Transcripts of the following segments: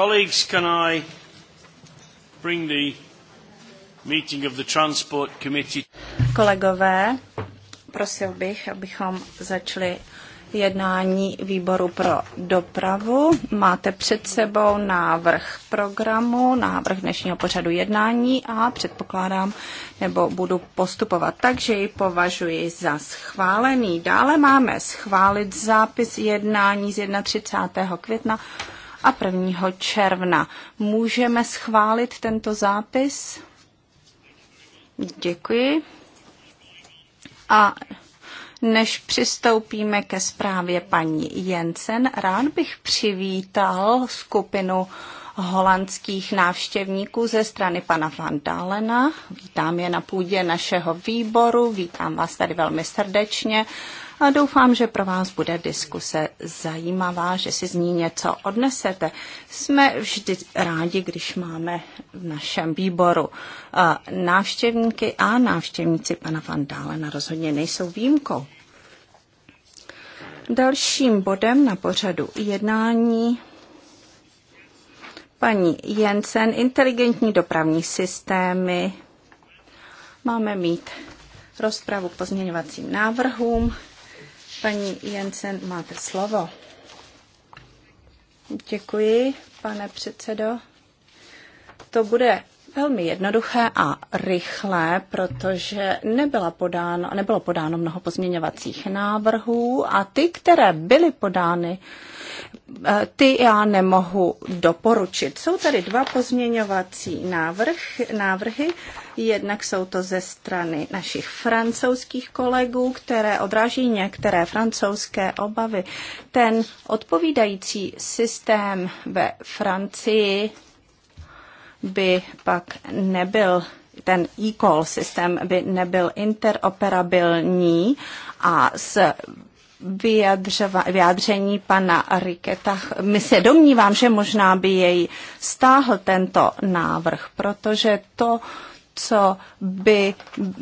Colleagues, can I bring the meeting of the Transport Committee? Kolegové, prosil bych, abychom začali jednání výboru pro dopravu. Máte před sebou návrh programu, návrh dnešního pořadu jednání a předpokládám, nebo budu postupovat tak, že ji považuji za schválený. Dále máme schválit zápis jednání z 31. května a 1. června. Můžeme schválit tento zápis? Děkuji. A než přistoupíme ke zprávě paní Jensen, rád bych přivítal skupinu holandských návštěvníků ze strany pana Van Dalena. Vítám je na půdě našeho výboru, vítám vás tady velmi srdečně. A doufám, že pro vás bude diskuse zajímavá, že si z ní něco odnesete. Jsme vždy rádi, když máme v našem výboru návštěvníky a návštěvníci pana Van Dálena rozhodně nejsou výjimkou. Dalším bodem na pořadu jednání paní Jensen, inteligentní dopravní systémy. Máme mít rozpravu k pozměňovacím návrhům. Paní Jensen, máte slovo. Děkuji, pane předsedo. To bude velmi jednoduché a rychlé, protože nebyla podáno, nebylo podáno mnoho pozměňovacích návrhů a ty, které byly podány, eh, ty já nemohu doporučit. Jsou tady dva pozměňovací návrh, návrhy Jednak jsou to ze strany našich francouzských kolegů, které odráží některé francouzské obavy. Ten odpovídající systém ve Francii by pak nebyl ten e-call systém by nebyl interoperabilní a s vyjádření pana Riketa. My se domnívám, že možná by jej stáhl tento návrh, protože to co by,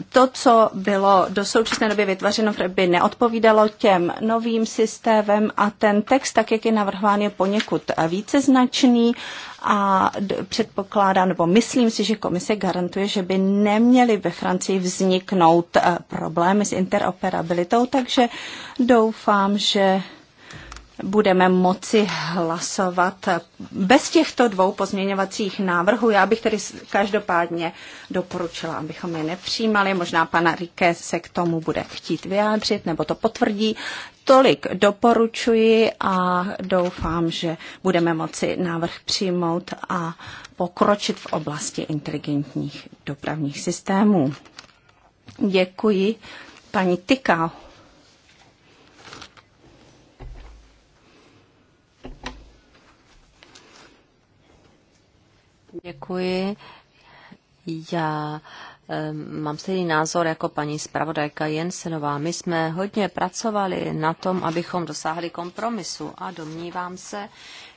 to, co bylo do současné doby vytvořeno, by neodpovídalo těm novým systémem a ten text, tak jak je navrhován, je poněkud víceznačný a předpokládám, nebo myslím si, že komise garantuje, že by neměly ve Francii vzniknout eh, problémy s interoperabilitou, takže doufám, že budeme moci hlasovat bez těchto dvou pozměňovacích návrhů. Já bych tedy každopádně doporučila, abychom je nepřijímali. Možná pana Rike se k tomu bude chtít vyjádřit nebo to potvrdí. Tolik doporučuji a doufám, že budeme moci návrh přijmout a pokročit v oblasti inteligentních dopravních systémů. Děkuji. Paní Tykau. Děkuji. Já Mám stejný názor jako paní zpravodajka Jensenová. My jsme hodně pracovali na tom, abychom dosáhli kompromisu a domnívám se,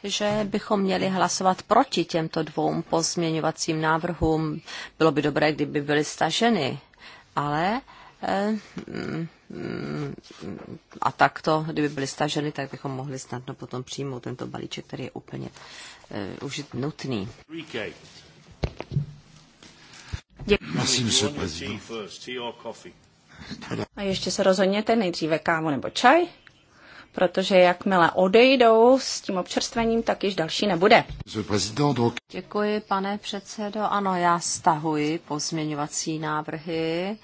že bychom měli hlasovat proti těmto dvou pozměňovacím návrhům. Bylo by dobré, kdyby byly staženy, ale mm, a takto, kdyby byly staženy, tak bychom mohli snadno potom přijmout tento balíček, který je úplně Eh, už nutný. Děkuji. A ještě se rozhodněte nejdříve kávu nebo čaj, protože jakmile odejdou s tím občerstvením, tak již další nebude. Děkuji, pane předsedo. Ano, já stahuji pozměňovací návrhy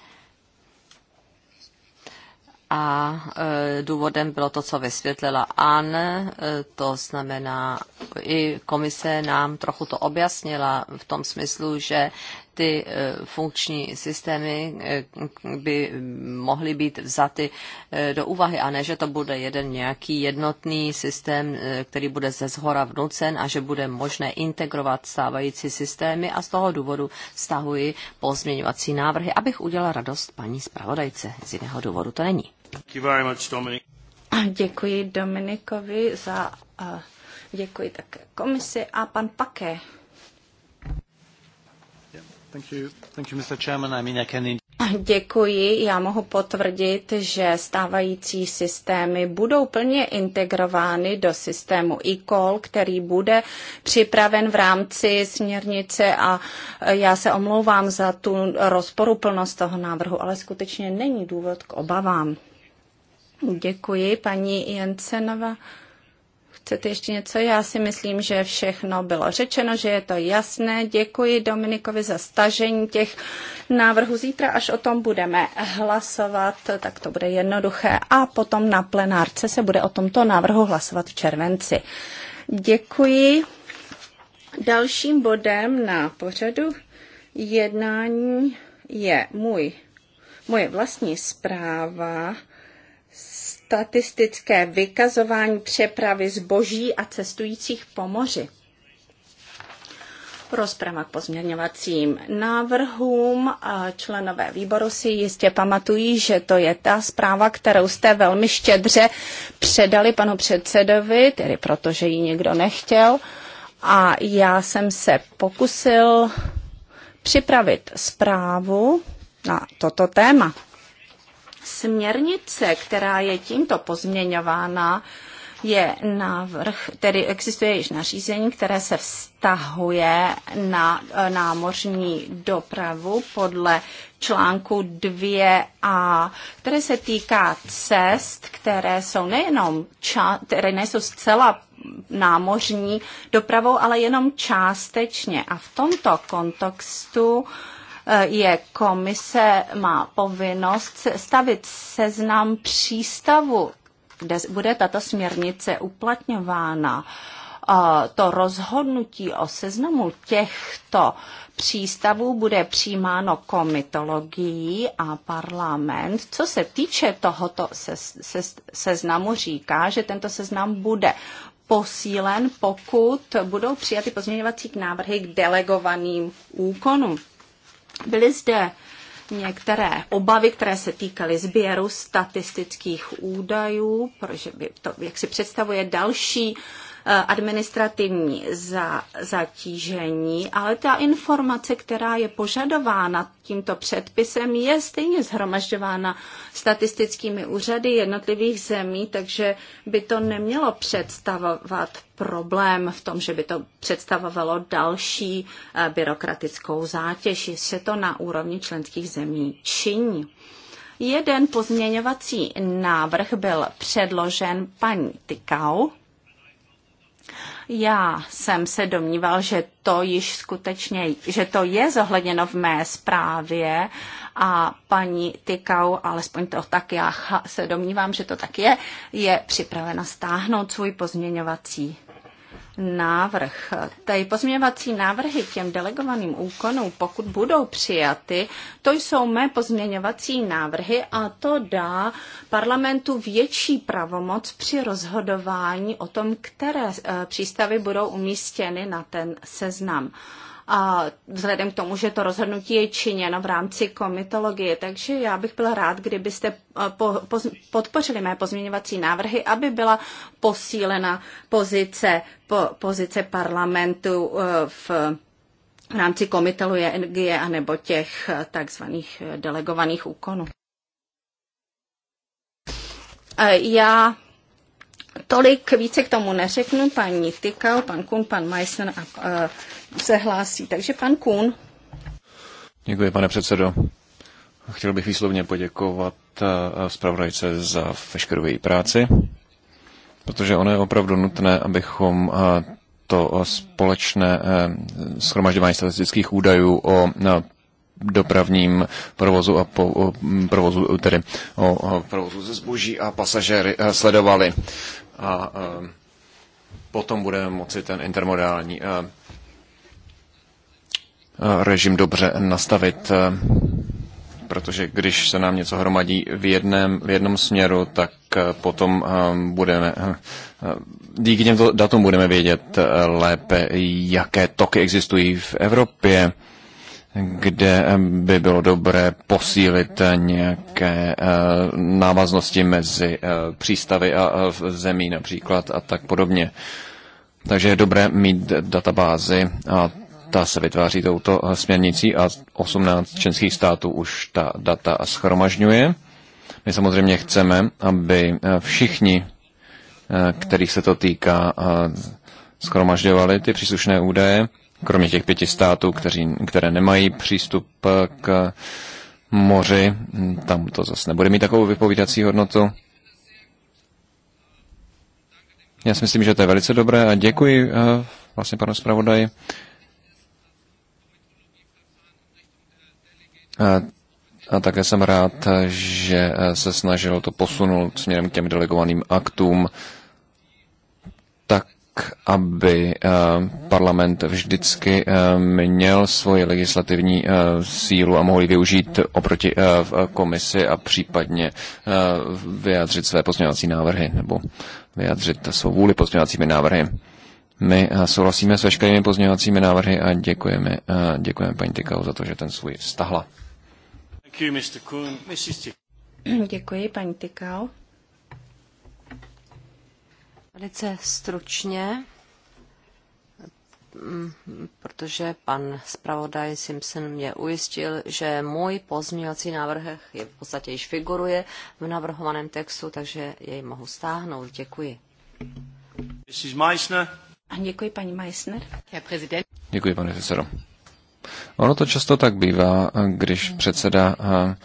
a e, důvodem bylo to, co vysvětlila An, e, to znamená, i komise nám trochu to objasnila v tom smyslu, že ty e, funkční systémy by mohly být vzaty do úvahy a ne, že to bude jeden nějaký jednotný systém, který bude ze zhora vnucen a že bude možné integrovat stávající systémy a z toho důvodu stahuji pozměňovací návrhy, abych udělala radost paní zpravodajce. Z jiného důvodu to není. Děkuji Dominikovi za děkuji také komisi a pan Paké. Děkuji. Já mohu potvrdit, že stávající systémy budou plně integrovány do systému eCall, který bude připraven v rámci směrnice a já se omlouvám za tu rozporuplnost toho návrhu, ale skutečně není důvod k obavám. Děkuji, paní Jensenova. Chcete ještě něco? Já si myslím, že všechno bylo řečeno, že je to jasné. Děkuji Dominikovi za stažení těch návrhů. Zítra, až o tom budeme hlasovat, tak to bude jednoduché. A potom na plenárce se bude o tomto návrhu hlasovat v červenci. Děkuji. Dalším bodem na pořadu jednání je můj, moje vlastní zpráva statistické vykazování přepravy zboží a cestujících po moři. Rozprava k pozměňovacím návrhům. Členové výboru si jistě pamatují, že to je ta zpráva, kterou jste velmi štědře předali panu předsedovi, tedy protože ji někdo nechtěl. A já jsem se pokusil připravit zprávu na toto téma. Směrnice, která je tímto pozměňována, je návrh, tedy existuje již nařízení, které se vztahuje na e, námořní dopravu podle článku 2a, které se týká cest, které jsou nejenom ča- které nejsou zcela námořní dopravou, ale jenom částečně. A v tomto kontextu uh, Eh, je komise má povinnost stavit seznam přístavu, kde bude tato směrnice uplatňována eh, to rozhodnutí o seznamu těchto přístavů bude přijímáno komitologií a parlament. Co se týče tohoto se, se, seznamu, říká, že tento seznam bude posílen, pokud budou přijaty pozměňovací návrhy k delegovaným úkonům. Byly zde některé obavy, které se týkaly sběru statistických údajů, protože to, jak si představuje další Eh, administrativní za, zatížení, ale ta informace, která je požadována tímto předpisem, je stejně zhromažďována statistickými úřady jednotlivých zemí, takže by to nemělo představovat problém v tom, že by to představovalo další eh, byrokratickou zátěž, se to na úrovni členských zemí činí. Jeden pozměňovací návrh byl předložen paní Tykau já jsem se domníval, že to již skutečně, že to je zohledněno v mé zprávě a paní Tykau, alespoň to tak já se domnívám, že to tak je, je připravena stáhnout svůj pozměňovací návrh. tady pozměňovací návrhy k těm delegovaným úkonům, pokud budou přijaty, to jsou mé pozměňovací návrhy a to dá parlamentu větší pravomoc při rozhodování o tom, které eh, přístavy budou umístěny na ten seznam a vzhledem k tomu, že to rozhodnutí je činěno v rámci komitologie. Takže já bych byla rád, kdybyste eh, po, po, podpořili mé pozměňovací návrhy, aby byla posílena pozice, po, pozice parlamentu eh, v v rámci je energie a nebo těch eh, takzvaných delegovaných úkonů. Já tolik více k tomu neřeknu. Paní Tykal, pan Kun, pan Meissen a, uh, se hlásí. Takže pan Kun. Děkuji, pane předsedo. Chtěl bych výslovně poděkovat e, zpravodajce za veškerou její práci, protože ono je opravdu nutné, abychom e, to společné schromažďování statistických údajů o dopravním provozu a po, o, provozu, tedy o, o provozu ze zboží a pasažéry sledovali a potom budeme moci ten intermodální režim dobře nastavit, protože když se nám něco hromadí v, jedném, v jednom směru, tak potom budeme, díky těmto datům budeme vědět lépe, jaké toky existují v Evropě kde eh, by bylo dobré posílit eh, nějaké eh, návaznosti mezi přístavy a zemí například a tak podobně. Takže je dobré mít databázy a ta se vytváří touto směrnicí a 18 členských států už ta data schromažňuje. My samozřejmě chceme, aby všichni, kterých se to týká, schromažďovali ty příslušné údaje kromě těch pěti států, kteří, které nemají přístup k moři, tam to zase nebude mít takovou vypovídací hodnotu. Já si myslím, že to je velice dobré a děkuji eh, vlastně panu zpravodaji. A, a také jsem rád, že eh, se snažilo to posunout směrem k těm delegovaným aktům, tak aby eh, parlament vždycky eh, měl svoji legislativní eh, sílu a mohl ji využít oproti komisi a případně vyjádřit své pozměňovací návrhy nebo vyjádřit svou vůli pozměňovacími návrhy. My souhlasíme s veškerými pozměňovacími návrhy a děkujeme, děkujeme paní Tykau za to, že ten svůj stahla. Děkuji, paní Tykau. Velice stručně, mm, protože pan zpravodaj Simpson mě ujistil, že můj pozměňovací návrh je v podstatě již figuruje v navrhovaném textu, takže jej mohu stáhnout. Děkuji. Mrs. Meissner. Děkuji, paní Meissner. Děkuji, pane předsedo. Ono to často tak bývá, když předseda eh,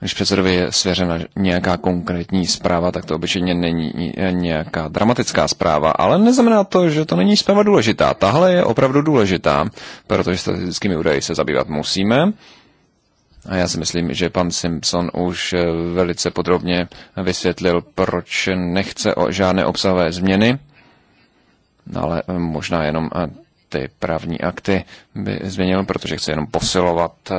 když předsedovi je svěřena nějaká konkrétní zpráva, tak to obyčejně není nějaká dramatická zpráva, ale neznamená to, že to není zpráva důležitá. Tahle je opravdu důležitá, protože statistickými údaji se zabývat musíme. A já si myslím, že pan Simpson už eh, velice podrobně vysvětlil, proč nechce o žádné obsahové změny, no, ale eh, možná jenom eh, ty právní akty by změnil, protože chce jenom posilovat eh,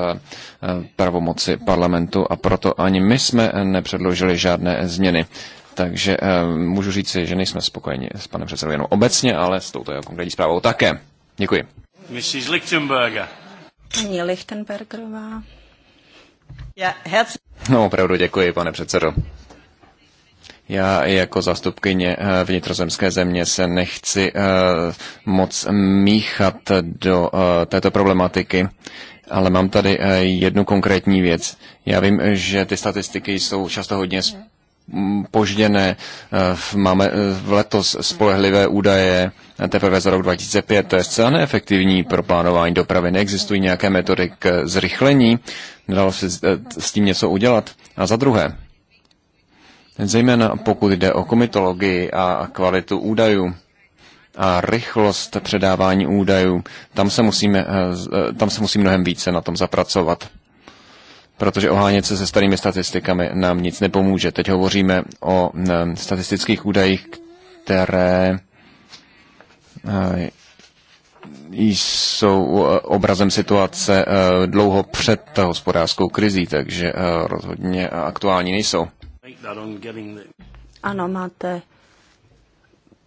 pravomoci parlamentu a proto ani my jsme nepředložili žádné změny. Takže eh, můžu říci, že nejsme spokojeni s panem předsedou jenom obecně, ale s touto konkrétní zprávou také. Děkuji. Mrs. Lichtenberger. Paní Lichtenbergerová. No, opravdu děkuji, pane předsedo. Já jako zástupkyně eh, vnitrozemské země se nechci eh, moc míchat do eh, této problematiky, ale mám tady jednu konkrétní věc. Já vím, že ty statistiky jsou často hodně požděné, máme v letos spolehlivé údaje teprve za rok 2005, to je zcela neefektivní pro plánování dopravy, neexistují nějaké metody k zrychlení, nedalo se s tím něco udělat. A za druhé, zejména pokud jde o komitologii a kvalitu údajů a rychlost předávání údajů, tam se, musíme, eh, eh, tam se musí mnohem více na tom zapracovat. Protože ohánět se se starými statistikami nám nic nepomůže. Teď hovoříme o eh, statistických údajích, které jsou obrazem situace dlouho před hospodářskou krizí, takže rozhodně aktuální nejsou. Ano, máte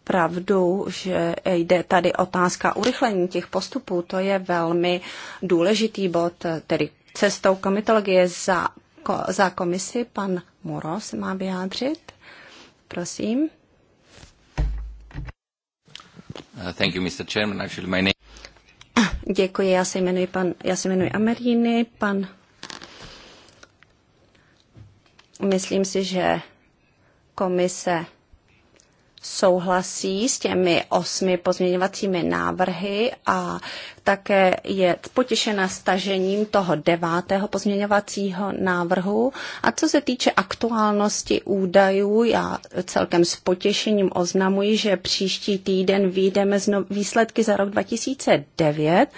pravdu, že jde tady otázka urychlení těch postupů. To je velmi důležitý bod, tedy cestou komitologie za, ko, za komisi. Pan Muro se má vyjádřit. Prosím. Uh, thank you, Mr. Chairman. Actually, my name... Děkuji, já se jmenuji, pan, já se jmenuji Ameriny, pan Myslím si, že komise souhlasí s těmi osmi pozměňovacími návrhy a také je potěšena stažením toho devátého pozměňovacího návrhu. A co se týče aktuálnosti údajů, já celkem s potěšením oznamuji, že příští týden výjdeme z no- výsledky za rok 2009.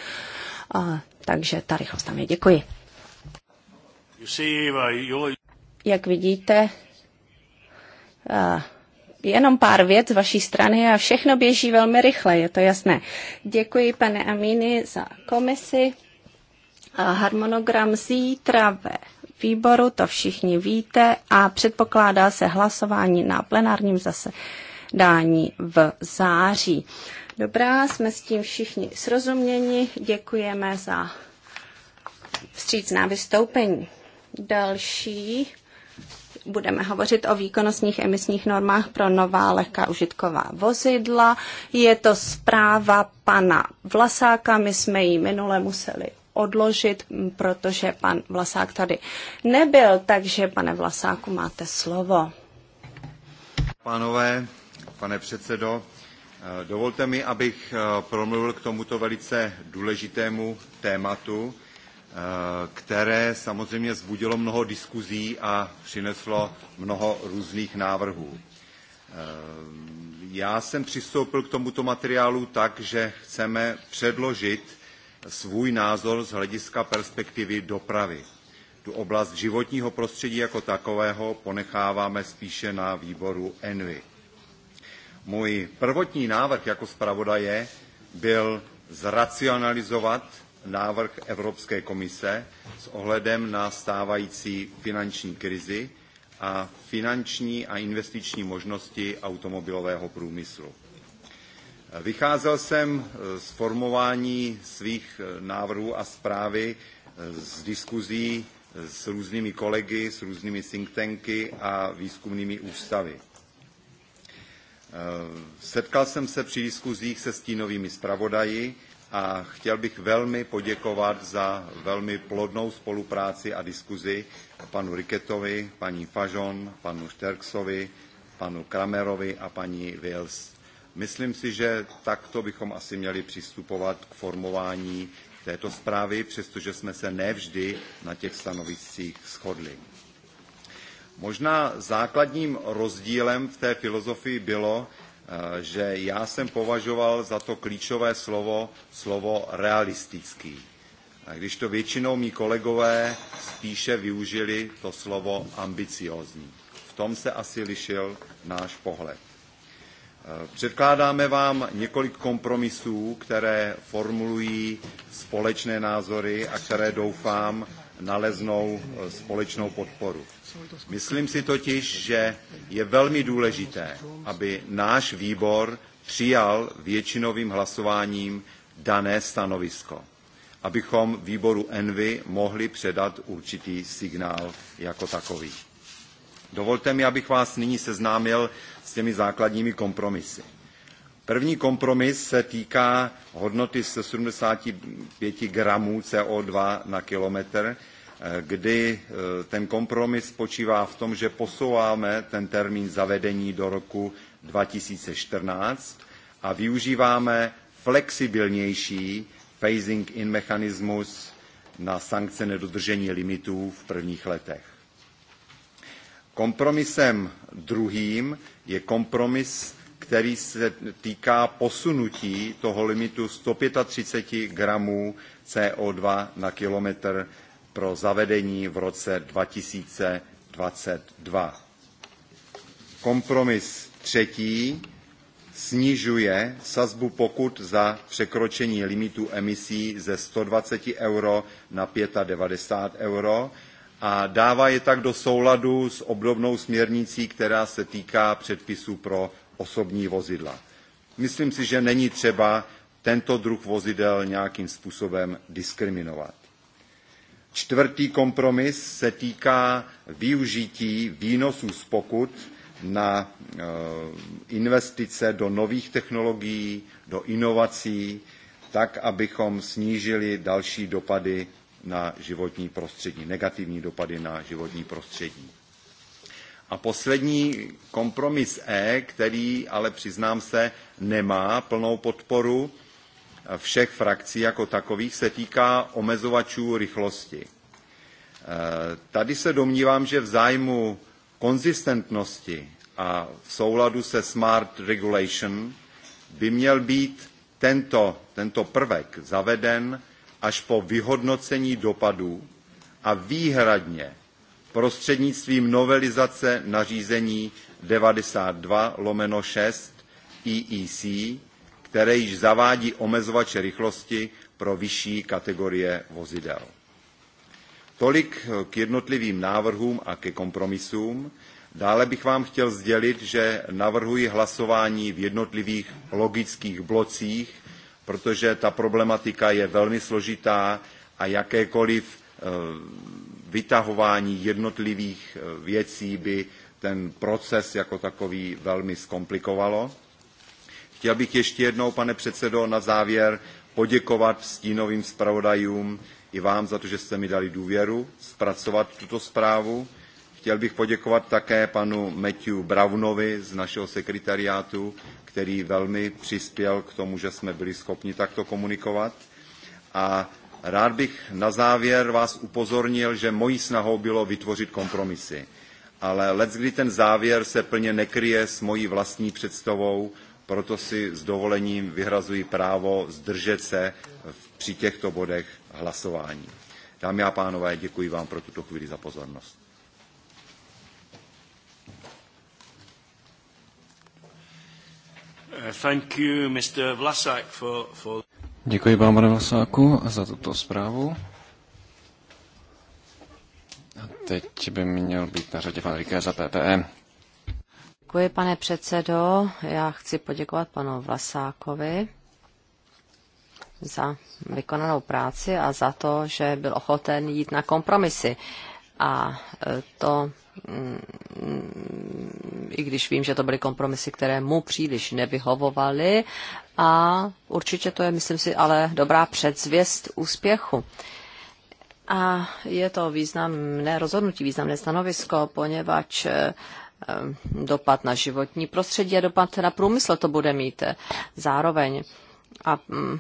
A, takže ta rychlost tam je. Děkuji. Uh, jak vidíte, jenom pár věc z vaší strany a všechno běží velmi rychle, je to jasné. Děkuji, pane Amíny, za komisi. A harmonogram zítra ve výboru, to všichni víte, a předpokládá se hlasování na plenárním zasedání v září. Dobrá, jsme s tím všichni srozuměni, děkujeme za vstřícná vystoupení. Další budeme hovořit o výkonnostních emisních normách pro nová lehká užitková vozidla. Je to zpráva pana Vlasáka, my jsme ji minule museli odložit, protože pan Vlasák tady nebyl, takže pane Vlasáku máte slovo. Pánové, pane předsedo, dovolte mi, abych eh, promluvil k tomuto velice důležitému tématu Eh, které samozřejmě zbudilo mnoho diskuzí a přineslo mnoho různých návrhů. Eh, já jsem přistoupil k tomuto materiálu tak, že chceme předložit svůj názor z hlediska perspektivy dopravy. Tu oblast životního prostředí jako takového ponecháváme spíše na výboru ENVI. Můj prvotní návrh jako zpravodaje byl zracionalizovat návrh Evropské komise s ohledem na stávající finanční krizi a finanční a investiční možnosti automobilového průmyslu. Vycházel jsem eh, z formování svých eh, návrhů a zprávy eh, z diskuzí s různými kolegy, s různými think tanky a výzkumnými ústavy. Setkal jsem se při diskuzích se stínovými zpravodaji, a chtěl bych velmi poděkovat za velmi plodnou spolupráci a diskuzi panu Riketovi, paní Fažon, panu Šterksovi, panu Kramerovi a paní Wills. Myslím si, že takto bychom asi měli přistupovat k formování této zprávy, přestože jsme se nevždy na těch stanoviscích shodli. Možná základním rozdílem v té filozofii bylo, Eh, že já jsem považoval za to klíčové slovo, slovo realistický. A když to většinou mý kolegové spíše využili to slovo ambiciózní. V tom se asi lišil náš pohled. Eh, předkládáme vám několik kompromisů, které formulují společné názory a které doufám naleznou eh, společnou podporu. Myslím si totiž, že je velmi důležité, aby náš výbor přijal většinovým hlasováním dané stanovisko, abychom výboru Envy mohli předat určitý signál jako takový. Dovolte mi, abych vás nyní seznámil s těmi základními kompromisy. První kompromis se týká hodnoty 175 gramů CO2 na kilometr, eh, kdy eh, ten kompromis spočívá v tom, že posouváme ten termín zavedení do roku 2014 a využíváme flexibilnější phasing-in mechanismus na sankce nedodržení limitů v prvních letech. Kompromisem druhým je kompromis který se týká posunutí toho limitu 135 gramů CO2 na kilometr pro zavedení v roce 2022. Kompromis třetí snižuje sazbu pokut za překročení limitu emisí ze 120 euro na 95 euro a dává je tak do souladu s obdobnou směrnicí, která se týká předpisů pro osobní vozidla. Myslím si, že není třeba tento druh vozidel nějakým způsobem diskriminovat. Čtvrtý kompromis se týká využití výnosů z pokut na eh, investice do nových technologií, do inovací, tak, abychom snížili další dopady na životní prostředí, negativní dopady na životní prostředí. A poslední kompromis E, který ale přiznám se nemá plnou podporu všech frakcí jako takových, se týká omezovačů rychlosti. E, tady se domnívám, že v zájmu konzistentnosti a v souladu se smart regulation by měl být tento, tento prvek zaveden až po vyhodnocení dopadů a výhradně prostřednictvím novelizace nařízení 92 lomeno 6 EEC, které již zavádí omezovače rychlosti pro vyšší kategorie vozidel. Tolik k jednotlivým návrhům a ke kompromisům. Dále bych vám chtěl sdělit, že navrhuji hlasování v jednotlivých logických blocích, protože ta problematika je velmi složitá a jakékoliv eh, vytahování jednotlivých eh, věcí by ten proces jako takový velmi zkomplikovalo. Chtěl bych ještě jednou, pane předsedo, na závěr poděkovat stínovým zpravodajům i vám za to, že jste mi dali důvěru zpracovat tuto zprávu. Chtěl bych poděkovat také panu Matthew Brownovi z našeho sekretariátu, který velmi přispěl k tomu, že jsme byli schopni takto komunikovat. A Rád bych na závěr vás upozornil, že mojí snahou bylo vytvořit kompromisy. Ale kdy ten závěr se plně nekryje s mojí vlastní představou, proto si s dovolením vyhrazuji právo zdržet se při těchto bodech hlasování. Dámy a pánové, děkuji vám pro tuto chvíli za pozornost. Uh, thank you, Mr. Vlasak, for, for... Děkuji vám, pane Vlasáku, za tuto zprávu. A teď by měl být na řadě pan Riké za PPE. Děkuji, pane předsedo. Já chci poděkovat panu Vlasákovi za vykonanou práci a za to, že byl ochoten jít na kompromisy. A e, to, mm, i když vím, že to byly kompromisy, které mu příliš nevyhovovaly, a určitě to je, myslím si, ale dobrá předzvěst úspěchu. A je to významné rozhodnutí, významné stanovisko, poněvadž eh, dopad na životní prostředí a dopad na průmysl to bude mít zároveň. A mm,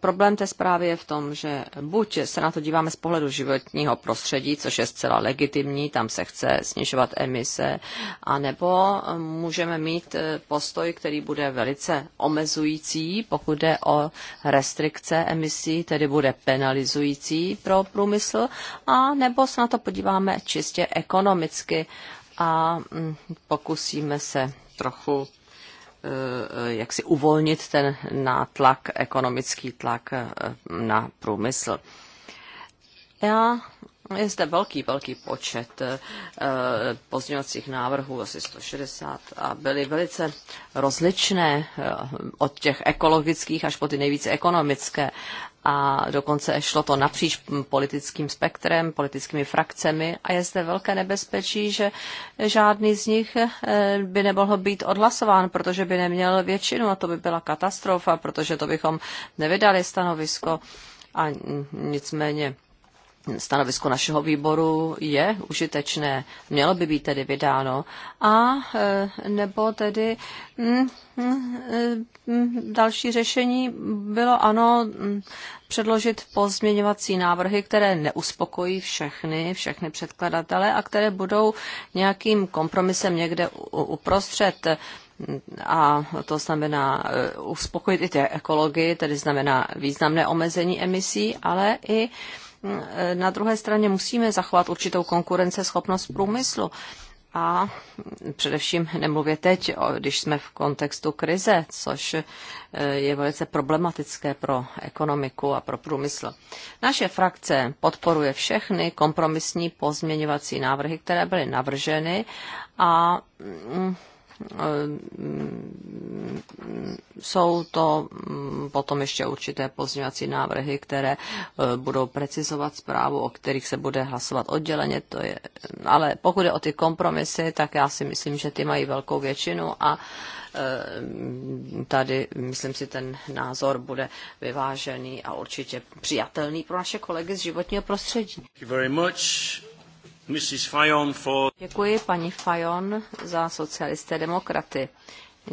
problém té zprávy je v tom, že buď se na to díváme z pohledu životního prostředí, což je zcela legitimní, tam se chce snižovat emise, anebo mm, můžeme mít e, postoj, který bude velice omezující, pokud jde o restrikce emisí, tedy bude penalizující pro průmysl, a nebo se na to podíváme čistě ekonomicky a mm, pokusíme se trochu Eh, jak si uvolnit ten nátlak, ekonomický tlak eh, na průmysl. Já, je zde velký, velký počet eh, pozměňovacích návrhů, asi 160, a byly velice rozličné od těch ekologických až po ty nejvíce ekonomické a dokonce šlo to napříč politickým spektrem, politickými frakcemi a je zde velké nebezpečí, že žádný z nich eh, by nemohl být odhlasován, protože by neměl většinu a to by byla katastrofa, protože to bychom nevydali stanovisko a nicméně stanovisko našeho výboru je užitečné, mělo by být tedy vydáno, a e, nebo tedy mm, mm, mm, další řešení bylo ano mm, předložit pozměňovací návrhy, které neuspokojí všechny, všechny předkladatele a které budou nějakým kompromisem někde uprostřed a to znamená e, uspokojit i ty ekology, tedy znamená významné omezení emisí, ale i Eh, na druhé straně musíme zachovat určitou konkurenceschopnost průmyslu. A především nemluvě teď, když jsme v kontextu krize, což eh, je velice problematické pro ekonomiku a pro průmysl. Naše frakce podporuje všechny kompromisní pozměňovací návrhy, které byly navrženy a mm, Eh, jsou to mm, potom ještě určité pozměňovací návrhy, které eh, budou precizovat zprávu, o kterých se bude hlasovat odděleně. To je, ale pokud je o ty kompromisy, tak já si myslím, že ty mají velkou většinu a eh, tady, myslím si, ten názor bude vyvážený a určitě přijatelný pro naše kolegy z životního prostředí. Thank you very much. Děkuji paní Fajon za socialisté demokraty.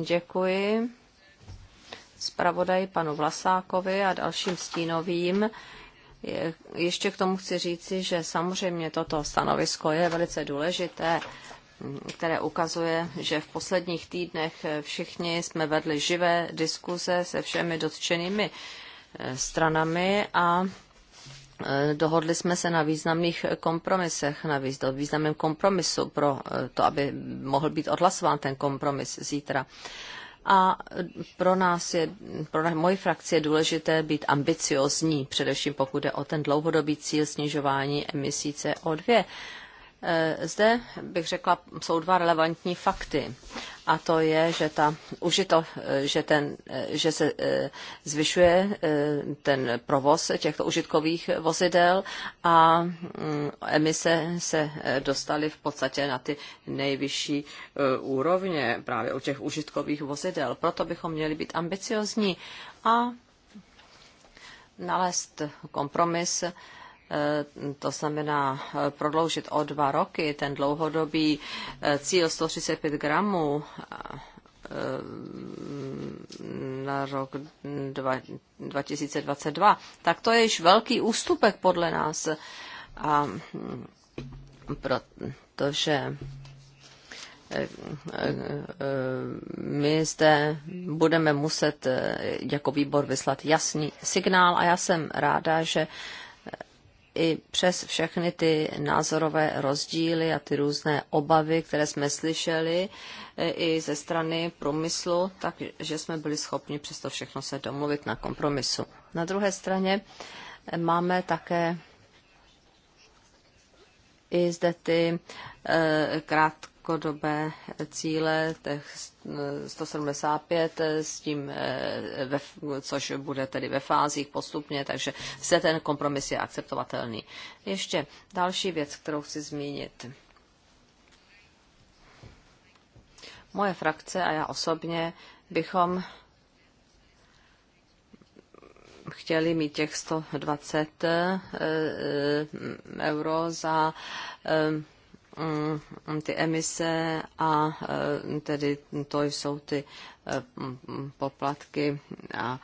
Děkuji zpravodaji panu Vlasákovi a dalším stínovým. Ještě k tomu chci říci, že samozřejmě toto stanovisko je velice důležité, které ukazuje, že v posledních týdnech všichni jsme vedli živé diskuze se všemi dotčenými eh, stranami a Eh, dohodli jsme se na významných kompromisech, na významném kompromisu pro eh, to, aby mohl být odhlasován ten kompromis zítra. A pro nás je, pro moji frakci je důležité být ambiciozní, především pokud jde o ten dlouhodobý cíl snižování emisí CO2. Eh, zde bych řekla, jsou dva relevantní fakty. A to je, že, ta, užito, eh, že, ten, eh, že se zvyšuje ten provoz těchto užitkových vozidel a mm, emise se dostaly v podstatě na ty nejvyšší úrovně právě u těch užitkových vozidel. Proto bychom měli být ambiciozní a nalézt kompromis, Eh, to znamená eh, prodloužit o dva roky ten dlouhodobý eh, cíl 135 gramů na rok 2022, tak to je již velký ústupek podle nás. A hm, protože my zde budeme muset jako výbor vyslat jasný signál a já jsem ráda, že i přes všechny ty názorové rozdíly a ty různé obavy, které jsme slyšeli e, i ze strany průmyslu, takže jsme byli schopni přesto všechno se domluvit na kompromisu. Na druhé straně e, máme také i zde ty e, krát, krátkodobé cíle, těch 175, eh, s tím, eh, což bude tedy ve fázích postupně, takže se ten kompromis je akceptovatelný. Ještě další věc, kterou chci zmínit. Moje frakce a já osobně bychom chtěli mít těch 120 eh, euro za Mm, ty emise a mm, tedy to jsou ty mm, poplatky a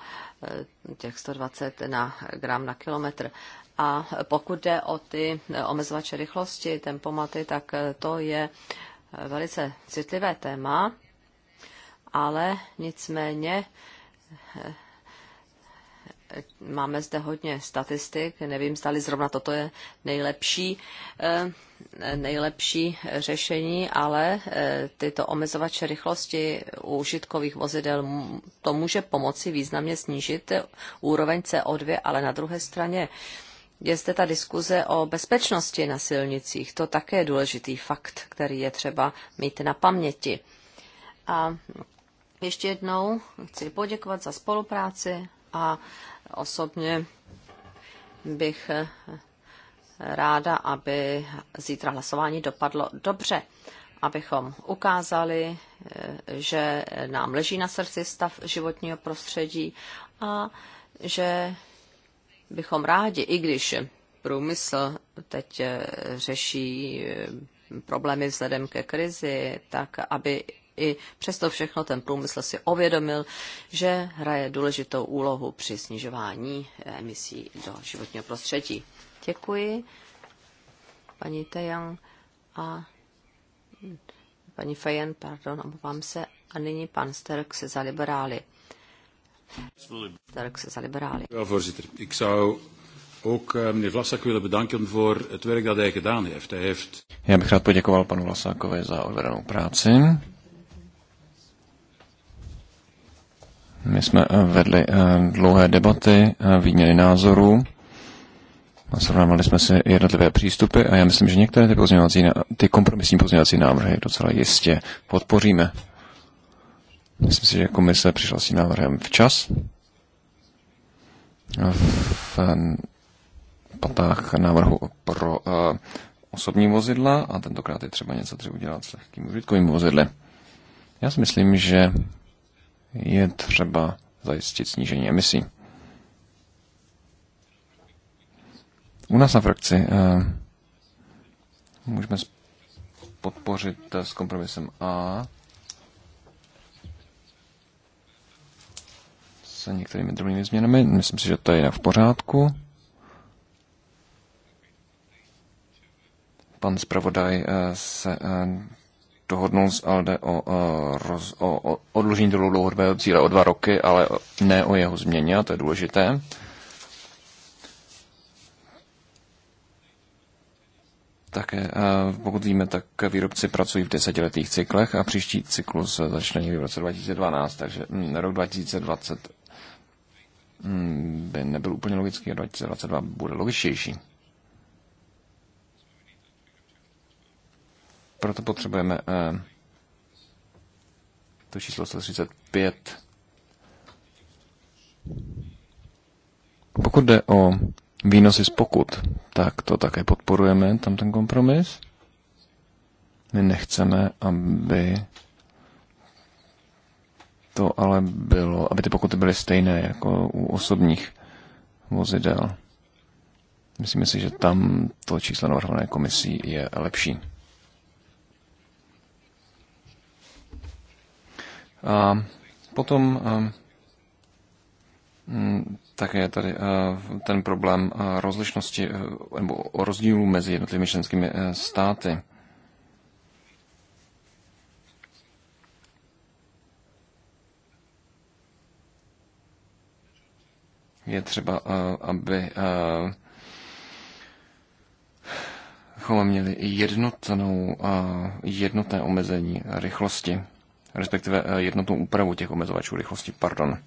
těch 120 na gram na kilometr. A pokud jde o ty omezovače rychlosti, tempomaty, tak to je velice citlivé téma, ale nicméně eh, máme zde hodně statistik, nevím, zdali zrovna toto je nejlepší, eh, nejlepší řešení, ale eh, tyto omezovače rychlosti u užitkových vozidel to může pomoci významně snížit úroveň CO2, ale na druhé straně je zde ta diskuze o bezpečnosti na silnicích. To také je důležitý fakt, který je třeba mít na paměti. A ještě jednou chci poděkovat za spolupráci a osobně bych ráda, aby zítra hlasování dopadlo dobře, abychom ukázali, že nám leží na srdci stav životního prostředí a že bychom rádi, i když průmysl teď řeší problémy vzhledem ke krizi, tak aby i přesto všechno ten průmysl si ovědomil, že hraje důležitou úlohu při snižování emisí do životního prostředí. Děkuji, paní Tejang a paní Fejen, pardon, omlouvám se, a nyní pan Sterk se za liberály. Sterk se za liberály. Ja, voorzitter. Ik zou ook eh, meneer Vlasak willen bedanken voor het werk dat hij gedaan heeft. Hij heeft... Já bych rád poděkoval panu Vlasákovi za odvedenou práci. My jsme eh, vedli eh, dlouhé debaty, eh, výměny názorů. A srovnávali jsme si jednotlivé přístupy a já myslím, že některé ty, pozměňovací, ty kompromisní pozměňovací návrhy docela jistě podpoříme. Myslím si, že komise přišla s tím návrhem včas. V patách návrhu pro osobní vozidla a tentokrát je třeba něco třeba udělat s lehkým užitkovým vozidlem. Já si myslím, že je třeba zajistit snížení emisí. U nás na frakci eh, můžeme podpořit eh, s kompromisem A s některými drobnými změnami. Myslím si, že to je v pořádku. Pan zpravodaj eh, se dohodnout s ALDE o, eh, o, o odložení toho dlouhodobého cíle o dva roky, ale ne o jeho změně, a to je důležité. Také, eh, pokud víme, tak výrobci pracují v desetiletých cyklech a příští cyklus začne někdy v roce 2012, takže hm, rok 2020 hm, by nebyl úplně logický a 2022 bude logičtější. Proto potřebujeme eh, to číslo 135. Pokud jde o výnosy z pokut, tak to také podporujeme, tam ten kompromis. My nechceme, aby to ale bylo, aby ty pokuty byly stejné jako u osobních vozidel. Myslím si, že tam to číslo navrhované komisí je lepší. A potom ehm, mm, také je tady eh, ten problém eh, rozlišnosti eh, nebo rozdílů mezi jednotlivými členskými státy. Je třeba, aby měli jednotnou, jednotné omezení rychlosti respektive eh, jednotnou úpravu těch omezovačů rychlosti, pardon.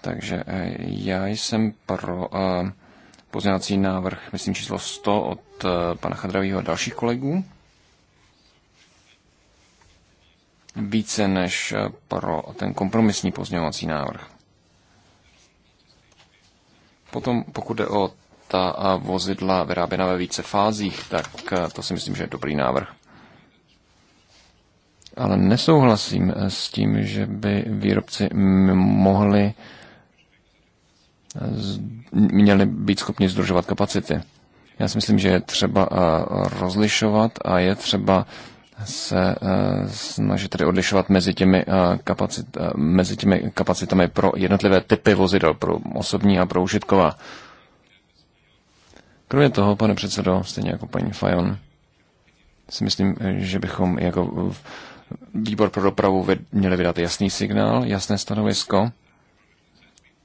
Takže eh, já jsem pro eh, pozměňovací návrh, myslím číslo 100 od pana Chadravího a dalších kolegů. Více než pro ten kompromisní pozměňovací návrh. Potom, pokud jde o ta vozidla vyráběna ve více fázích, tak to si myslím, že je dobrý návrh. Ale nesouhlasím eh, s tím, že by výrobci mohli eh, měli být schopni združovat kapacity. Já si myslím, že je třeba eh, rozlišovat a je třeba se snažit tedy odlišovat mezi těmi, kapacit, mezi těmi kapacitami pro jednotlivé typy vozidel, pro osobní a pro užitková. Kromě toho, pane předsedo, stejně jako paní Fajon, si myslím, že bychom jako výbor pro dopravu měli vydat jasný signál, jasné stanovisko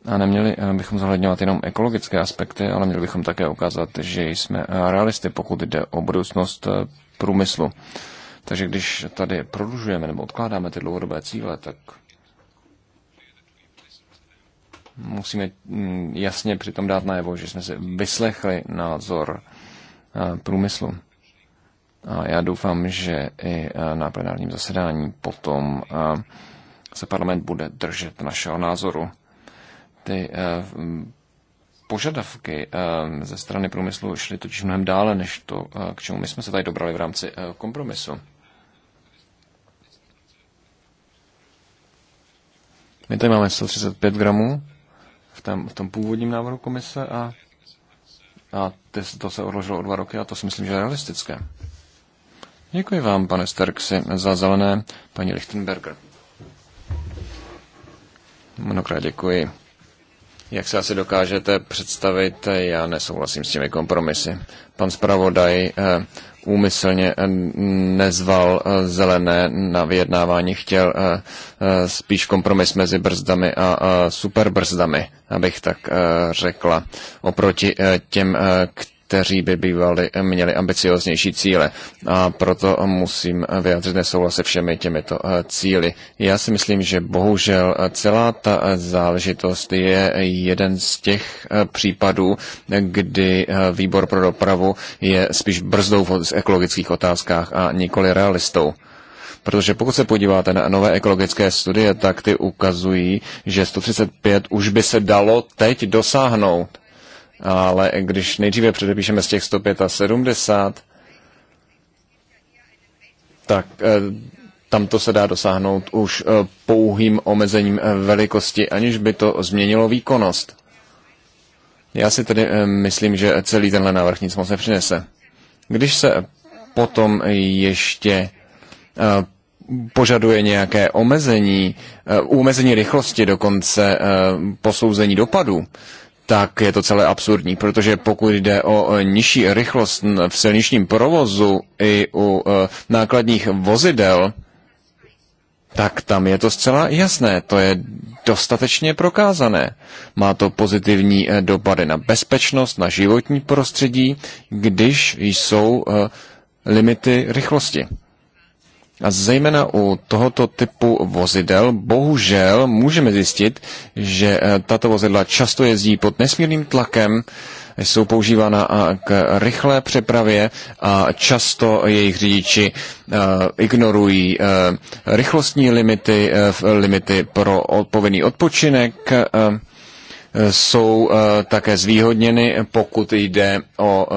a neměli eh, bychom zohledňovat jenom ekologické aspekty, ale měli bychom také ukázat, že jsme eh, realisty, pokud jde o budoucnost eh, průmyslu. Takže když tady prodlužujeme nebo odkládáme ty dlouhodobé cíle, tak musíme mm, jasně přitom dát najevo, že jsme si vyslechli názor průmyslu. A já doufám, že i e, na plenárním zasedání potom e, se parlament bude držet našeho názoru. Ty e, požadavky ze strany průmyslu šly totiž mnohem dále, než to, k čemu my jsme se tady dobrali v rámci kompromisu. My tady máme 135 gramů v tom, v tom původním návrhu komise a, a to se odložilo o dva roky a to si myslím, že je realistické. Děkuji vám, pane Sterksi, za zelené, paní Lichtenberger. Mnohokrát děkuji. Jak se asi dokážete představit, já nesouhlasím s těmi kompromisy. Pan zpravodaj eh, úmyslně eh, nezval eh, zelené na vyjednávání, chtěl spíš kompromis mezi brzdami a superbrzdami, abych tak řekla, oproti těm, kteří kteří by bývali měli ambicioznější cíle. A proto musím vyjádřit nesouhlas se všemi těmito eh, cíly. Já si myslím, že bohužel eh, celá ta eh, záležitost je jeden z těch případů, kdy výbor pro dopravu je spíš brzdou v ekologických otázkách a nikoli realistou protože pokud se podíváte na nové ekologické studie, tak ty ukazují, že 135 už by se dalo teď dosáhnout ale když nejdříve předepíšeme z těch 175, tak eh, tam to se dá dosáhnout už eh, pouhým omezením eh, velikosti, aniž by to změnilo výkonnost. Já si tedy myslím, že celý tenhle návrh nic moc nepřinese. Když se potom ještě požaduje nějaké omezení, omezení rychlosti, dokonce posouzení dopadů, tak je to celé absurdní, protože pokud jde o e, nižší rychlost v silničním provozu i u e, nákladních vozidel, tak tam je to zcela jasné, to je dostatečně prokázané. Má to pozitivní e, dopady na bezpečnost, na životní prostředí, když jsou limity rychlosti. A zejména u tohoto typu vozidel bohužel můžeme zjistit, že eh, tato vozidla často jezdí pod nesmírným tlakem, jsou používána eh, k rychlé přepravě a často jejich řidiči eh, ignorují rychlostní limity, limity pro odpovědný odpočinek jsou eh, také zvýhodněny, pokud jde o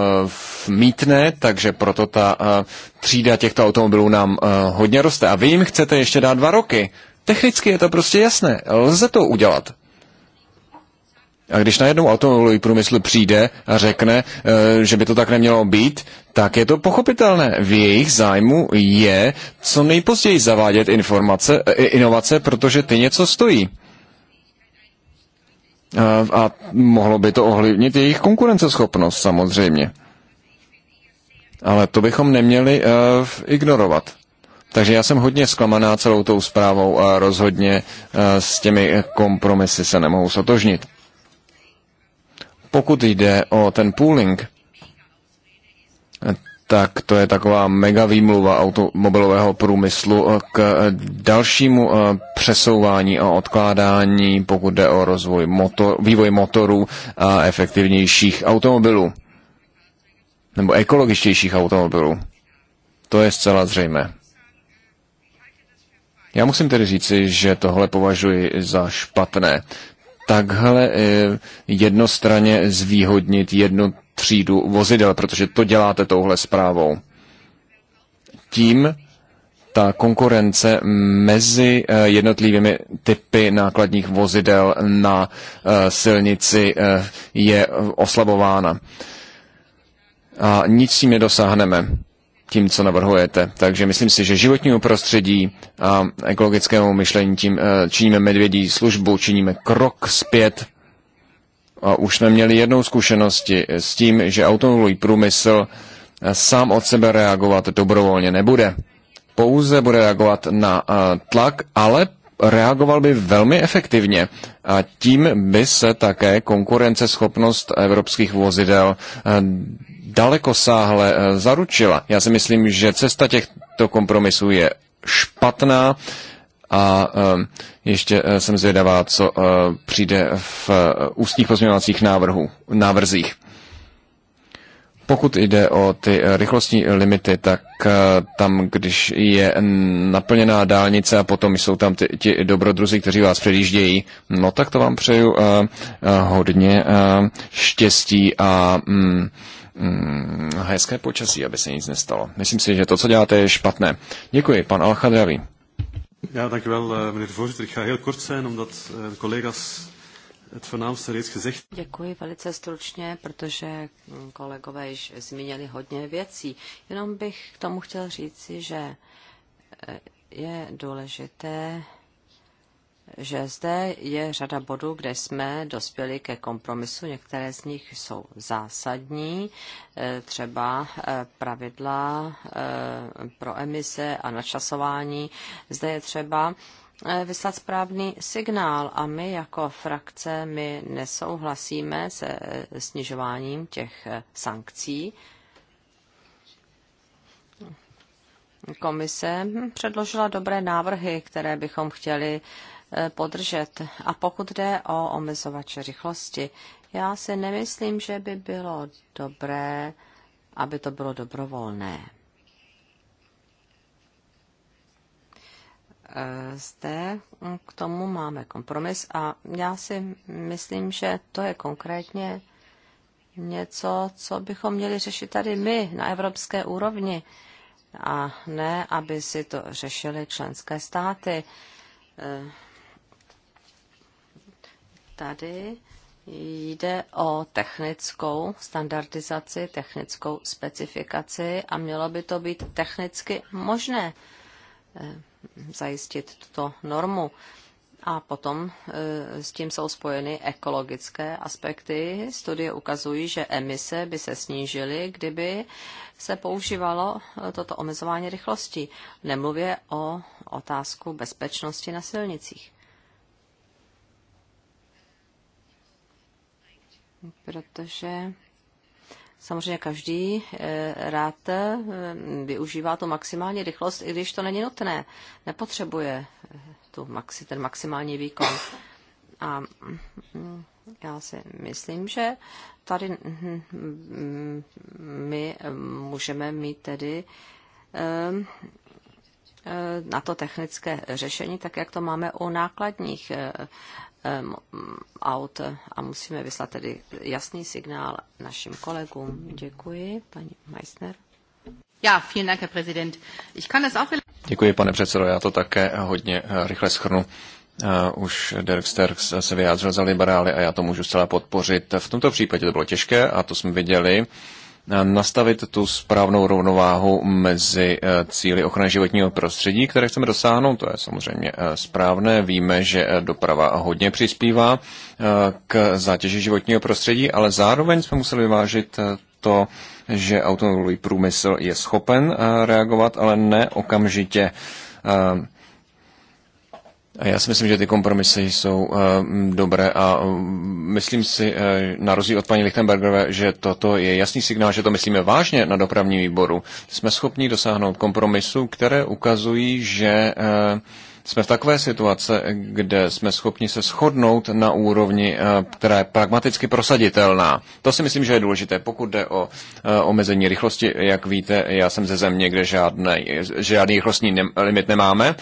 eh, mítné, takže proto ta eh, třída těchto automobilů nám hodně roste. A vy jim chcete ještě dát dva roky. Technicky je to prostě jasné. Lze to udělat. A když na jednou automobilový průmysl přijde a řekne, že by to tak nemělo být, tak je to pochopitelné. V jejich zájmu je co nejpozději zavádět informace, inovace, protože ty něco stojí. Eh, a mohlo by to ohlivnit jejich konkurenceschopnost samozřejmě. Ale to bychom neměli eh, ignorovat. Takže já jsem hodně zklamaná celou tou zprávou a rozhodně eh, s těmi kompromisy se nemohu sotožnit. Pokud jde o ten pooling, tak to je taková mega výmluva automobilového průmyslu eh, k eh, dalšímu eh, přesouvání a odkládání, pokud jde o rozvoj motor, vývoj motorů a efektivnějších automobilů. Nebo ekologičtějších automobilů. To je zcela zřejmé. Já musím tedy říci, že tohle považuji za špatné. Takhle jednostranně zvýhodnit jednu třídu vozidel, protože to děláte touhle zprávou. Tím ta konkurence mezi eh, jednotlivými typy nákladních vozidel na eh, silnici eh, je oslabována. A nic s tím nedosáhneme tím, co navrhujete. Takže myslím si, že životnímu prostředí a ekologickému myšlení tím činíme medvědí službu, činíme krok zpět a už jsme měli jednou zkušenosti s tím, že automobilový průmysl eh, sám od sebe reagovat dobrovolně nebude. Pouze bude reagovat na eh, tlak, ale reagoval by velmi efektivně a tím by se také konkurenceschopnost evropských vozidel eh, daleko sáhle zaručila. Já si myslím, že cesta těchto kompromisů je špatná a ehm, ještě eh, jsem zvědavá, co eh, přijde v eh, ústních pozměňovacích návrhů, návrzích. Pokud jde o ty rychlostní limity, tak tam, když je naplněná dálnice a potom jsou tam ty, ti dobrodruzi, kteří vás předjíždějí, no tak to vám přeju uh, hodně uh, štěstí a um, hezké počasí, aby se nic nestalo. Myslím si, že to, co děláte, je špatné. Děkuji, pan Alchadravi. Ja, dank u wel, uh, meneer de voorzitter. Ik ga heel kort zijn, omdat uh, de collega's het voornaamste reeds gezegd. Děkuji velice stručně, protože kolegové již zmínili hodně věcí. Jenom bych k tomu chtěl říci, že eh, je důležité že zde je řada bodů, kde jsme dospěli ke kompromisu. Některé z nich jsou zásadní, eh, třeba eh, pravidla eh, pro emise a načasování. Zde je třeba vyslat správný signál a my jako frakce my nesouhlasíme se snižováním těch sankcí. Komise předložila dobré návrhy, které bychom chtěli uh, Eh, podržet. A pokud jde o omezovače rychlosti, já si nemyslím, že by bylo dobré, aby to bylo dobrovolné. Eh, zde k tomu máme kompromis a já si myslím, že to je konkrétně něco, co bychom měli řešit tady my na evropské úrovni a ne, aby si to řešili členské státy. Eh, Tady jde o technickou standardizaci, technickou specifikaci a mělo by to být technicky možné eh, zajistit tuto normu. A potom eh, s tím jsou spojeny ekologické aspekty. Studie ukazují, že emise by se snížily, kdyby se používalo eh, toto omezování rychlosti. Nemluvě o otázku bezpečnosti na silnicích. protože samozřejmě každý eh, rád eh, využívá tu maximální rychlost, i když to není nutné. Nepotřebuje eh, tu maxi, ten maximální výkon. A mm, já si myslím, že tady mm, mm, my můžeme mít tedy ehm, na to technické řešení, tak jak to máme u nákladních aut a musíme vyslat tedy jasný signál našim kolegům. Děkuji, paní Meissner. Ja, vielen Dank, Herr Präsident. Ich kann das auch... Děkuji, pane předsedo, já to také hodně eh, rychle schrnu. Uh, už Derek Sterks se vyjádřil za liberály a já to můžu zcela podpořit. V tomto případě to bylo těžké a to jsme viděli. Uh, nastavit tu správnou rovnováhu mezi eh, cíly ochrany životního prostředí, které chceme dosáhnout. To je samozřejmě eh, správné. Víme, že eh, doprava hodně přispívá k zátěži životního prostředí, ale zároveň jsme museli vyvážit to, že automobilový průmysl je schopen reagovat, ale ne okamžitě já si myslím, že ty kompromisy jsou eh, dobré a eh, myslím si, eh, na rozdíl od paní Lichtenbergerové, že toto je jasný signál, že to myslíme vážně na dopravní výboru. Jsme schopni dosáhnout kompromisu, které ukazují, že jsme v takové situace, kde jsme schopni se shodnout na úrovni, eh, která je pragmaticky prosaditelná. To si myslím, že je důležité. Pokud jde o eh, omezení rychlosti, jak víte, já jsem ze země, kde žádný, žádný rychlostní limit nemáme.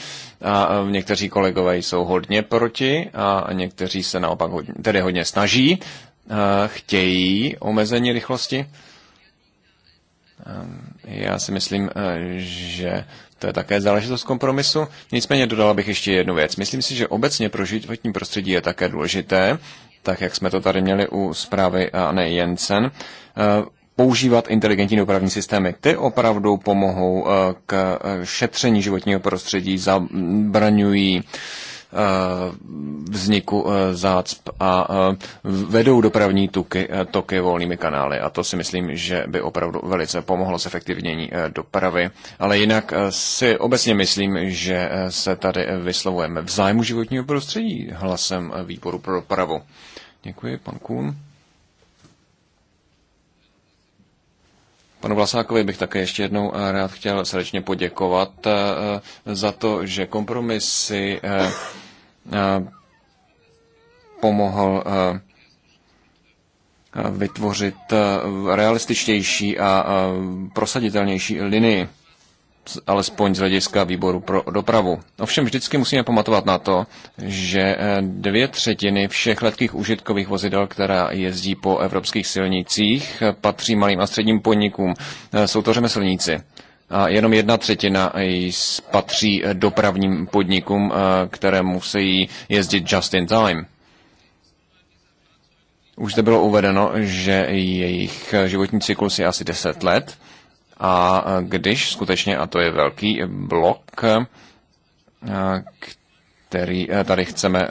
A eh, někteří kolegové jsou hodně proti a někteří se naopak hodně, tedy hodně snaží, chtějí omezení rychlosti. Ehm, já si myslím, že to je také záležitost kompromisu. Nicméně dodala bych ještě jednu věc. Myslím si, že obecně pro životní prostředí je také důležité, tak jak jsme to tady měli u zprávy Anne Jensen, eh, používat inteligentní dopravní systémy. Ty opravdu pomohou eh, k eh, šetření životního prostředí, zabraňují Eh, vzniku eh, zácp a eh, vedou dopravní tuky, toky volnými kanály. A to si myslím, že by opravdu velice pomohlo s efektivnění dopravy. Ale jinak si obecně myslím, že se tady vyslovujeme v zájmu životního prostředí hlasem výboru pro dopravu. Děkuji, pan Kuhn. Panu Vlasákovi bych také ještě jednou eh, rád chtěl srdečně poděkovat eh, eh, za to, že kompromisy pomohl vytvořit realističtější a prosaditelnější linii alespoň z hlediska výboru pro dopravu. Ovšem vždycky musíme pamatovat na to, že eh, dvě třetiny všech letkých užitkových vozidel, která jezdí po evropských silnicích, patří malým a středním podnikům. Eh, jsou to řemeslníci. A jenom jedna třetina patří eh, dopravním podnikům, které musí jezdit just in time. Už zde bylo uvedeno, že jejich životní cyklus je asi 10 let a když skutečně, a to je velký blok, který tady chceme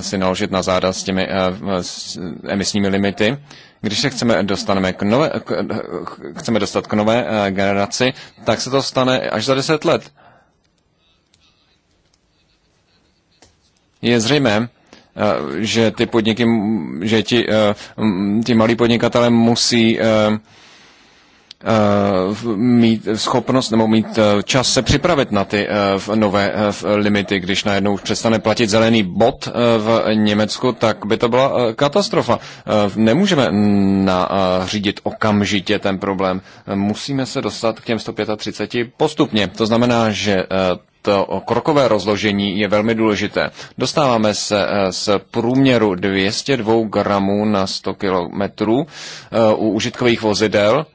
si naložit na záda s těmi emisními limity, když se chceme, dostaneme k nové, k, chceme dostat k nové generaci, tak se to stane až za deset let. Je zřejmé, že ty podniky, že ti, ti malí podnikatelé musí Eh, mít schopnost nebo mít eh, čas se připravit na ty eh, nové limity, když najednou přestane platit zelený bod v Německu, tak by to byla katastrofa. Nemůžeme nařídit okamžitě ten problém. Musíme se dostat k těm 135 postupně. To znamená, že to krokové rozložení je velmi důležité. Dostáváme se z průměru 202 gramů na 100 kilometrů u užitkových vozidel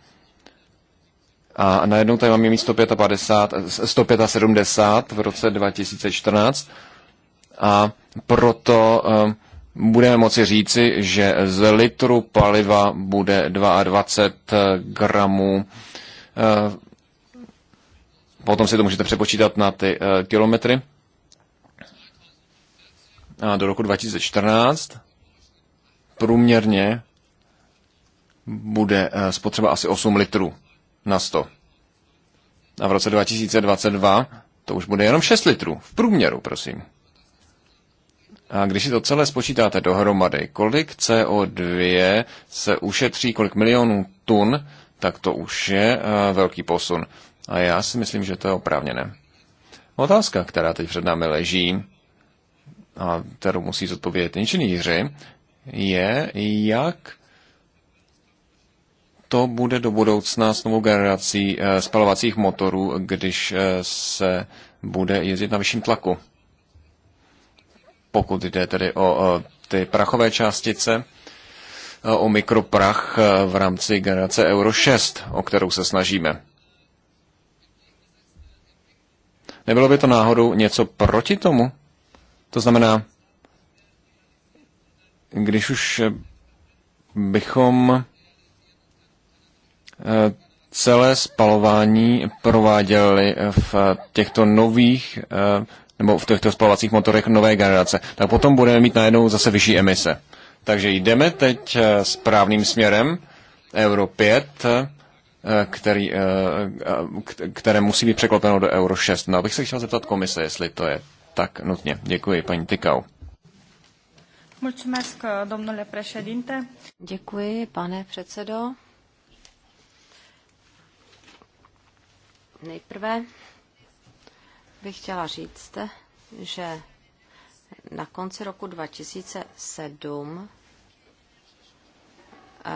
a najednou tady máme mít 155, 175 v roce 2014 a proto ehm, budeme moci říci, že z litru paliva bude 22 eh, gramů. Eh, potom si to můžete přepočítat na ty eh, kilometry. A do roku 2014 průměrně bude spotřeba asi 8 litrů na 100. A v roce 2022 to už bude jenom 6 litrů. V průměru, prosím. A když si to celé spočítáte dohromady, kolik CO2 se ušetří, kolik milionů tun, tak to už je eh, velký posun. A já si myslím, že to je oprávněné. Otázka, která teď před námi leží, a kterou musí zodpovědět inženýři, je, jak to bude do budoucna s novou generací eh, spalovacích motorů, když eh, se bude jezdit na vyšším tlaku. Pokud jde tedy o ty prachové částice, eh, o mikroprach v rámci generace Euro 6, o kterou se snažíme. Nebylo by to náhodou něco proti tomu? To znamená, když už bychom Eh, celé spalování prováděli eh, v těchto nových eh, nebo v těchto spalovacích motorech nové generace, tak potom budeme mít najednou zase vyšší emise. Takže jdeme teď správným směrem Euro 5, který, které musí být překlopeno do Euro 6. No, abych se chtěl zeptat komise, jestli to je tak nutně. Děkuji, paní Tykau. Děkuji, pane předsedo. Nejprve bych chtěla říct, že na konci roku 2007 eh,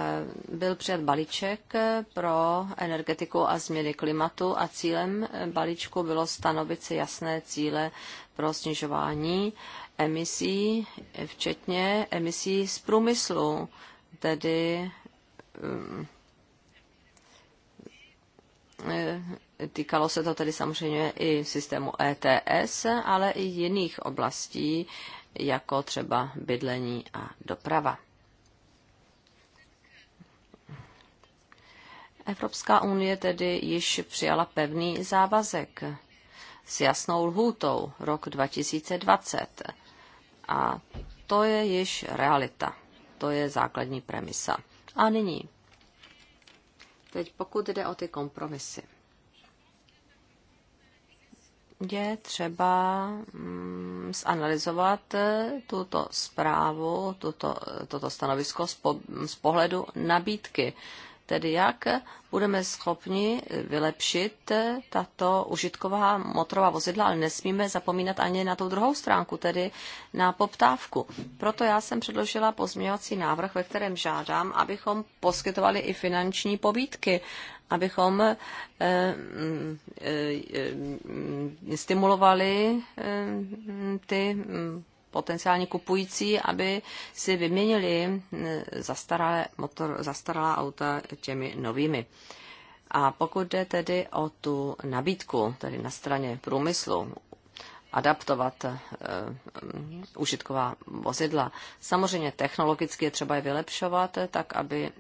byl přijat balíček eh, pro energetiku a změny klimatu a cílem balíčku bylo stanovit si jasné cíle pro snižování emisí, včetně emisí z průmyslu, tedy mm, eh, Týkalo se to tedy samozřejmě i systému ETS, ale i jiných oblastí, jako třeba bydlení a doprava. Evropská unie tedy již přijala pevný závazek s jasnou lhůtou rok 2020. A to je již realita. To je základní premisa. A nyní. Teď pokud jde o ty kompromisy je třeba mm, zanalizovat e, tuto zprávu, tuto, toto stanovisko z, po, z pohledu nabídky. Tedy jak budeme schopni vylepšit e, tato užitková motorová vozidla, ale nesmíme zapomínat ani na tu druhou stránku, tedy na poptávku. Proto já jsem předložila pozměňovací návrh, ve kterém žádám, abychom poskytovali i finanční pobídky abychom eh, eh, eh, stimulovali ty mm, potenciálně kupující, aby si vyměnili zastaralé motor, zastaralá auta těmi novými. A pokud jde tedy o tu nabídku, tedy na straně průmyslu, adaptovat e, užitková vozidla. Samozřejmě technologicky je třeba je vylepšovat, tak aby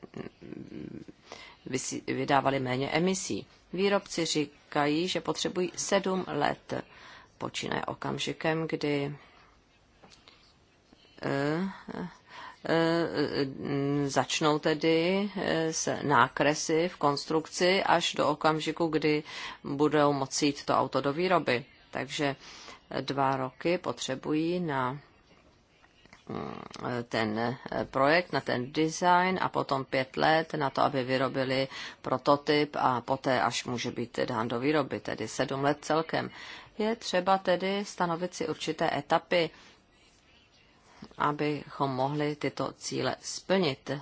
vydávali méně emisí. Výrobci říkají, že potřebují sedm let. Počínaje okamžikem, kdy eh, eh, začnou tedy eh, se nákresy v konstrukci až do okamžiku, kdy budou moci jít to auto do výroby. Takže dva roky potřebují na ten eh, projekt, na ten design a potom pět let na to, aby vyrobili prototyp a poté až může být dán do výroby, tedy sedm let celkem. Je třeba tedy stanovit si určité etapy, abychom mohli tyto cíle splnit, eh,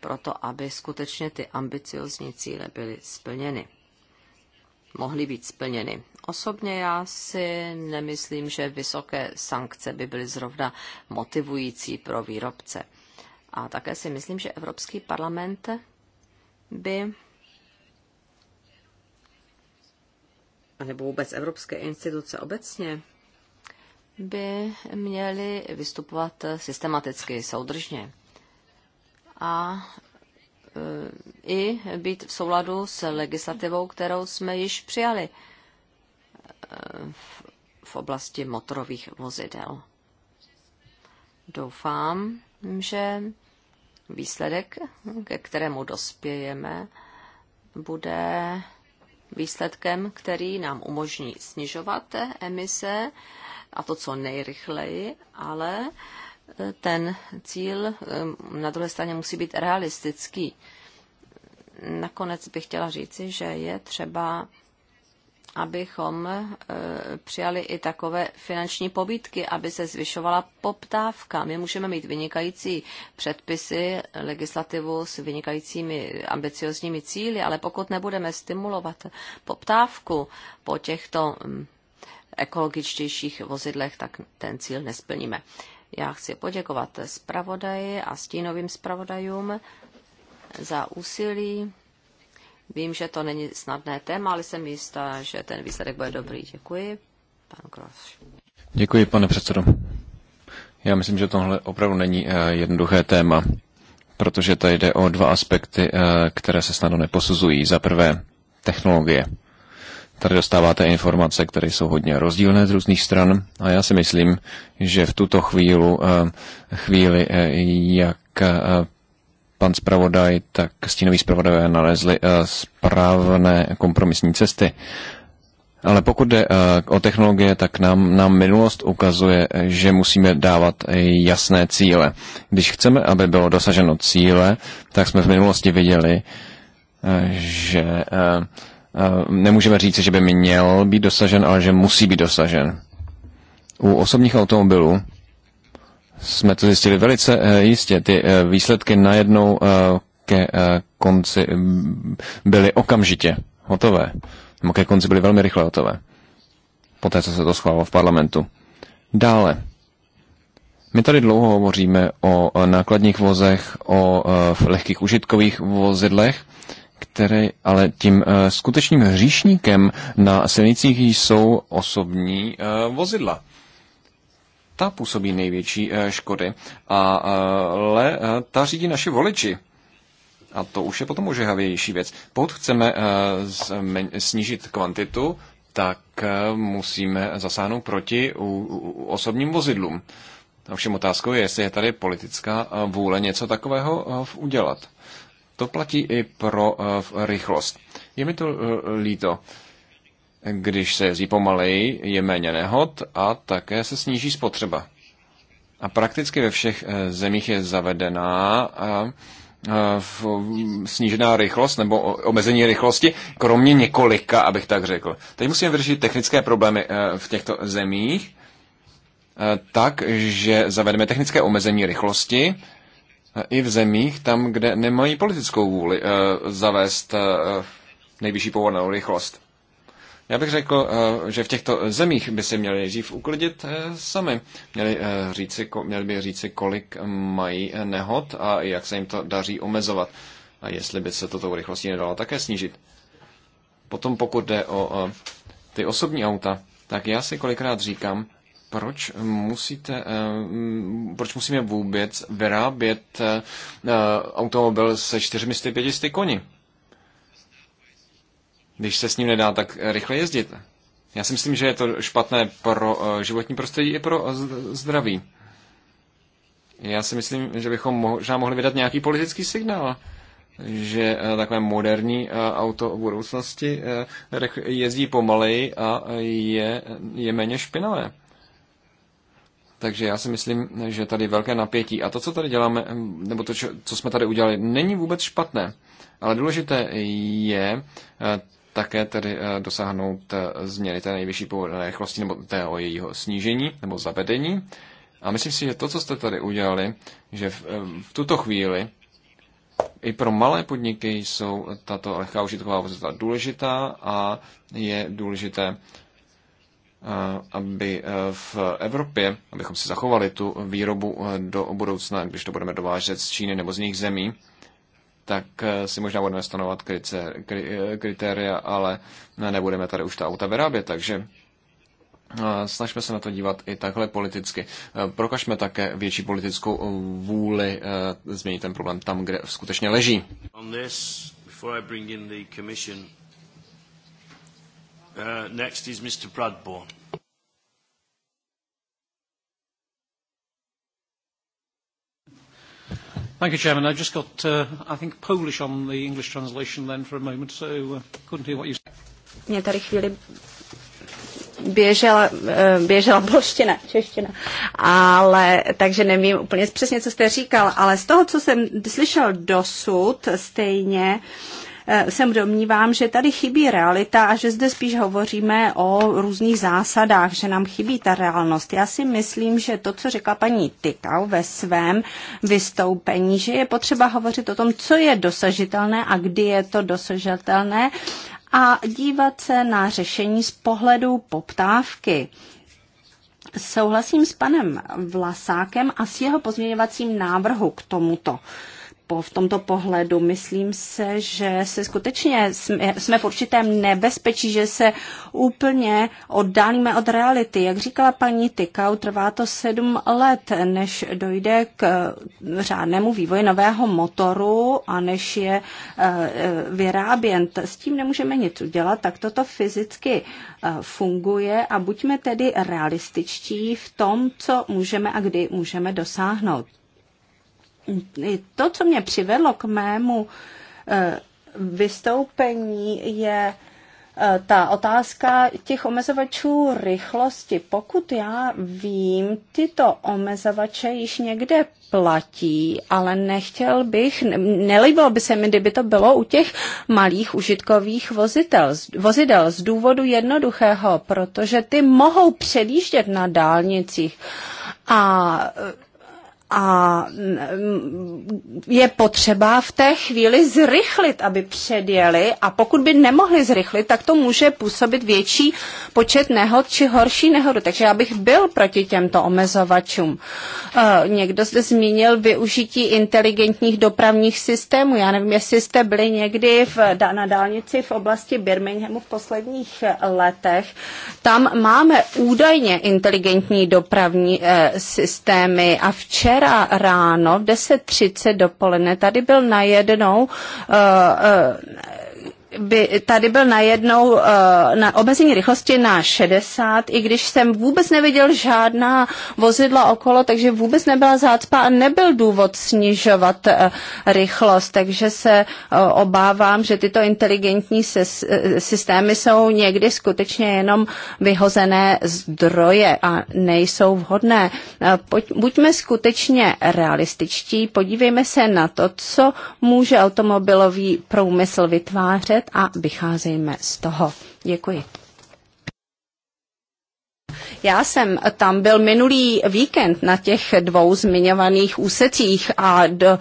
proto aby skutečně ty ambiciozní cíle byly splněny mohly být splněny. Osobně já si nemyslím, že vysoké sankce by byly zrovna motivující pro výrobce. A také si myslím, že Evropský parlament by nebo vůbec evropské instituce obecně by měly vystupovat systematicky, soudržně. A i být v souladu s legislativou, kterou jsme již přijali eh, v oblasti motorových vozidel. Doufám, že výsledek, ke kterému dospějeme, bude výsledkem, který nám umožní snižovat emise, a to co nejrychleji, ale ten cíl um, na druhé straně musí být realistický. Nakonec bych chtěla říci, že je třeba, abychom uh, přijali i takové finanční pobídky, aby se zvyšovala poptávka. My můžeme mít vynikající předpisy, legislativu s vynikajícími ambiciozními cíly, ale pokud nebudeme stimulovat poptávku po těchto um, ekologičtějších vozidlech, tak ten cíl nesplníme. Já chci poděkovat zpravodaji a stínovým zpravodajům za úsilí. Vím, že to není snadné téma, ale jsem jistá, že ten výsledek bude dobrý. Děkuji. Pan Kroš. Děkuji, pane předsedo. Já myslím, že tohle opravdu není eh, jednoduché téma, protože tady jde o dva aspekty, eh, které se snadno neposuzují. Za prvé technologie. Tady dostáváte informace, které jsou hodně rozdílné z různých stran a já si myslím, že v tuto eh, chvíli, chvíli eh, jak eh, pan zpravodaj, tak stínový zpravodajové nalezli správné kompromisní cesty. Ale pokud jde o technologie, tak nám, nám minulost ukazuje, že musíme dávat jasné cíle. Když chceme, aby bylo dosaženo cíle, tak jsme v minulosti viděli, že Eh, nemůžeme říct, že by měl být dosažen, ale že musí být dosažen. U osobních automobilů jsme to zjistili velice eh, jistě. Ty eh, výsledky najednou ke konci byly okamžitě hotové. Nebo ke konci byly velmi rychle hotové. Poté, co se to schválilo v parlamentu. Dále. My tady dlouho hovoříme o nákladních vozech, o lehkých užitkových vozidlech které, ale tím eh, skutečným hříšníkem na silnicích jsou osobní eh, vozidla ta působí největší eh, škody. A uh, ta řídí naši voliči. A to už je potom ožehavější věc. Pokud chceme snížit kvantitu, tak musíme zasáhnout proti osobním vozidlům. Ovšem otázkou je, jestli je tady politická vůle něco takového udělat. To platí i pro eh, rychlost. Je mi to eh, líto. Když se jezdí pomalej, je méně nehod a také se sníží spotřeba. A prakticky ve všech eh, zemích je zavedená uh, v snížená rychlost nebo omezení rychlosti, kromě několika, abych tak řekl. Teď musíme vyřešit technické problémy v těchto zemích tak, že zavedeme technické omezení rychlosti i v zemích, tam, kde nemají politickou vůli eh, zavést eh, nejvyšší povolenou rychlost. Já bych řekl, eh, že v těchto zemích by se měli nejdřív uklidit sami. Měli, říci, měli by říci, kolik mají nehod a jak se jim to daří omezovat. A jestli by se toto rychlostí nedalo také snížit. Potom pokud jde o ty osobní auta, tak já si kolikrát říkám, proč musíte, eh, proč musíme vůbec vyrábět eh, automobil se 450 koni? Když se s ním nedá tak rychle jezdit. Já si myslím, že je to špatné pro eh, životní prostředí i pro zdraví. Já si myslím, že bychom možná mohli vydat nějaký politický signál, že takové moderní auto v budoucnosti jezdí pomaleji a je, je méně špinavé. Takže já si myslím, že tady velké napětí. A to, co tady děláme, nebo to, co jsme tady udělali, není vůbec špatné. Ale důležité je eh, také tedy eh, dosáhnout eh, změny té nejvyšší povolené rychlosti nebo tého jejího snížení nebo zavedení. A myslím si, že to, co jste tady udělali, že v, v tuto chvíli i pro malé podniky jsou tato lehká užitková vozidla důležitá a je důležité Eh, aby eh, v Evropě, abychom si zachovali tu výrobu eh, do budoucna, když to budeme dovážet z Číny nebo z jiných zemí, tak si možná budeme stanovat kritéria, ale nebudeme tady už ta auta vyrábět, takže snažme se na to dívat i takhle politicky. Prokažme také větší politickou vůli změnit ten problém tam, kde skutečně leží. Uh, next is Mr. Bradbourne. Thank you, Chairman. I just got, uh, I think, Polish on the English translation then for a moment, so uh, couldn't hear what you said. běžela, uh, běžela polština, čeština, ale takže nevím úplně přesně, co jste říkal, ale z toho, co jsem slyšel dosud, stejně uh, Eh, se domnívám, že tady chybí realita a že zde spíš hovoříme o různých zásadách, že nám chybí ta realnost. Já si myslím, že to, co řekla paní Tykau ve svém vystoupení, že je potřeba hovořit o tom, co je dosažitelné a kdy je to dosažitelné a dívat se na řešení z pohledu poptávky. Souhlasím s panem Vlasákem a s jeho pozměňovacím návrhu k tomuto. Uh, v tomto pohledu. Myslím se, že se skutečně jsme, jsme v určitém nebezpečí, že se úplně oddálíme od reality. Jak říkala paní Tykau, trvá to sedm let, než dojde k řádnému vývoji nového motoru a než je eh, eh, vyráběn. S tím nemůžeme nic udělat, tak toto fyzicky eh, funguje a buďme tedy realističtí v tom, co můžeme a kdy můžeme dosáhnout to, co mě přivedlo k mému eh, vystoupení, je eh, ta otázka těch omezovačů rychlosti. Pokud já vím, tyto omezovače již někde platí, ale nechtěl bych, nelíbilo by se mi, kdyby to bylo u těch malých užitkových vozitel, vozidel z důvodu jednoduchého, protože ty mohou předjíždět na dálnicích a eh, a mm, mm, je potřeba v té chvíli zrychlit, aby předjeli a pokud by nemohli zrychlit, tak to může působit větší počet nehod či horší nehodu. Takže já bych byl proti těmto omezovačům. E, někdo zde zmínil využití inteligentních dopravních systémů. Já nevím, jestli jste byli někdy v, na dálnici v oblasti Birminghamu v posledních e, letech. Tam máme údajně inteligentní dopravní e, systémy a včera Včera ráno v 10.30 dopoledne tady byl najednou uh, uh, by tady byl najednou uh, eh, na omezení rychlosti na 60, i když jsem vůbec neviděl žádná vozidla okolo, takže vůbec nebyla zácpa a nebyl důvod snižovat uh, rychlost, takže se uh, obávám, že tyto inteligentní ses, uh, systémy jsou někdy skutečně jenom vyhozené zdroje a nejsou vhodné. Uh, pojď, buďme skutečně realističtí, podívejme se na to, co může automobilový průmysl vytvářet, 2010 a vycházejme z toho. Děkuji. Já jsem tam byl minulý víkend na těch dvou zmiňovaných úsecích a do,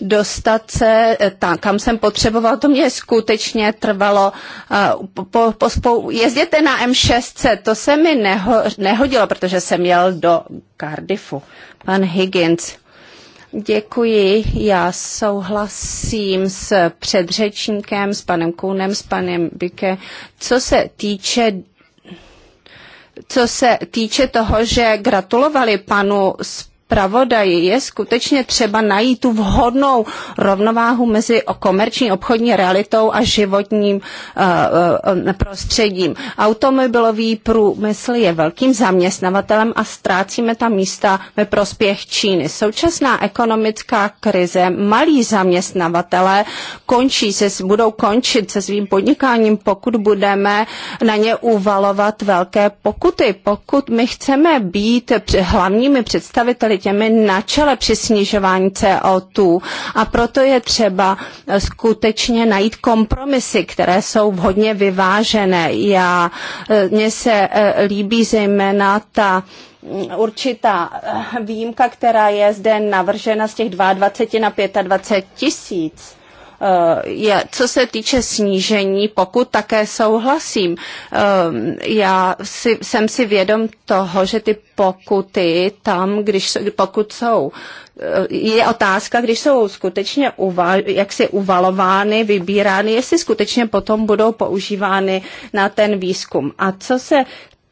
dostat se tam, kam jsem potřeboval, to mě skutečně trvalo. Uh, po, po, jezděte na M6, to se mi neho, nehodilo, protože jsem jel do Cardiffu. Pan Higgins. Děkuji. Já souhlasím s předřečníkem, s panem Kůnem, s panem Bike. Co se týče co se týče toho, že gratulovali panu zpravodaji. Je skutečně třeba najít tu vhodnou rovnováhu mezi komerční obchodní realitou a životním eh, eh, prostředím. Automobilový průmysl je velkým zaměstnavatelem a ztrácíme tam místa ve prospěch Číny. Současná ekonomická krize, malí zaměstnavatelé končí se, budou končit se svým podnikáním, pokud budeme na ně uvalovat velké pokuty. Pokud my chceme být hlavními představiteli těmi na čele při snižování CO2 a proto je třeba eh, skutečně najít kompromisy, které jsou vhodně vyvážené. Já, eh, mně se eh, líbí zejména ta mm, určitá výjimka, která je zde navržena z těch 22 na 25 tisíc Eh, je, co se týče snížení, pokud také souhlasím, eh, já si, jsem si vědom toho, že ty pokuty tam, když, pokud jsou, eh, je otázka, když jsou skutečně jak jaksi uvalovány, vybírány, jestli skutečně potom budou používány na ten výzkum. A co se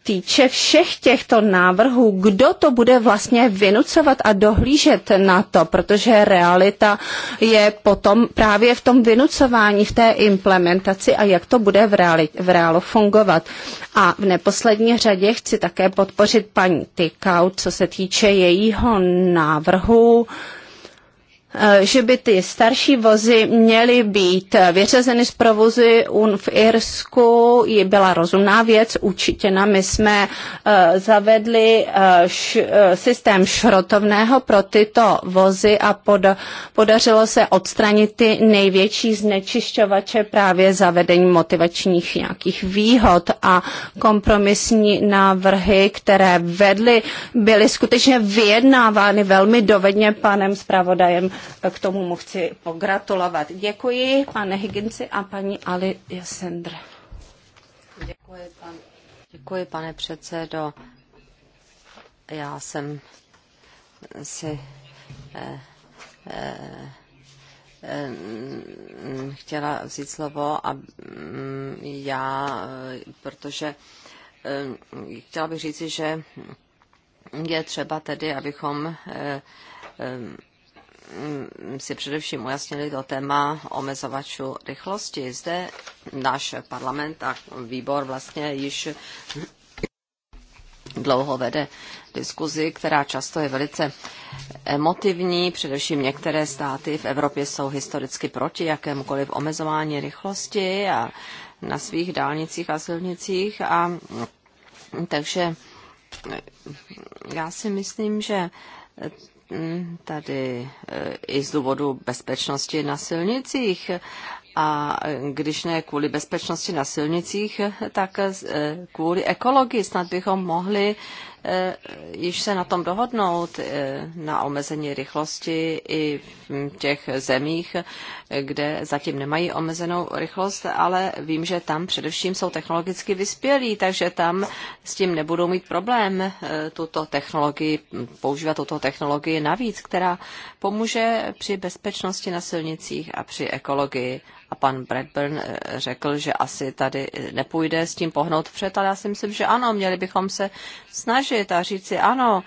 týče všech těchto návrhů, kdo to bude vlastně vynucovat a dohlížet na to, protože realita je potom právě v tom vynucování, v té implementaci a jak to bude v, reali- v reálu fungovat. A v neposlední řadě chci také podpořit paní Tykau, co se týče jejího návrhu, Eh, že by ty starší vozy měly být eh, vyřazeny z provozu v Irsku, je byla rozumná věc, určitě na my jsme eh, zavedli systém šrotovného pro tyto vozy a pod- podařilo se odstranit ty největší znečišťovače právě zavedení motivačních nějakých výhod a kompromisní návrhy, které vedly, byly skutečně vyjednávány velmi dovedně panem zpravodajem k tomu mu chci pogratulovat. Děkuji, pane Higginsi a paní Ali Jasendr. Děkuji, pan, děkuji, pane předsedo. Já jsem si eh, eh, eh chtěla vzít slovo a mm, já, protože eh, chtěla bych říci, že je třeba tedy, abychom eh, Mm, si především ujasnili to téma omezovačů rychlosti. Zde náš parlament a výbor vlastně již dlouho vede diskuzi, která často je velice emotivní. Především některé státy v Evropě jsou historicky proti jakémukoliv omezování rychlosti a na svých dálnicích a silnicích. A, takže já si myslím, že tady eh, i z důvodu bezpečnosti na silnicích. A když ne kvůli bezpečnosti na silnicích, tak eh, kvůli ekologii snad bychom mohli Eh, již se na tom dohodnout eh, na omezení rychlosti i v těch zemích, kde zatím nemají omezenou rychlost, ale vím, že tam především jsou technologicky vyspělí, takže tam s tím nebudou mít problém eh, tuto technologii, používat tuto technologii navíc, která pomůže při bezpečnosti na silnicích a při ekologii. A pan Bradburn řekl, že asi tady nepůjde s tím pohnout před, ale já si myslím, že ano, měli bychom se snažit snažit a říct si ano,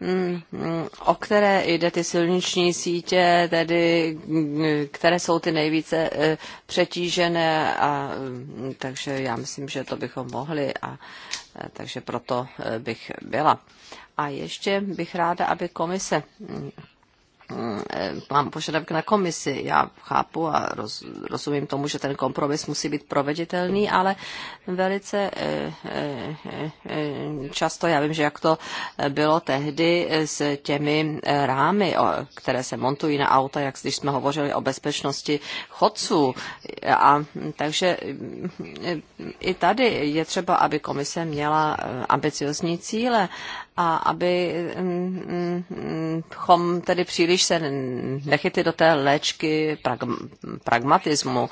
mm, mm, o které jde ty silniční sítě, tedy mm, které jsou ty nejvíce eh, přetížené a takže já myslím, že to bychom mohli a eh, takže proto eh, bych byla. A ještě bych ráda, aby komise Eh, mám požadavek na komisi. Já chápu a roz, rozumím tomu, že ten kompromis musí být proveditelný, ale velice eh, eh, často, já vím, že jak to bylo tehdy s těmi rámy, které se montují na auta, jak když jsme hovořili o bezpečnosti chodců. A takže i tady je třeba, aby komise měla ambiciozní cíle a aby mm, mm, chom tedy příliš se nechyty do té léčky pragmatismu,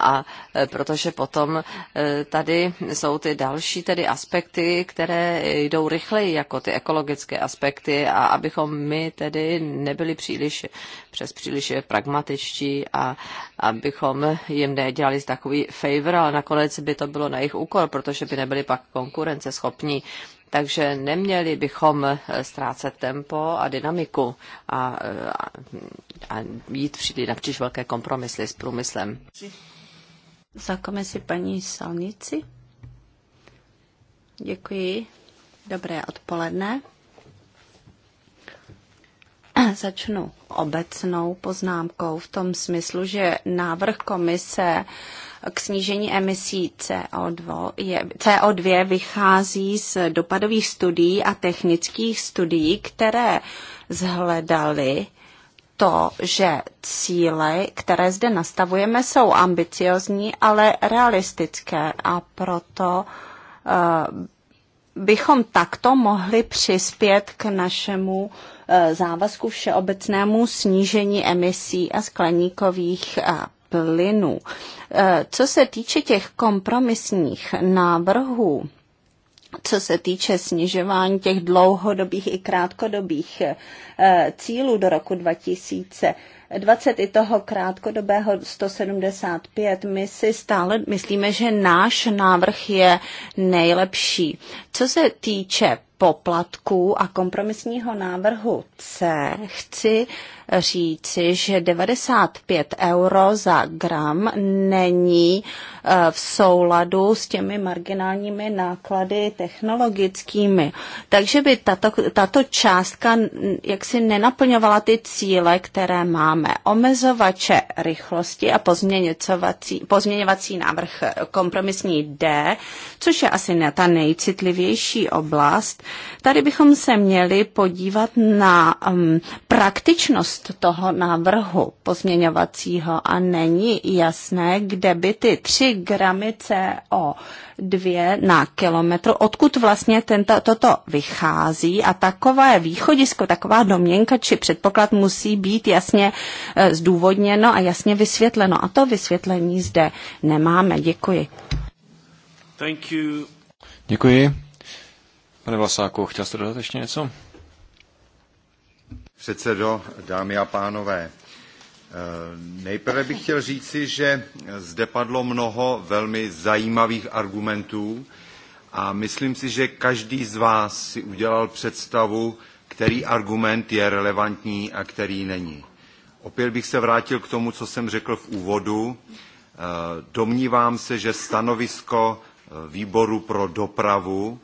a e, protože potom e, tady jsou ty další tedy aspekty, které jdou rychleji, jako ty ekologické aspekty a abychom my tedy nebyli příliš přes příliš pragmatičtí a abychom jim nedělali takový favor, ale nakonec by to bylo na jejich úkol, protože by nebyli pak konkurenceschopní. schopní takže neměli bychom eh, ztrácet tempo a dynamiku a, a, eh, a jít příliš napříč velké kompromisy s průmyslem. Za komisi paní Salnici. Děkuji. Dobré odpoledne. Začnu obecnou poznámkou v tom smyslu, že návrh komise k snížení emisí CO2, je, CO2 vychází z dopadových studií a technických studií, které zhledaly to, že cíle, které zde nastavujeme, jsou ambiciozní, ale realistické a proto uh, bychom takto mohli přispět k našemu eh, závazku všeobecnému snížení emisí a skleníkových eh, plynu. Eh, co se týče těch kompromisních návrhů, co se týče snižování těch dlouhodobých i krátkodobých eh, cílů do roku 2000, 20 i toho krátkodobého 175. My si stále myslíme, že náš návrh je nejlepší. Co se týče poplatků a kompromisního návrhu C chci říci, že 95 euro za gram není eh, v souladu s těmi marginálními náklady technologickými. Takže by tato, tato částka jaksi nenaplňovala ty cíle, které máme. Omezovače rychlosti a pozměňovací návrh eh, kompromisní D, což je asi ta nejcitlivější oblast, Tady bychom se měli podívat na um, praktičnost toho návrhu pozměňovacího a není jasné, kde by ty 3 gramy CO2 na kilometr, odkud vlastně tento, toto vychází a takové východisko, taková domněnka či předpoklad musí být jasně e, zdůvodněno a jasně vysvětleno. A to vysvětlení zde nemáme. Děkuji. Thank you. Děkuji. Pane Vlasáku, chtěl jste dodat ještě něco? Předsedo, dámy a pánové, eh, nejprve bych chtěl říci, že zde padlo mnoho velmi zajímavých argumentů a myslím si, že každý z vás si udělal představu, který argument je relevantní a který není. Opět bych se vrátil k tomu, co jsem řekl v úvodu. Eh, domnívám se, že stanovisko eh, výboru pro dopravu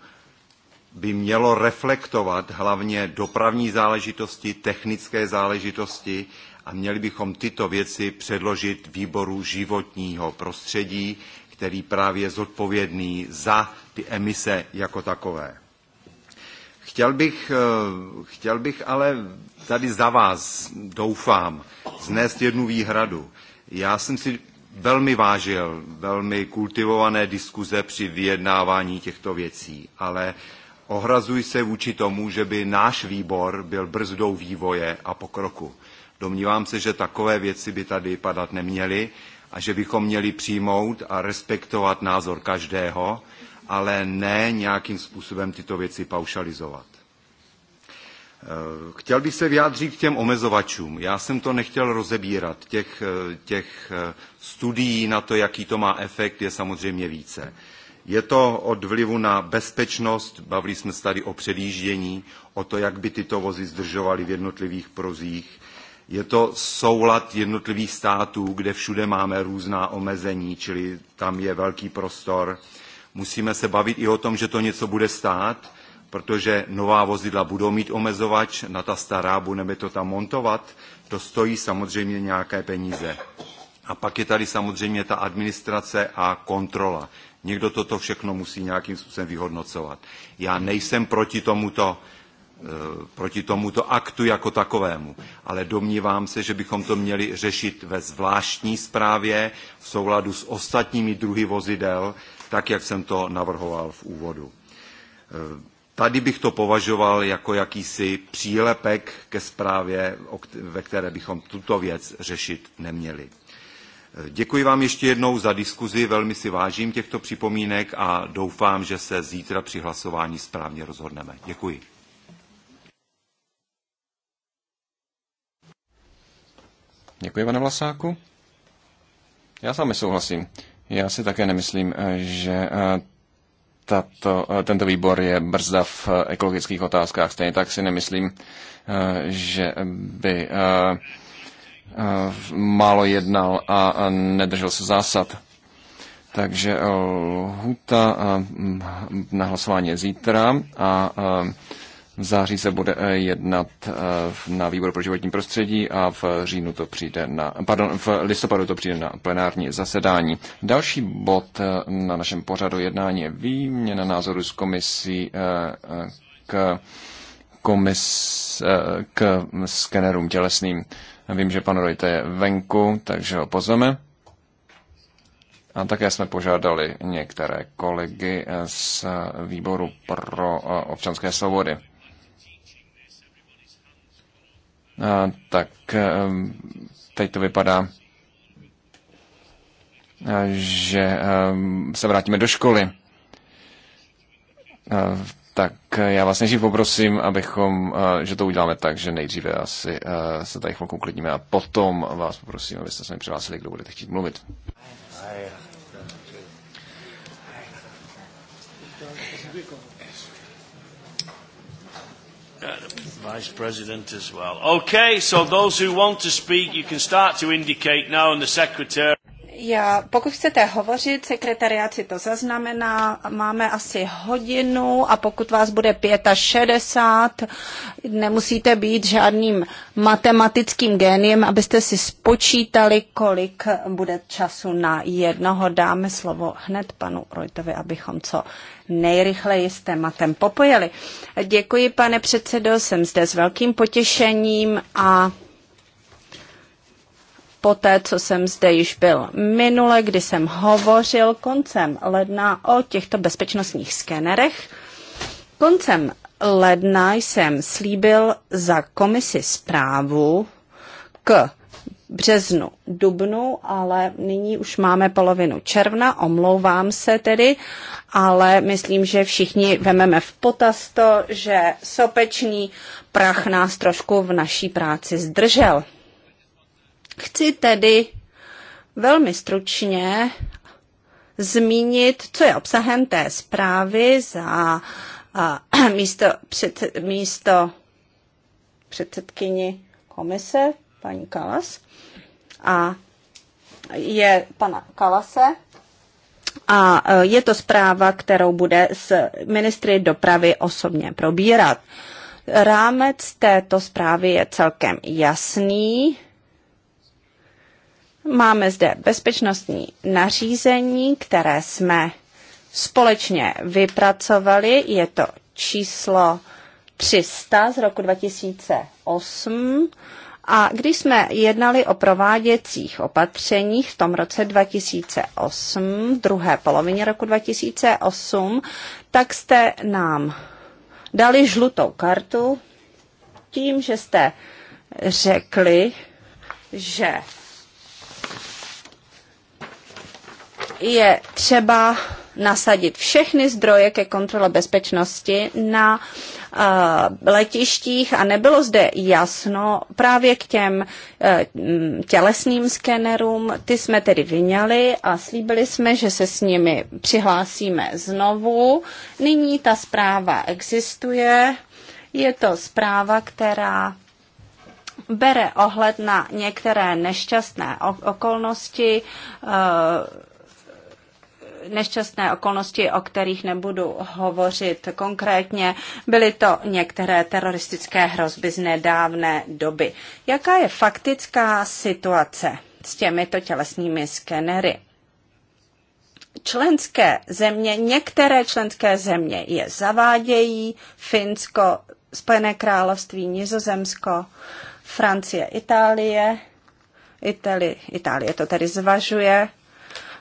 by mělo reflektovat hlavně dopravní záležitosti, technické záležitosti a měli bychom tyto věci předložit výboru životního prostředí, který právě je zodpovědný za ty emise jako takové. Chtěl bych, eh, chtěl bych ale tady za vás, doufám, znést jednu výhradu. Já jsem si velmi vážil velmi kultivované diskuze při vyjednávání těchto věcí, ale Ohrazuji se vůči tomu, že by náš výbor byl brzdou vývoje a pokroku. Domnívám se, že takové věci by tady padat neměly a že bychom měli přijmout a respektovat názor každého, ale ne nějakým způsobem tyto věci paušalizovat. Eh, chtěl bych se vyjádřit k těm omezovačům. Já jsem to nechtěl rozebírat. Těch, eh, těch eh, studií na to, jaký to má efekt, je samozřejmě více. Je to od vlivu na bezpečnost, bavili jsme se tady o předjíždění, o to, jak by tyto vozy zdržovaly v jednotlivých prozích. Je to soulad jednotlivých států, kde všude máme různá omezení, čili tam je velký prostor. Musíme se bavit i o tom, že to něco bude stát, protože nová vozidla budou mít omezovač, na ta stará budeme to tam montovat, to stojí samozřejmě nějaké peníze. A pak je tady samozřejmě ta administrace a kontrola. Někdo toto všechno musí nějakým způsobem vyhodnocovat. Já nejsem proti tomuto, eh, proti tomuto aktu jako takovému, ale domnívám se, že bychom to měli řešit ve zvláštní zprávě v souladu s ostatními druhy vozidel, tak jak jsem to navrhoval v úvodu. Eh, tady bych to považoval jako jakýsi přílepek ke zprávě, ve které bychom tuto věc řešit neměli. Děkuji vám ještě jednou za diskuzi, velmi si vážím těchto připomínek a doufám, že se zítra při hlasování správně rozhodneme. Děkuji. Děkuji, pane Vlasáku. Já vámi souhlasím. Já si také nemyslím, eh, že eh, tato, eh, tento výbor je brzda v ekologických otázkách. Stejně tak si nemyslím, že by Eh, málo jednal a nedržel se zásad. Takže eh, lhuta eh, na hlasování je zítra a v září se bude jednat na výboru pro životní prostředí a v říjnu to přijde na, pardon, v listopadu to přijde na plenární zasedání. Další bod na našem pořadu jednání je výměna názoru s komisí k, komis, k skenerům tělesným. Vím, že pan Rojte je venku, takže ho pozveme. A také jsme požádali některé kolegy z výboru pro eh, občanské svobody. A tak eh, teď to vypadá, eh, že se vrátíme do školy tak eh, já vás nejdřív poprosím, abychom, eh, že to uděláme tak, že nejdříve asi eh, se tady chvilku uklidníme a potom vás poprosím, abyste se mi přihlásili, kdo budete chtít mluvit. Vice President as well. Okay, so those who want to speak, you can start to indicate now, and the Secretary. Já, pokud chcete hovořit, sekretariat si to zaznamená, máme asi hodinu a pokud vás bude 65, nemusíte být žádným matematickým géniem, abyste si spočítali, kolik bude času na jednoho. Dáme slovo hned panu Rojtovi, abychom co nejrychleji s tématem popojili. Děkuji, pane předsedo, jsem zde s velkým potěšením a poté, co jsem zde již byl minule, kdy jsem hovořil koncem ledna o těchto bezpečnostních skenerech. Koncem ledna jsem slíbil za komisi zprávu k březnu, dubnu, ale nyní už máme polovinu června, omlouvám se tedy, ale myslím, že všichni vememe v potaz to, že sopečný prach nás trošku v naší práci zdržel. Chci tedy velmi stručně zmínit, co je obsahem té zprávy za a, místo, před, místo předsedkyni komise, paní Kalas, a je pana Kalase. A e, je to zpráva, kterou bude s ministry dopravy osobně probírat. Rámec této zprávy je celkem jasný Máme zde bezpečnostní nařízení, které jsme společně vypracovali. Je to číslo 300 z roku 2008. A když jsme jednali o prováděcích opatřeních v tom roce 2008, v druhé polovině roku 2008, tak jste nám dali žlutou kartu tím, že jste řekli, že je třeba nasadit všechny zdroje ke kontrole bezpečnosti na eh, letištích a nebylo zde jasno právě k těm eh, tělesným skenerům. Ty jsme tedy vyňali a slíbili jsme, že se s nimi přihlásíme znovu. Nyní ta zpráva existuje. Je to zpráva, která bere ohled na některé nešťastné okolnosti, eh, nešťastné okolnosti, o kterých nebudu hovořit konkrétně. Byly to některé teroristické hrozby z nedávné doby. Jaká je faktická situace s těmito tělesnými skenery? Členské země, některé členské země je zavádějí, Finsko, Spojené království, Nizozemsko, Francie, Itálie, Itali, Itálie to tedy zvažuje.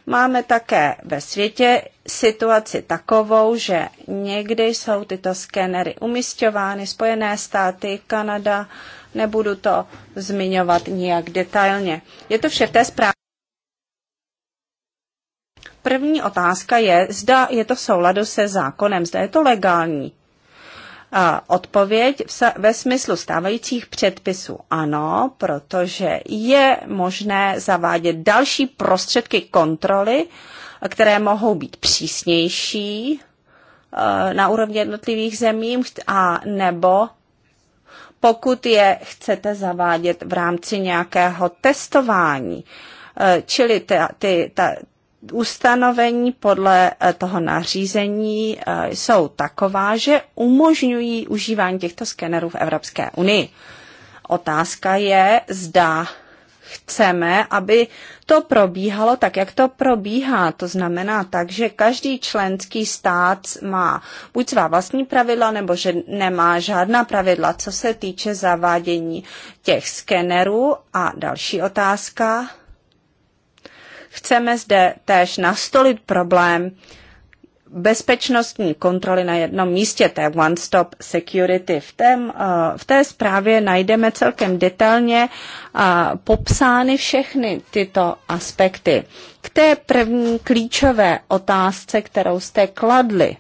Máme také ve světě situaci takovou, že někdy jsou tyto skenery umistovány Spojené státy, Kanada, nebudu to zmiňovat nijak detailně. Je to vše v té zprávě. První otázka je, zda je to v souladu se zákonem, zda je to legální. Odpověď ve smyslu stávajících předpisů ano, protože je možné zavádět další prostředky kontroly, které mohou být přísnější eh, na úrovni jednotlivých zemí a nebo pokud je chcete zavádět v rámci nějakého testování. Eh, čili ta, ty, ta, ustanovení podle eh, toho nařízení eh, jsou taková, že umožňují užívání těchto skenerů v Evropské unii. Otázka je, zda chceme, aby to probíhalo tak, jak to probíhá. To znamená tak, že každý členský stát má buď svá vlastní pravidla, nebo že nemá žádná pravidla, co se týče zavádění těch skenerů. A další otázka, Chceme zde též nastolit problém bezpečnostní kontroly na jednom místě, té One Stop Security. V, tém, eh, v té zprávě najdeme celkem detailně eh, popsány všechny tyto aspekty. K té první klíčové otázce, kterou jste kladli,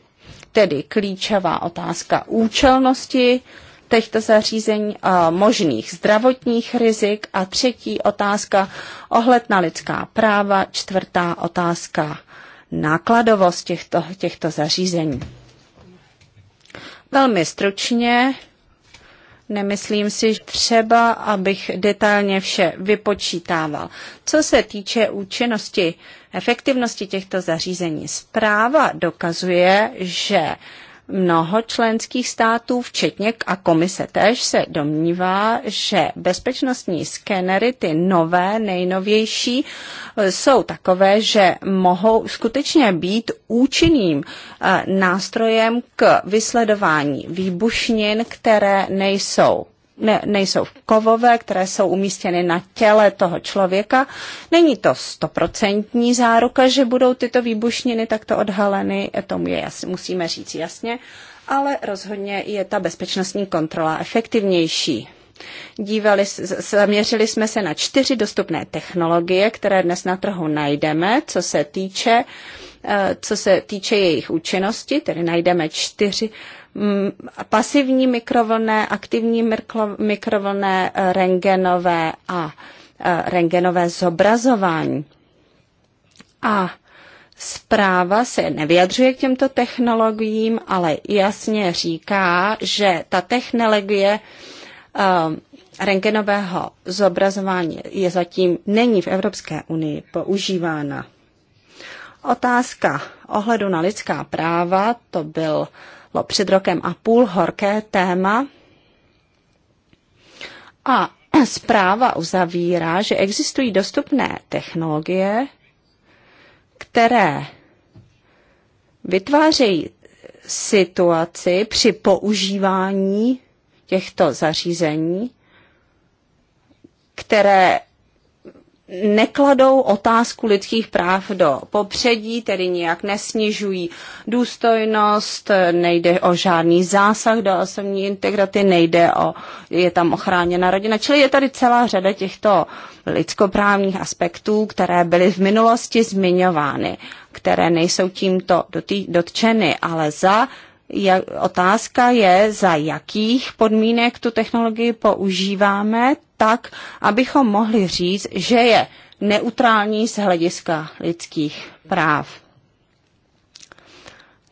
tedy klíčová otázka účelnosti, těchto zařízení a eh, možných zdravotních rizik a třetí otázka ohled na lidská práva, čtvrtá otázka nákladovost těchto, těchto zařízení. Velmi stručně, nemyslím si třeba, abych detailně vše vypočítával. Co se týče účinnosti, efektivnosti těchto zařízení, zpráva dokazuje, že Mnoho členských států, včetně a komise též, se domnívá, že bezpečnostní skenery, ty nové, nejnovější, jsou takové, že mohou skutečně být účinným eh, nástrojem k vysledování výbušnin, které nejsou ne, nejsou kovové, které jsou umístěny na těle toho člověka. Není to stoprocentní záruka, že budou tyto výbušniny takto odhaleny, tomu je jas, musíme říct jasně, ale rozhodně je ta bezpečnostní kontrola efektivnější. Dívali, zaměřili jsme se na čtyři dostupné technologie, které dnes na trhu najdeme, co se týče eh, co se týče jejich účinnosti, tedy najdeme čtyři Mm, pasivní mikrovlné, aktivní mikrovlné, eh, rengenové a eh, rengenové zobrazování. A Zpráva se nevyjadřuje k těmto technologiím, ale jasně říká, že ta technologie eh, rengenového zobrazování je zatím není v Evropské unii používána. Otázka ohledu na lidská práva, to byl uh, před rokem a půl horké téma. A zpráva uzavírá, že existují dostupné technologie, které vytvářejí situaci při používání těchto zařízení, které nekladou otázku lidských práv do popředí, tedy nijak nesnižují důstojnost, nejde o žádný zásah do osobní integrity, nejde o, je tam ochráněna rodina. Čili je tady celá řada těchto lidskoprávních aspektů, které byly v minulosti zmiňovány, které nejsou tímto dotý, dotčeny, ale za jak, otázka je, za jakých podmínek tu technologii používáme, tak, abychom mohli říct, že je neutrální z hlediska lidských práv.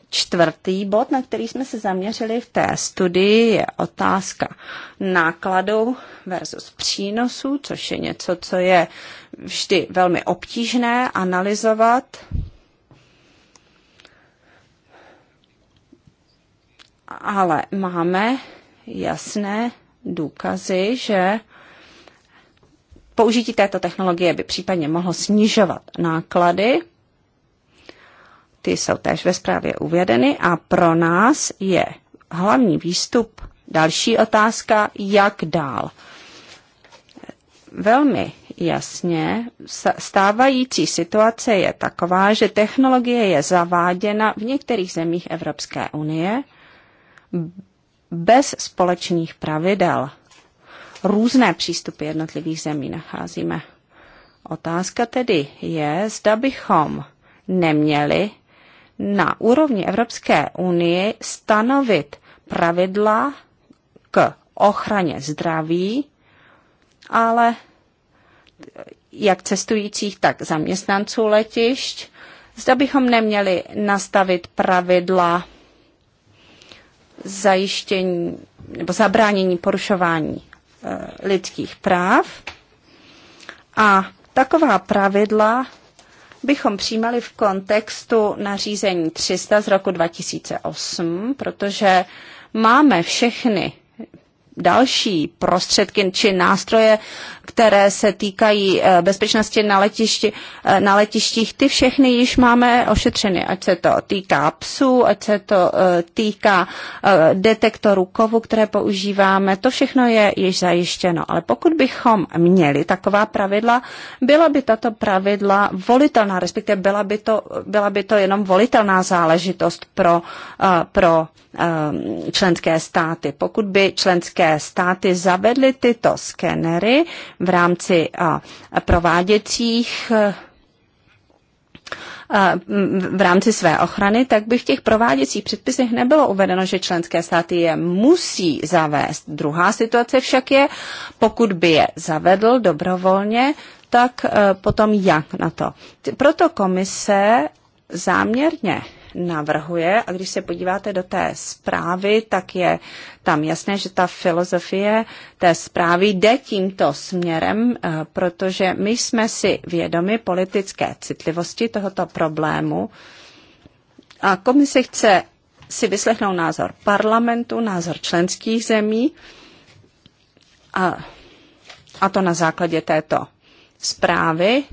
Čtvrtý bod, na který jsme se zaměřili v té studii, je otázka nákladů versus přínosů, což je něco, co je vždy velmi obtížné analyzovat ale máme jasné důkazy, že použití této technologie by případně mohlo snižovat náklady, ty jsou též ve zprávě uvedeny a pro nás je hlavní výstup další otázka, jak dál. Velmi jasně, stávající situace je taková, že technologie je zaváděna v některých zemích Evropské unie, bez společných pravidel různé přístupy jednotlivých zemí nacházíme. Otázka tedy je, zda bychom neměli na úrovni Evropské unie stanovit pravidla k ochraně zdraví, ale jak cestujících, tak zaměstnanců letišť. Zda bychom neměli nastavit pravidla zajištění nebo zabránění porušování eh, lidských práv. A taková pravidla bychom přijímali v kontextu nařízení 300 z roku 2008, protože máme všechny další prostředky či nástroje, které se týkají eh, bezpečnosti na, letišti, eh, na letištích, ty všechny již máme ošetřeny, ať se to týká psů, ať se to eh, týká detektorů kovu, které používáme, to všechno je již zajištěno. Ale pokud bychom měli taková pravidla, byla by tato pravidla volitelná, respektive byla by to, byla by to jenom volitelná záležitost pro, pro členské státy. Pokud by členské státy zavedly tyto skenery v rámci prováděcích v rámci své ochrany, tak by v těch prováděcích předpisech nebylo uvedeno, že členské státy je musí zavést. Druhá situace však je, pokud by je zavedl dobrovolně, tak e, potom jak na to. Proto komise záměrně navrhuje. A když se podíváte do té zprávy, tak je tam jasné, že ta filozofie té zprávy jde tímto směrem, eh, protože my jsme si vědomi politické citlivosti tohoto problému a komise chce si vyslechnout názor parlamentu, názor členských zemí a, a to na základě této zprávy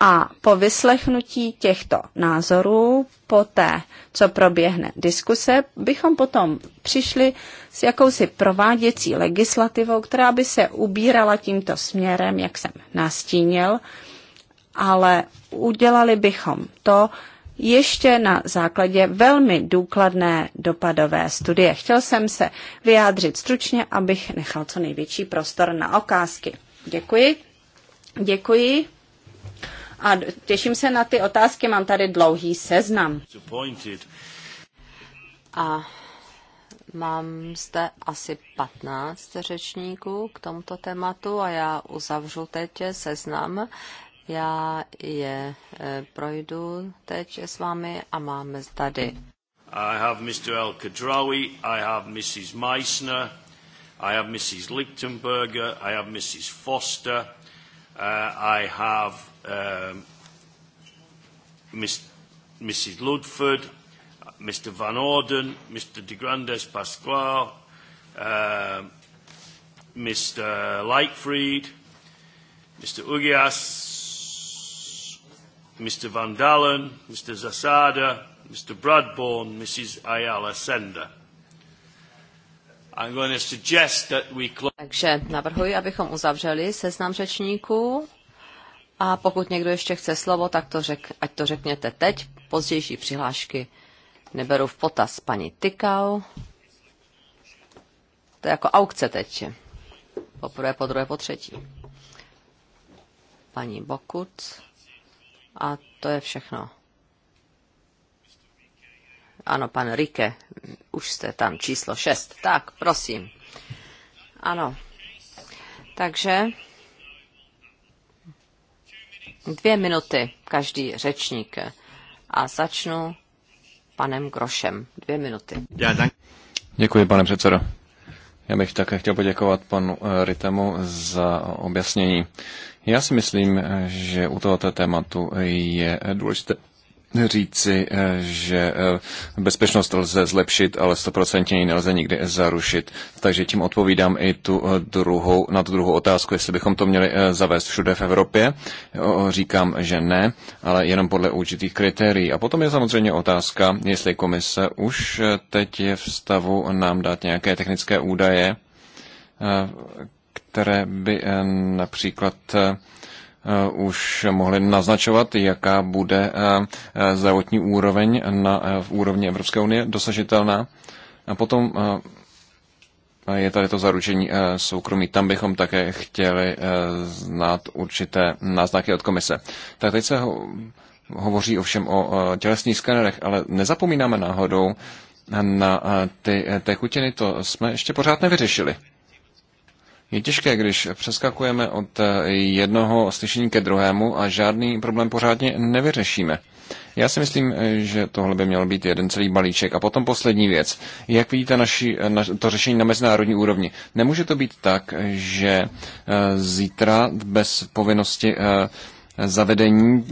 a po vyslechnutí těchto názorů, poté, co proběhne diskuse, bychom potom přišli s jakousi prováděcí legislativou, která by se ubírala tímto směrem, jak jsem nastínil, ale udělali bychom to ještě na základě velmi důkladné dopadové studie. Chtěl jsem se vyjádřit stručně, abych nechal co největší prostor na okázky. Děkuji. Děkuji a těším se na ty otázky, mám tady dlouhý seznam. A mám zde asi 15 řečníků k tomuto tématu a já uzavřu teď seznam. Já je eh, projdu teď s vámi a máme tady. I have Mr. El Kadrawi, I have Mrs. Meissner, I have Mrs. Lichtenberger, I have Mrs. Foster, uh, I have um, Ms, Mrs. Ludford, Mr. Van Orden, Mr. De Grandes Pasquale, uh, um, Mr. Lightfried, Mr. Ugias, Mr. Van Dalen, Mr. Zasada, Mr. Bradbourne, Mrs. Ayala Sender. I'm going to suggest that we... close. Takže navrhuji, abychom uzavřeli seznam řečníků a pokud někdo ještě chce slovo, tak to řek, ať to řekněte teď. Pozdější přihlášky neberu v potaz paní Tykau. To je jako aukce teď. Po prvé, po druhé, po třetí. Paní Bokut. A to je všechno. Ano, pan Rike, už jste tam číslo 6. Tak, prosím. Ano. Takže Dvě minuty každý řečník. A začnu panem Grošem. Dvě minuty. Děkuji, pane předsedo. Já bych také chtěl poděkovat panu eh, Ritemu za objasnění. Já si myslím, že u tohoto tématu je eh, důležité říci, eh, že eh, bezpečnost lze zlepšit, ale stoprocentně ji nelze nikdy zarušit. Takže tím odpovídám i tu eh, druhou, na tu druhou otázku, jestli bychom to měli zavést všude v Evropě. Říkám, že ne, ale jenom podle určitých kritérií. A potom je samozřejmě otázka, jestli komise už teď je v stavu nám dát nějaké technické údaje, které by například Eh, už mohli naznačovat, jaká bude eh, eh, zdravotní úroveň na v úrovni Evropské unie dosažitelná. A potom je tady to zaručení soukromí. Tam bychom také chtěli znát určité náznaky od komise. Tak teď se ho, hovoří ovšem o tělesných skanerech, ale nezapomínáme náhodou na ty tekutiny, to jsme ještě pořád nevyřešili. Je těžké, když přeskakujeme od eh, jednoho slyšení ke druhému a žádný problém pořádně nevyřešíme. Já si myslím, eh, že tohle by měl být jeden celý balíček. A potom poslední věc. Jak vidíte naši, eh, na, to řešení na mezinárodní úrovni? Nemůže to být tak, že zítra bez povinnosti zavedení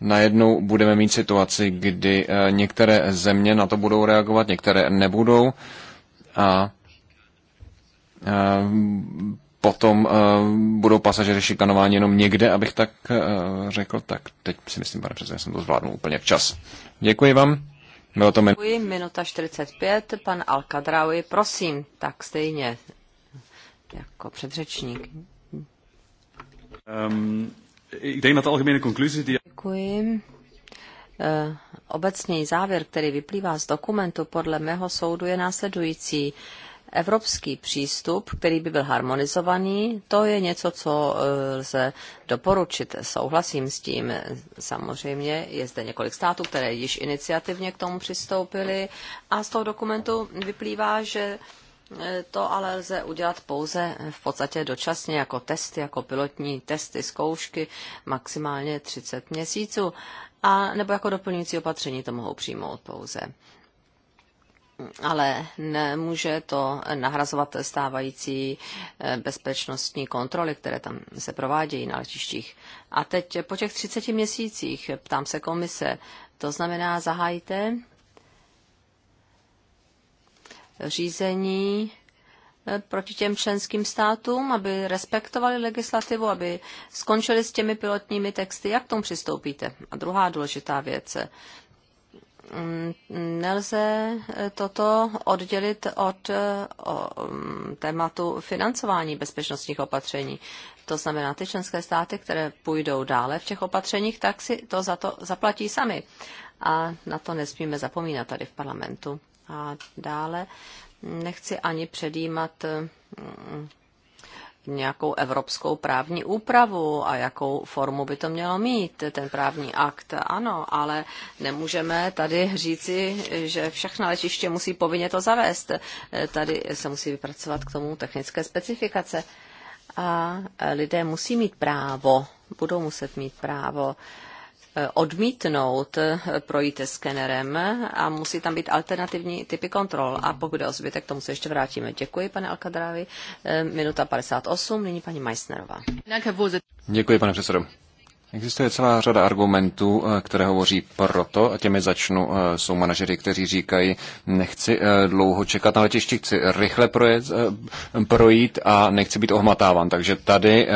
najednou budeme mít situaci, kdy některé země na to budou reagovat, některé nebudou. A Eh, potom eh, budou pasažeři šikanováni jenom někde, abych tak eh, řekl, tak teď si myslím, pane předsedo, jsem to zvládnu úplně včas. Děkuji vám. Bylo to min- Děkuji, minuta 45, pan Alkadraui, prosím, tak stejně jako předřečník. Um, Děkuji. Uh, Obecný závěr, který vyplývá z dokumentu, podle mého soudu je následující. Uh, Evropský přístup, který by byl harmonizovaný, to je něco, co e, lze doporučit. Souhlasím s tím. Samozřejmě je zde několik států, které již iniciativně k tomu přistoupily a z toho dokumentu vyplývá, že e, to ale lze udělat pouze v podstatě dočasně jako testy, jako pilotní testy, zkoušky, maximálně 30 měsíců, a nebo jako doplňující opatření to mohou přijmout pouze ale nemůže to nahrazovat stávající eh, bezpečnostní kontroly, které tam se provádějí na letištích. A teď po těch 30 měsících ptám se komise, to znamená, zahájíte řízení eh, proti těm členským státům, aby respektovali legislativu, aby skončili s těmi pilotními texty. Jak k tomu přistoupíte? A druhá důležitá věc, nelze eh, toto oddělit od eh, mm, tématu financování bezpečnostních opatření. To znamená, ty členské státy, které půjdou dále v těch opatřeních, tak si to za to zaplatí sami. A na to nesmíme zapomínat tady v parlamentu. A dále nechci ani předjímat eh, nějakou evropskou právní úpravu a jakou formu by to mělo mít, ten právní akt. Ano, ale nemůžeme tady říci, že všechna letiště musí povinně to zavést. Tady se musí vypracovat k tomu technické specifikace. A lidé musí mít právo, budou muset mít právo Eh, odmítnout eh, projít skenerem a musí tam být alternativní typy kontrol. A pokud je o zbytek, tomu se ještě vrátíme. Děkuji, pane Alkadrávi. Eh, minuta 58, nyní paní Meissnerová. Děkuji, pane předsedo. Existuje celá řada argumentů, eh, které hovoří proto, a těmi začnu, eh, jsou manažery, kteří říkají, nechci eh, dlouho čekat na letišti, chci rychle projet, projít a nechci být ohmatáván. Takže tady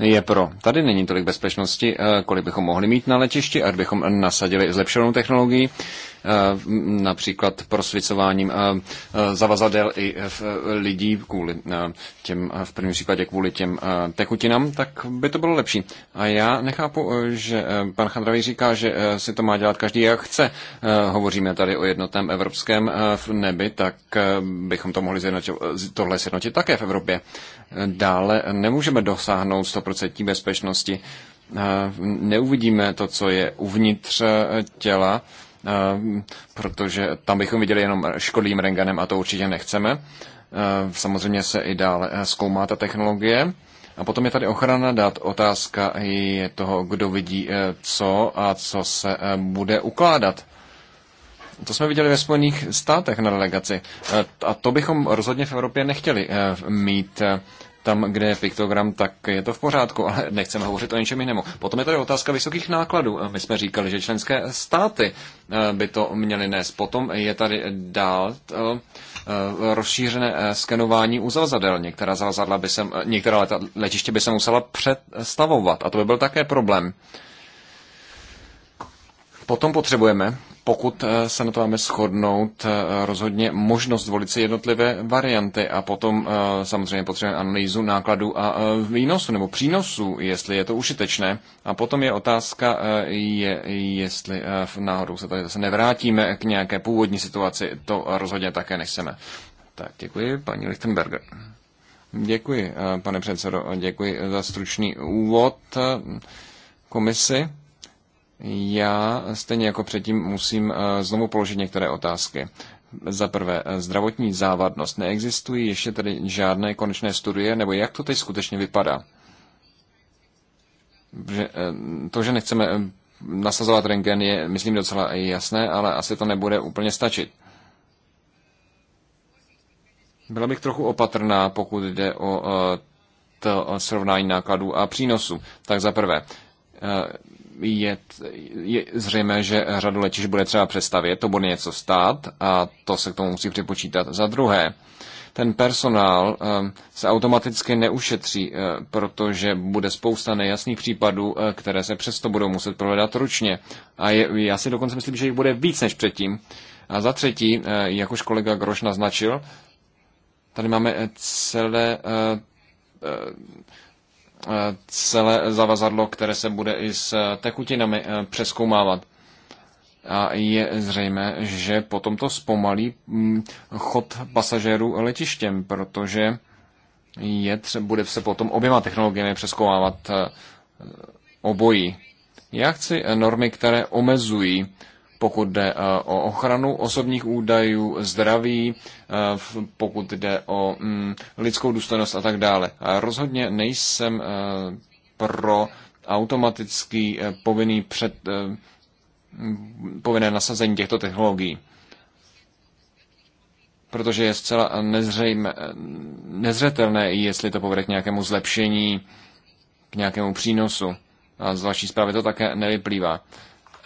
je pro. Tady není tolik bezpečnosti, kolik bychom mohli mít na letišti, a bychom nasadili zlepšenou technologii. Eh, například prosvicováním eh, eh, zavazadel i lidí kvůli těm, v prvním případě kvůli těm tekutinám, tak by to bylo lepší. A já nechápu, že pan Chandravý říká, že si to má dělat každý, jak chce. Hovoříme tady o jednotném evropském v nebi, tak bychom to mohli tohle sjednotit také v Evropě. Dále nemůžeme dosáhnout 100% bezpečnosti neuvidíme to, co je uvnitř těla, Ehm, protože tam bychom viděli jenom škodlivým renganem a to určitě nechceme. Ehm, samozřejmě se i dále eh, zkoumá ta technologie. A potom je tady ochrana dat. Otázka je toho, kdo vidí eh, co a co se eh, bude ukládat. To jsme viděli ve Spojených státech na delegaci. A to bychom rozhodně v Evropě nechtěli mít tam, kde je piktogram, tak je to v pořádku, ale nechceme hovořit o něčem jinému. Potom je tady otázka vysokých nákladů. My jsme říkali, že členské státy eh, by to měly nést. Potom je tady dál eh, rozšířené eh, skenování u zavazadel. Některá zavazadla by se, některá letiště by se musela přestavovat, a to by byl také problém. Potom potřebujeme pokud eh, se na to máme shodnout, eh, rozhodně možnost volit si jednotlivé varianty a potom eh, samozřejmě potřebujeme analýzu nákladů a výnosu nebo přínosu, jestli je to užitečné. A potom je otázka, je, jestli v náhodou se tady zase nevrátíme k nějaké původní situaci, to rozhodně také nechceme. Tak děkuji, paní Lichtenberger. Děkuji, pane předsedo, děkuji za stručný úvod komisi. Já stejně jako předtím musím eh, znovu položit některé otázky. Za prvé, eh, zdravotní závadnost. Neexistují ještě tedy žádné konečné studie, nebo jak to teď skutečně vypadá? Eh, to, že nechceme nasazovat rengen, je, myslím, docela jasné, ale asi to nebude úplně stačit. Byla bych trochu opatrná, pokud jde o to srovnání nákladů a přínosů. Tak za prvé, je, je zřejmé, že řadu letišť bude třeba přestavět, to bude něco stát a to se k tomu musí připočítat. Za druhé, ten personál eh, se automaticky neušetří, eh, protože bude spousta nejasných případů, eh, které se přesto budou muset provedat ručně. A je, já si dokonce myslím, že jich bude víc než předtím. A za třetí, jak už kolega Groš naznačil, tady máme celé Eh, celé zavazadlo, které se bude i s eh, tekutinami eh, přeskoumávat. A je zřejmé, že potom to zpomalí mm, chod pasažérů letištěm, protože je třeba, bude se potom oběma technologiemi přeskoumávat obojí. Já chci normy, které omezují pokud jde eh, o ochranu osobních údajů, zdraví, eh, pokud jde o mm, lidskou důstojnost a tak dále. A rozhodně nejsem eh, pro automatický povinný před, povinné nasazení těchto technologií protože je zcela nezřejmé, nezřetelné, jestli to povede k nějakému zlepšení, k nějakému přínosu. A z vaší zprávy to také nevyplývá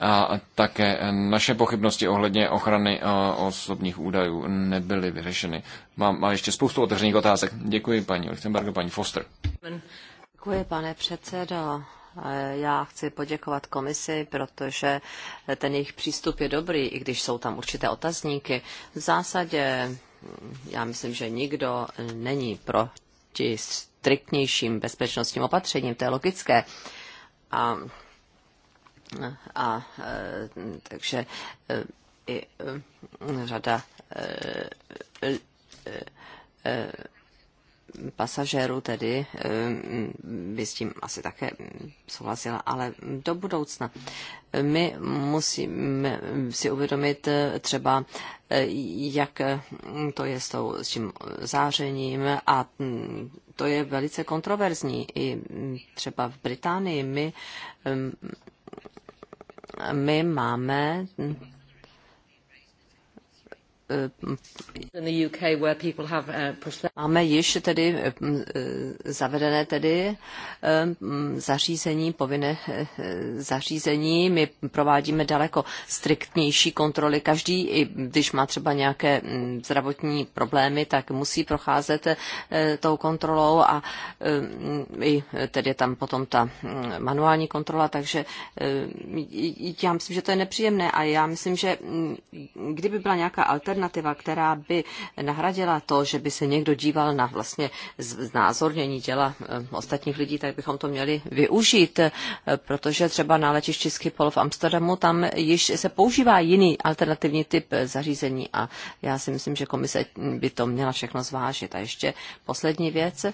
a také naše pochybnosti ohledně ochrany eh, osobních údajů nebyly vyřešeny. Mám, ještě spoustu otevřených otázek. Děkuji paní a paní Foster. Děkuji, pane předsedo. Já chci poděkovat komisi, protože ten jejich přístup je dobrý, i když jsou tam určité otazníky. V zásadě já myslím, že nikdo není proti striktnějším bezpečnostním opatřením, to je logické. A a e, takže e, i e, řada pasažérů tedy by s tím asi také souhlasila, ale do budoucna. My musíme si uvědomit třeba, jak to je s, tou, s tím zářením a to je velice kontroverzní. I třeba v Británii my my máme Eh, eh, máme již tedy mm, eh, zavedené tedy mm, zařízení, povinné zařízení. My provádíme daleko striktnější kontroly. Každý, i když má třeba nějaké mm, zdravotní problémy, tak musí procházet tou kontrolou a i tedy je tam potom ta manuální kontrola, takže já myslím, že to je nepříjemné a já myslím, že kdyby byla nějaká alternativa, alternativa, která by nahradila to, že by se někdo díval na vlastně znázornění těla eh, ostatních lidí, tak bychom to měli využít, eh, protože třeba na letišti Schiphol v Amsterdamu tam již se používá jiný alternativní typ eh, zařízení a já si myslím, že komise by to měla všechno zvážit. A ještě poslední věc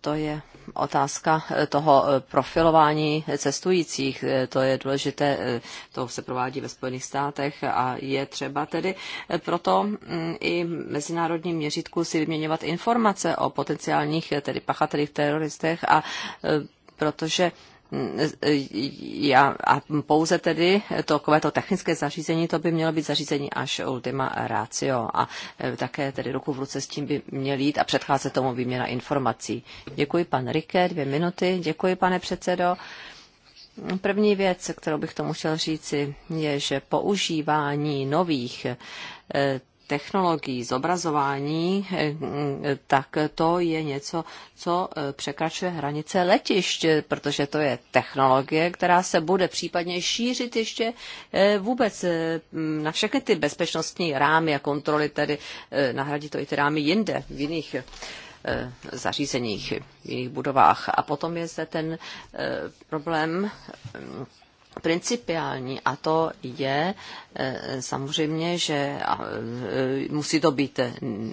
to je otázka eh, toho eh, profilování cestujících. Eh, to je důležité, to se provádí ve Spojených státech a je třeba tedy proto mm, i mezinárodním měřítku si vyměňovat informace o potenciálních tedy pachatelích teroristech a protože Mm, já, a pouze tedy to technické zařízení, to by mělo být zařízení až ultima ratio a eh, také tedy ruku v ruce s tím by měl jít a předcházet tomu výměna informací. Děkuji pan Rike, dvě minuty, děkuji pane předsedo. První věc, kterou bych tomu chtěl říci, je, že používání nových eh, technologií zobrazování, tak to je něco, co eh, překračuje hranice letišť, protože to je technologie, která se bude případně šířit ještě eh, vůbec eh, na všechny ty bezpečnostní rámy a kontroly, tedy nahradí to i ty rámy jinde, v jiných zařízeních, v jiných budovách. A potom je se ten problém principiální a to je eh, samozřejmě, že eh, musí to být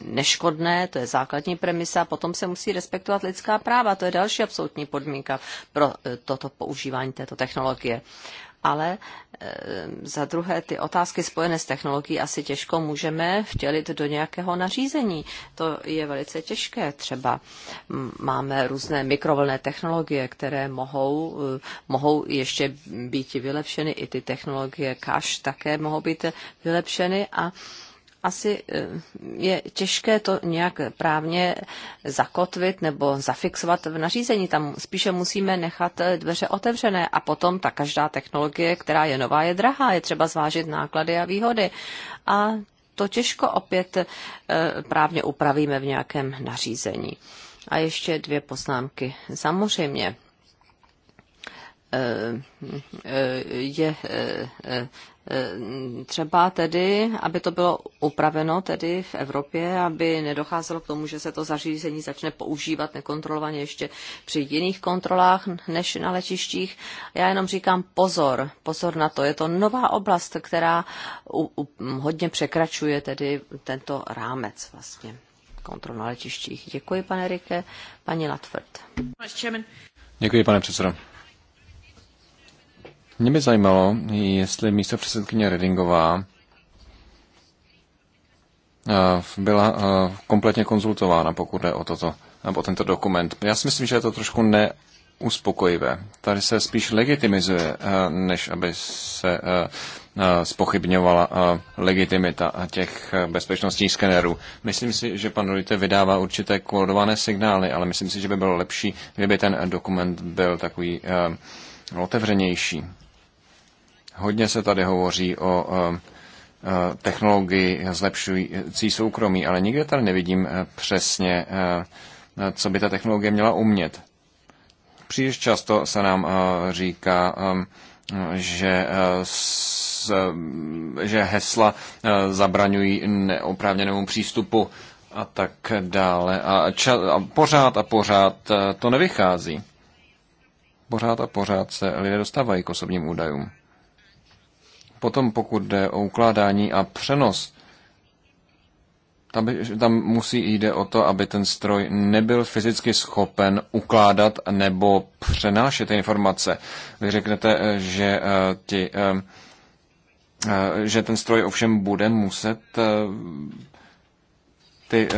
neškodné, to je základní premisa, potom se musí respektovat lidská práva, to je další absolutní podmínka pro eh, toto používání této technologie ale eh, za druhé ty otázky spojené s technologií asi těžko můžeme vtělit do nějakého nařízení. To je velice těžké. Třeba hm, máme různé mikrovlné technologie, které mohou, eh, mohou ještě být vylepšeny. I ty technologie cash také mohou být vylepšeny a asi eh, je těžké to nějak právně zakotvit nebo zafixovat v nařízení. Tam spíše musíme nechat eh, dveře otevřené a potom ta každá technologie, která je nová, je drahá. Je třeba zvážit náklady a výhody. A to těžko opět eh, právně upravíme v nějakém nařízení. A ještě dvě poznámky. Samozřejmě je eh, eh, třeba tedy, aby to bylo upraveno tedy v Evropě, aby nedocházelo k tomu, že se to zařízení začne používat nekontrolovaně ještě při jiných kontrolách než na letištích. Já jenom říkám pozor, pozor na to. Je to nová oblast, která u, u, hodně překračuje tedy tento rámec vlastně kontrol na letištích. Děkuji, pane Rike. Paní Latford. Děkuji, pane předsedo. Mě by zajímalo, jestli místo předsedkyně Redingová eh, byla eh, kompletně konzultována, pokud jde o, toto, o tento dokument. Já si myslím, že je to trošku neuspokojivé. Tady se spíš legitimizuje, eh, než aby se spochybňovala legitimita těch bezpečnostních skenerů. Myslím si, že pan Rudite vydává určité kódované signály, ale myslím si, že by bylo lepší, kdyby ten dokument byl takový otevřenější. Hodně se tady hovoří o technologii zlepšující soukromí, ale nikde tady nevidím eh, přesně, eh, co by ta technologie měla umět. Příliš často se nám eh, říká, že že hesla zabraňují neoprávněnému přístupu a tak dále. A, ča- a pořád a pořád to nevychází. Pořád a pořád se lidé dostávají k osobním údajům. Potom pokud jde o ukládání a přenos, tam, tam musí jde o to, aby ten stroj nebyl fyzicky schopen ukládat nebo přenášet informace. Vy řeknete, eh, že eh, ti eh, že ten stroj ovšem bude muset ty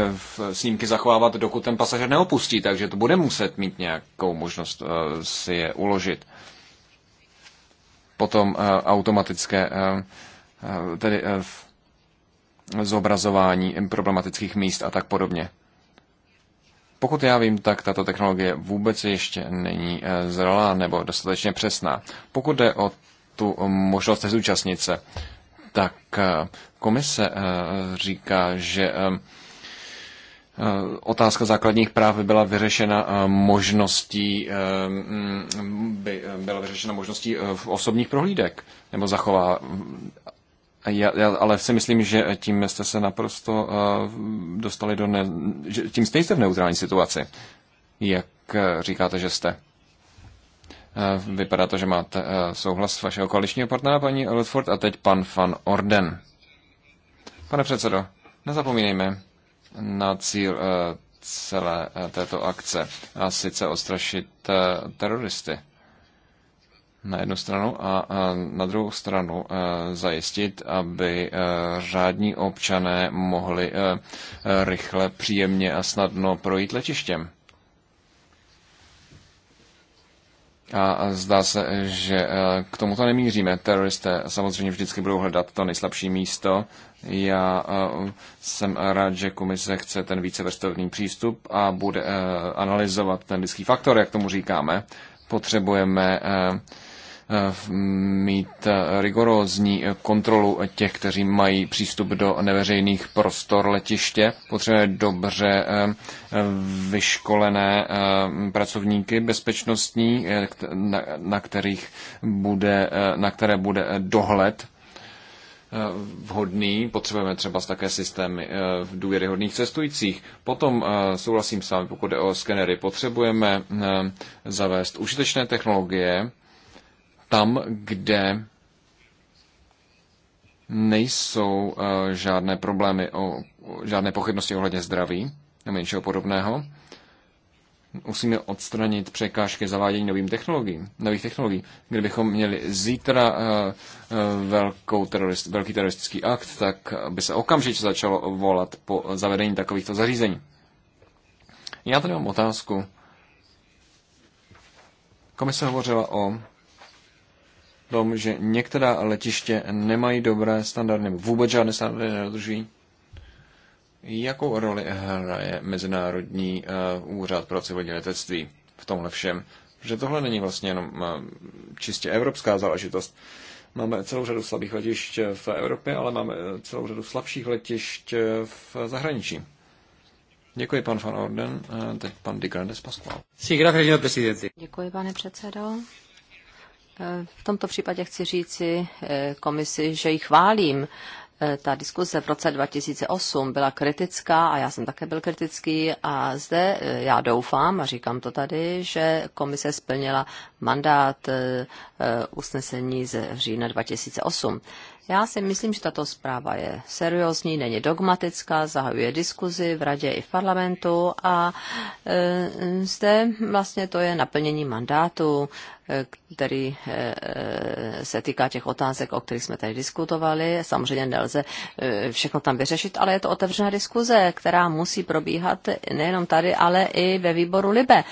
snímky zachovávat, dokud ten pasažer neopustí, takže to bude muset mít nějakou možnost si je uložit potom eh, automatické eh, eh, tedy zobrazování problematických míst a tak podobně. Pokud já vím, tak tato technologie vůbec ještě není zralá nebo dostatečně přesná. Pokud jde o tu možnost zúčastnit se, tak komise říká, že Eh, otázka základních práv by byla vyřešena eh, možností, eh, mm, by byla vyřešena možností v osobních prohlídek nebo zachová. Já, já, ale si myslím, že tím jste se naprosto dostali do ne, že tím jste jste v neutrální situaci, jak říkáte, že jste. Vypadá to, že máte souhlas vašeho koaličního partnera, paní Rutford, a teď pan Van Orden. Pane předsedo, nezapomínejme, na cíl eh, celé eh, této akce, a sice ostrašit eh, teroristy na jednu stranu a, na druhou stranu zajistit, aby řádní občané mohli rychle, příjemně a snadno projít letištěm. A zdá se, že k tomu to nemíříme. Teroristé samozřejmě vždycky budou hledat to nejslabší místo já eh, jsem rád, že komise chce ten vícevrstovný přístup a bude eh, analyzovat ten lidský faktor, jak tomu říkáme. Potřebujeme eh, mít rigorózní kontrolu těch, kteří mají přístup do neveřejných prostor letiště. Potřebujeme dobře vyškolené pracovníky bezpečnostní, na, kterých bude, na které bude dohled Eh, vhodný, potřebujeme třeba také systémy eh, důvěryhodných cestujících. Potom eh, souhlasím s vámi, pokud jde o skenery, potřebujeme zavést užitečné technologie tam, kde nejsou žádné problémy, o, žádné pochybnosti ohledně zdraví nebo něčeho podobného musíme odstranit překážky zavádění novým technologií, nových technologií. Kdybychom měli zítra eh, eh, velkou terorist, velký teroristický akt, tak by se okamžitě začalo volat po zavedení takovýchto zařízení. Já tady mám otázku. Komise hovořila o tom, že některá letiště nemají dobré standardy, nebo vůbec žádné standardy nedodržují. Jakou roli hraje Mezinárodní eh, úřad pro civilní letectví v tomhle všem? že tohle není vlastně jenom eh, čistě evropská záležitost. Máme celou řadu slabých letišť v Evropě, ale máme eh, celou řadu slabších letišť v zahraničí. Děkuji, pan Van Orden. Teď pan Di Grandes Pascual. Děkuji, pane předsedo. V tomto případě chci říci komisi, že ji chválím Eh, ta diskuse v roce 2008 byla kritická a já jsem také byl kritický a zde eh, já doufám a říkám to tady, že komise splnila mandát eh, usnesení z října 2008. Já si myslím, že tato zpráva je seriózní, není dogmatická, zahajuje diskuzi v radě i v parlamentu a e, zde vlastně to je naplnění mandátu, e, který e, e, se týká těch otázek, o kterých jsme tady diskutovali. Samozřejmě nelze všechno tam vyřešit, ale je to otevřená diskuze, která musí probíhat nejenom tady, ale i ve výboru Libe.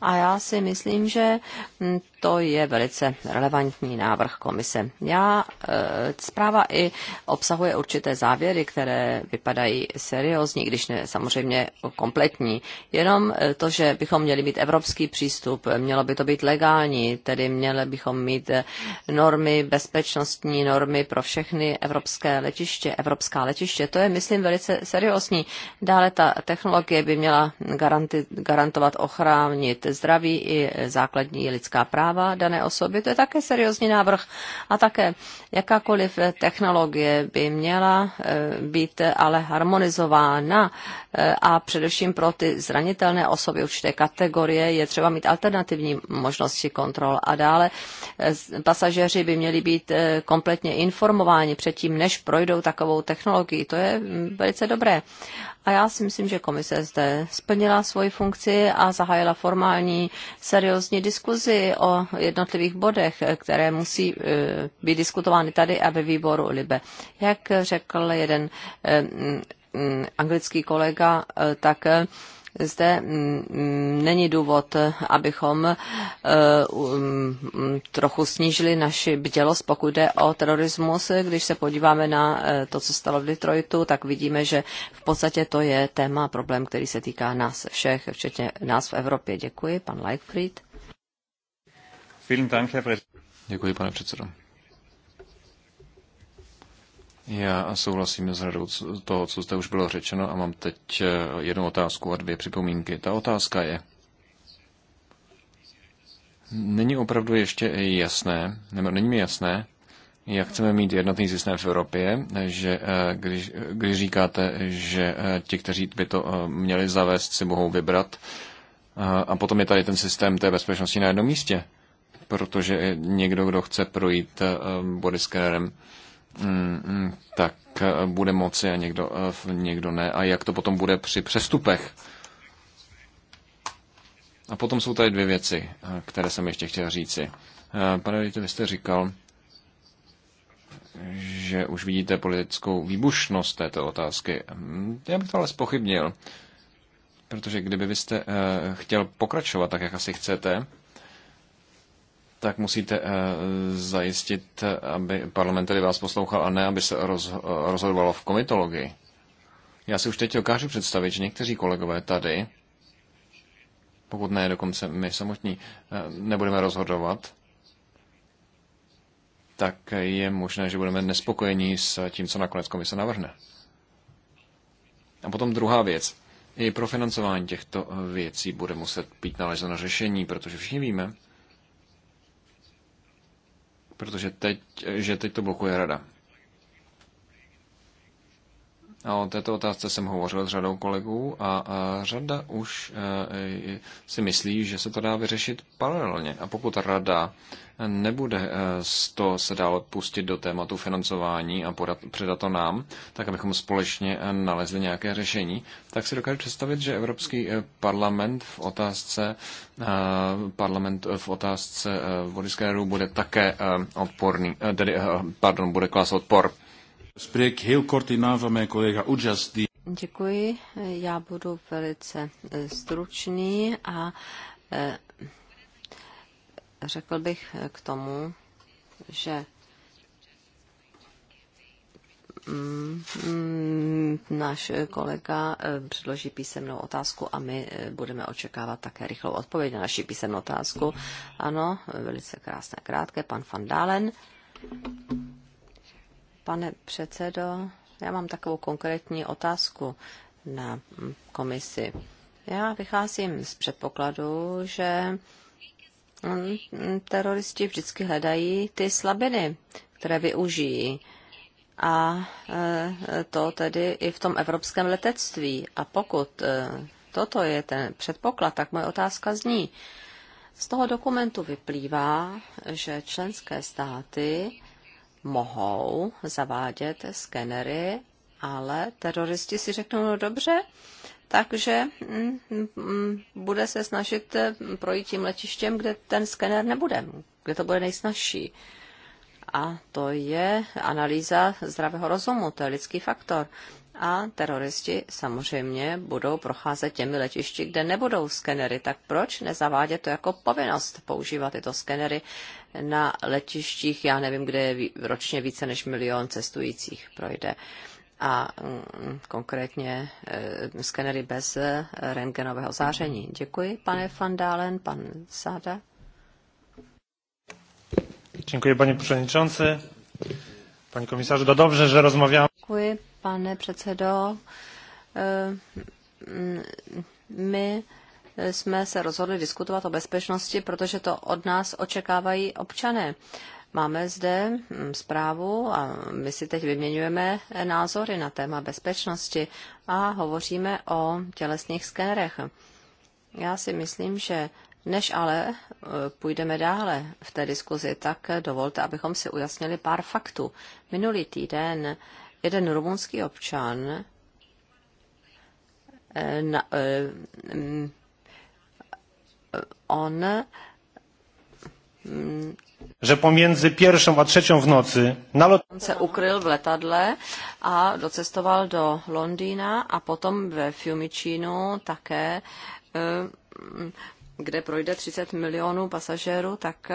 A já si myslím, že hm, to je velice relevantní návrh komise. Já, eh, zpráva i obsahuje určité závěry, které vypadají seriózní, když ne samozřejmě kompletní. Jenom eh, to, že bychom měli mít evropský přístup, mělo by to být legální, tedy měli bychom mít eh, normy, bezpečnostní normy pro všechny evropské letiště, evropská letiště. To je, myslím, velice seriózní. Dále ta technologie by měla garanti, garantovat ochránit zdraví i základní lidská práva dané osoby. To je také seriózní návrh. A také jakákoliv technologie by měla eh, být ale harmonizována eh, a především pro ty zranitelné osoby určité kategorie je třeba mít alternativní možnosti kontrol. A dále eh, pasažeři by měli být kompletně informováni předtím, než projdou takovou technologii. To je mm, velice dobré. A já si myslím, že komise zde splnila svoji funkci a zahájila formální seriózní diskuzi o jednotlivých bodech, které musí eh, být diskutovány tady a ve výboru LIBE. Jak řekl jeden eh, anglický kolega, eh, tak zde mm, mm, není důvod, abychom eh, mm, trochu snížili naši bdělost, pokud jde o terorismus. Když se podíváme na eh, to, co stalo v Detroitu, tak vidíme, že v podstatě to je téma, problém, který se týká nás všech, včetně nás v Evropě. Děkuji, pan Leichfried. Děkuji, pane předsedo. Já souhlasím s radou toho, co zde už bylo řečeno a mám teď eh, jednu otázku a dvě připomínky. Ta otázka je, není opravdu ještě jasné, nebo není mi jasné, jak chceme mít jednotný systém v Evropě, že eh, když, když říkáte, že eh, ti, kteří by to měli zavést, si mohou vybrat a potom je tady ten systém té bezpečnosti na jednom místě, protože někdo, kdo chce projít bodyscannerem, Mm, mm, tak eh, bude moci a někdo, eh, někdo ne. A jak to potom bude při přestupech? A potom jsou tady dvě věci, eh, které jsem ještě chtěl říci. Pane Vítě, vy jste říkal, že už vidíte politickou výbušnost této otázky. Mm, já bych to ale spochybnil, protože kdyby vy jste chtěl pokračovat tak, jak asi chcete, tak musíte eh, zajistit, aby parlament tedy vás poslouchal a ne, aby se rozhodovalo v komitologii. Já si už teď dokážu představit, že někteří kolegové tady, pokud ne dokonce my samotní, eh, nebudeme rozhodovat, tak je možné, že budeme nespokojení s tím, co nakonec komise navrhne. A potom druhá věc. I pro financování těchto eh, věcí bude muset být nalezeno řešení, protože všichni víme, protože teď, že teď to blokuje rada. A o této otázce jsem hovořil s řadou kolegů a, a řada už e, si myslí, že se to dá vyřešit paralelně. A pokud rada nebude eh, z toho se dál pustit do tématu financování a podat, předat to nám, tak abychom společně eh, nalezli nějaké řešení, tak si dokážu představit, že Evropský parlament v otázce, parlament v otázce vody bude také odporný, tedy, pardon, bude klas odpor spreek heel kort in naam van mijn collega Ujas, die... Děkuji, já budu velice eh, stručný a eh, řekl bych eh, k tomu, že mm, náš kolega předloží písemnou otázku a my budeme očekávat také rychlou odpověď na naši písemnou otázku. Ano, velice krásné, krátké, pan Van Dalen. Pane předsedo, já mám takovou konkrétní otázku na komisi. Já vycházím z předpokladu, že mm, teroristi vždycky hledají ty slabiny, které využijí. A e, to tedy i v tom evropském letectví. A pokud e, toto je ten předpoklad, tak moje otázka zní. Z toho dokumentu vyplývá, že členské státy mohou zavádět skenery, ale teroristi si řeknou, no dobře, takže mm, mm, bude se snažit eh, projít tím letištěm, kde ten skener nebude, kde to bude nejsnažší. A to je analýza zdravého rozumu, to je lidský faktor a teroristi samozřejmě budou procházet těmi letišti, kde nebudou skenery. Tak proč nezavádět to jako povinnost používat tyto skenery na letištích, já nevím, kde je ročně více než milion cestujících projde a mm, konkrétně e, skenery bez eh, rentgenového záření. Děkuji, pane Fandálen, pan Sada. Dziękuję panie przewodniczący. Panie komisarzu, to dobrze, że rozmawiamy pane předsedo. Eh, my jsme se rozhodli diskutovat o bezpečnosti, protože to od nás očekávají občané. Máme zde hm, zprávu a my si teď vyměňujeme názory na téma bezpečnosti a hovoříme o tělesných skenerech. Já si myslím, že než ale eh, půjdeme dále v té diskuzi, tak eh, dovolte, abychom si ujasnili pár faktů. Minulý týden jeden rumunský občan eh, na, eh, mm, on že mm, pomiędzy pierwszą a trzecią w nocy na lot... On se ukryl v letadle a docestoval do Londýna a potom ve Fiumicinu také, eh, kde projde 30 milionů pasažérů, tak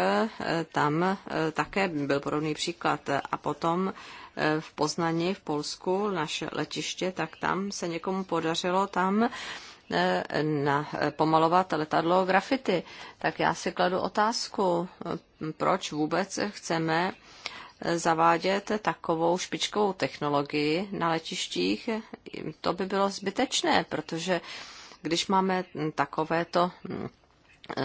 tam také byl podobný příklad. A potom Eh, v Poznani, v Polsku, naše letiště, tak tam se někomu podařilo tam eh, na, eh, pomalovat letadlo grafity. Tak já si kladu otázku, proč vůbec chceme zavádět takovou špičkovou technologii na letištích, to by bylo zbytečné, protože když máme takovéto hm,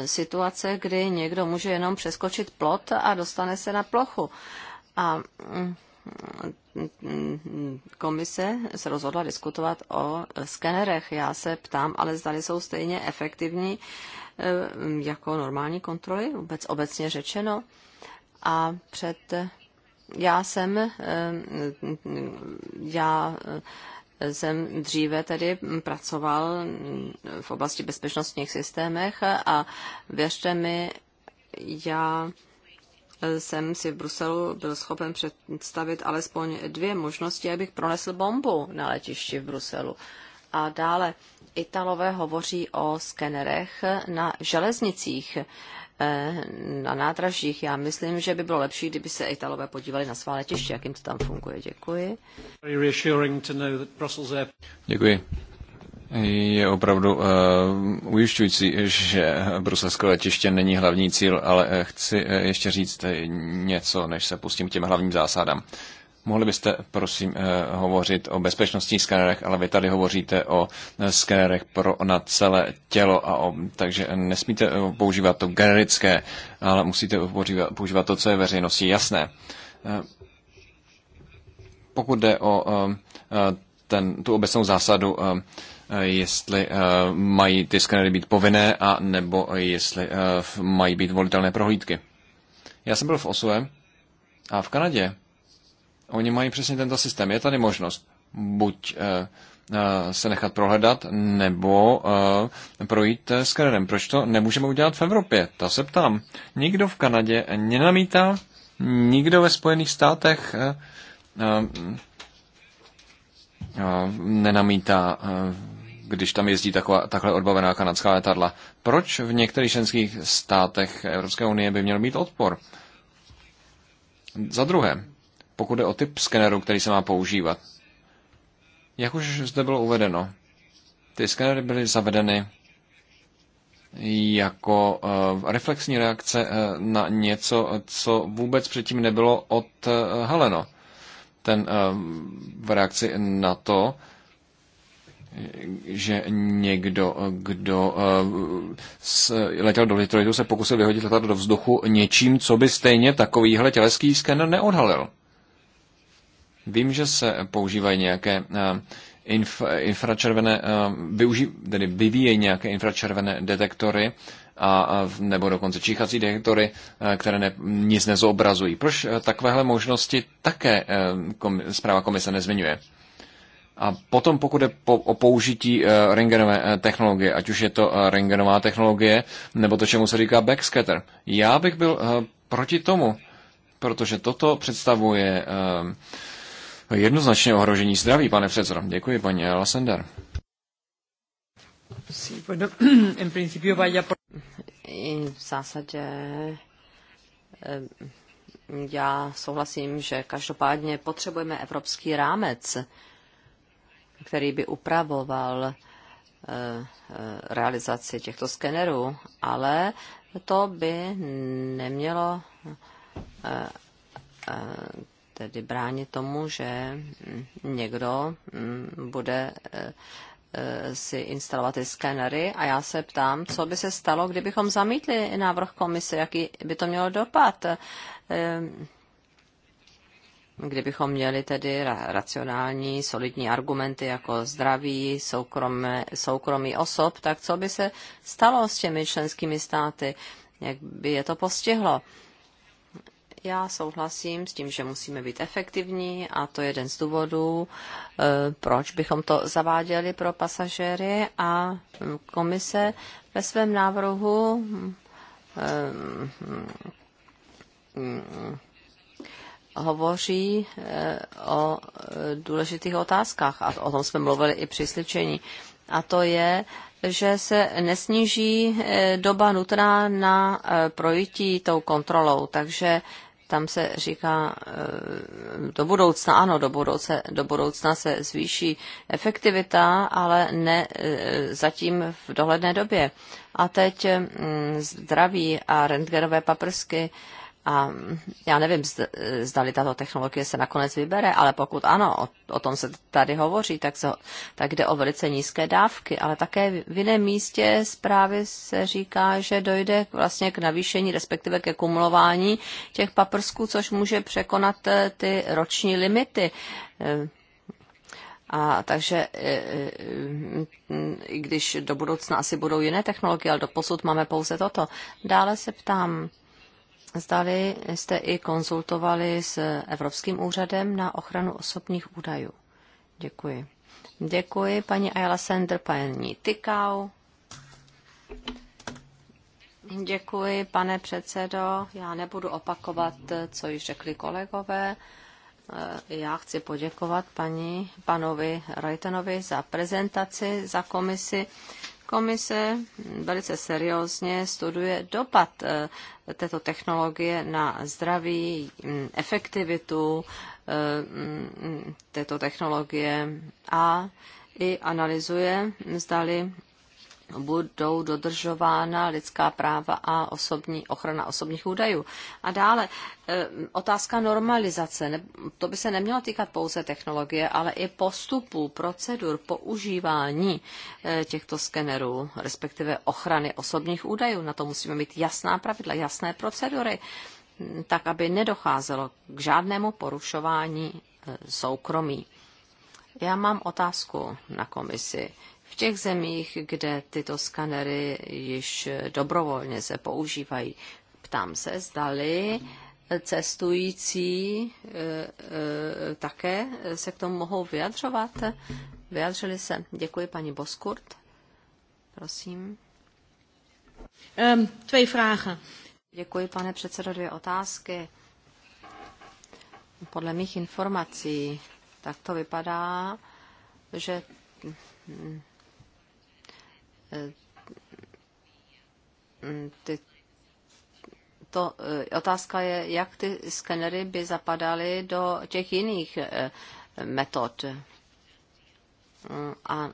situace, kdy někdo může jenom přeskočit plot a dostane se na plochu. A hm, komise se rozhodla diskutovat o skenerech. Já se ptám, ale zda jsou stejně efektivní eh, jako normální kontroly, vůbec obecně řečeno. A před já jsem, eh, já eh, jsem dříve tedy pracoval v oblasti bezpečnostních systémech a věřte mi, já jsem si v Bruselu byl schopen představit alespoň dvě možnosti, abych pronesl bombu na letišti v Bruselu. A dále Italové hovoří o skenerech na železnicích, eh, na nádražích. Já myslím, že by bylo lepší, kdyby se Italové podívali na svá letiště, jak jim to tam funguje. Děkuji. Děkuji. Je opravdu uh, ujišťující, že bruselské letiště není hlavní cíl, ale eh, chci eh, ještě říct něco, než se pustím k těm hlavním zásadám. Mohli byste, prosím, hovořit o bezpečnostních skenerech, ale vy tady hovoříte o skenerech pro na celé tělo, a o, takže nesmíte používat to generické, ale musíte používat, používat to, co je veřejnosti jasné. Pokud jde o ten, tu obecnou zásadu, jestli eh, mají ty skenery být povinné a nebo jestli eh, mají být volitelné prohlídky. Já jsem byl v Osue a v Kanadě oni mají přesně tento systém. Je tady možnost buď eh, se nechat prohledat nebo projít skenerem. Proč to nemůžeme udělat v Evropě? To se ptám. Nikdo v Kanadě nenamítá, nikdo ve Spojených státech nenamítá když tam jezdí taková, takhle odbavená kanadská letadla. Proč v některých členských státech Evropské unie by měl být odpor? Za druhé, pokud je o typ skeneru, který se má používat, jak už zde bylo uvedeno, ty skenery byly zavedeny jako uh, reflexní reakce uh, na něco, co vůbec předtím nebylo odhaleno. Ten uh, v reakci na to že někdo, kdo eh, letěl do Detroitu, se pokusil vyhodit letadlo do vzduchu něčím, co by stejně takovýhle těleský skener neodhalil. Vím, že se používají nějaké eh, inf, infračervené, eh, využí, tedy vyvíjejí nějaké infračervené detektory, a, nebo dokonce číchací detektory, které ne, nic nezobrazují. Proč takovéhle možnosti také zpráva komise nezmiňuje? A potom, pokud je po, o použití uh, rengenové eh, technologie, ať už je to uh, rengenová technologie, nebo to, čemu se říká backscatter, já bych byl uh, proti tomu, protože toto představuje uh, jednoznačně ohrožení zdraví, pane předsedo. Děkuji, paní Lasender. V zásadě já souhlasím, že každopádně potřebujeme evropský rámec který by upravoval eh, eh, realizaci těchto skenerů, ale to by nemělo eh, tedy bránit tomu, že hm, někdo hm, bude si instalovat ty skenery a já se ptám, co by se stalo, kdybychom zamítli návrh komise, jaký by to mělo dopad kdybychom měli tedy racionální, solidní argumenty jako zdraví, soukromé, soukromí osob, tak co by se stalo s těmi členskými státy? Jak by je to postihlo? Já souhlasím s tím, že musíme být efektivní a to je jeden z důvodů, eh, proč bychom to zaváděli pro pasažéry a hm, komise ve svém návrhu hm, hm, hovoří eh, o eh, důležitých otázkách, a o tom jsme mluvili i při slyšení, a to je, že se nesníží eh, doba nutná na projití tou kontrolou, takže tam se říká do budoucna, ano, do budoucna, do budoucna se zvýší efektivita, ale ne zatím v dohledné době. A teď mm, zdraví a rentgenové paprsky, a já nevím, zdali tato technologie se nakonec vybere, ale pokud ano, o, o tom se tady hovoří, tak, se, tak jde o velice nízké dávky, ale také v jiném místě zprávy se říká, že dojde vlastně k navýšení, respektive ke kumulování těch paprsků, což může překonat eh, ty roční limity. Eh, a takže eh, i když do budoucna asi budou jiné technologie, ale do posud máme pouze toto. Dále se ptám, zdali jste i konzultovali s Evropským úřadem na ochranu osobních údajů. Děkuji. Děkuji, paní Ayala Sender, paní Tykau. Děkuji, pane předsedo. Já nebudu opakovat, co již řekli kolegové. Já chci poděkovat paní, panovi Reutenovi za prezentaci, za komisi. Komise velice seriózně studuje dopad eh, této technologie na zdraví, mm, efektivitu eh, mm, této technologie a i analyzuje, zdali budou dodržována lidská práva a osobní, ochrana osobních údajů. A dále eh, otázka normalizace. To by se nemělo týkat pouze technologie, ale i postupů, procedur používání eh, těchto skenerů, respektive ochrany osobních údajů. Na to musíme mít jasná pravidla, jasné procedury, hm, tak aby nedocházelo k žádnému porušování eh, soukromí. Já mám otázku na komisi v těch zemích, kde tyto skanery již dobrovolně se používají. Ptám se, zdali cestující eh, eh, také se k tomu mohou vyjadřovat. Vyjadřili se. Děkuji, paní Boskurt. Prosím. Um, ehm, dvě Děkuji, pane předsedo, dvě otázky. Podle mých informací tak to vypadá, že hm, ty, to, eh, otázka je, jak ty skenery by zapadaly do těch jiných eh, metod. A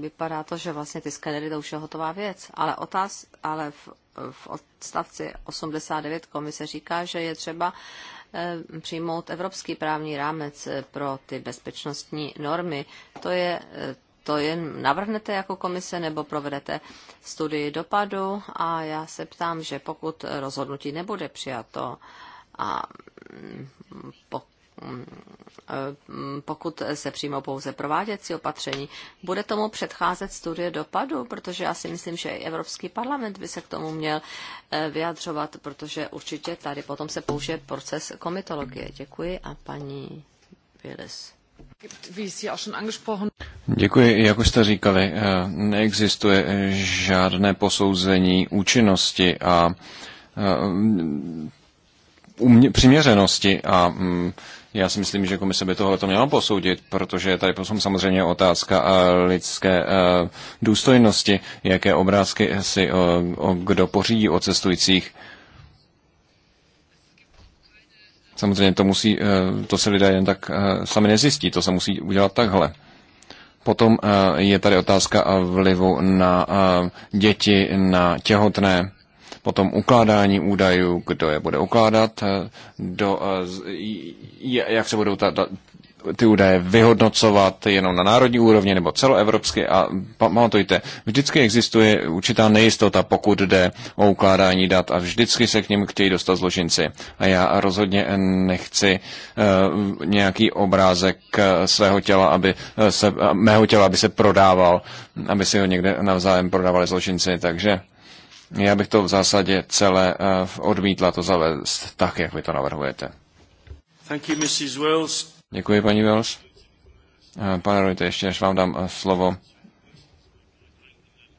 vypadá to, že vlastně ty skenery to už je hotová věc. Ale, otáz, ale v, v odstavci 89 komise říká, že je třeba eh, přijmout evropský právní rámec pro ty bezpečnostní normy. To je to jen navrhnete jako komise nebo provedete studii dopadu a já se ptám, že pokud rozhodnutí nebude přijato a mm, pokud mm, e, pokud se přímo pouze prováděcí opatření. Bude tomu předcházet studie dopadu, protože já si myslím, že i Evropský parlament by se k tomu měl e, vyjadřovat, protože určitě tady potom se použije proces komitologie. Děkuji a paní Willis. Děkuji. Jak už jste říkali, eh, neexistuje žádné posouzení účinnosti a eh, um, umě, přiměřenosti a mm, já si myslím, že komise by tohle to měla posoudit, protože tady potom samozřejmě otázka eh, lidské důstojnosti, jaké obrázky si o, o, kdo pořídí o cestujících Samozřejmě to musí, eh, to se lidé jen tak eh, sami nezjistí, to se musí udělat takhle. Potom eh, je tady otázka vlivu na děti, na těhotné, potom ukládání údajů, kdo je bude ukládat, do, jak se budou ta, ty údaje vyhodnocovat jenom na národní úrovni nebo celoevropsky a pamatujte, vždycky existuje určitá nejistota, pokud jde o ukládání dat a vždycky se k ním chtějí dostat zložinci. A já rozhodně nechci uh, nějaký obrázek eh, svého těla, aby eh, se, mého těla, aby se prodával, aby si ho někde navzájem prodávali zločinci, takže já bych to v zásadě celé uh, odmítla to zavést tak, jak vy to navrhujete. Thank you, Mrs. Wells. Děkuji, paní Wells. Eh, pane Rojte, ještě než vám dám eh, slovo,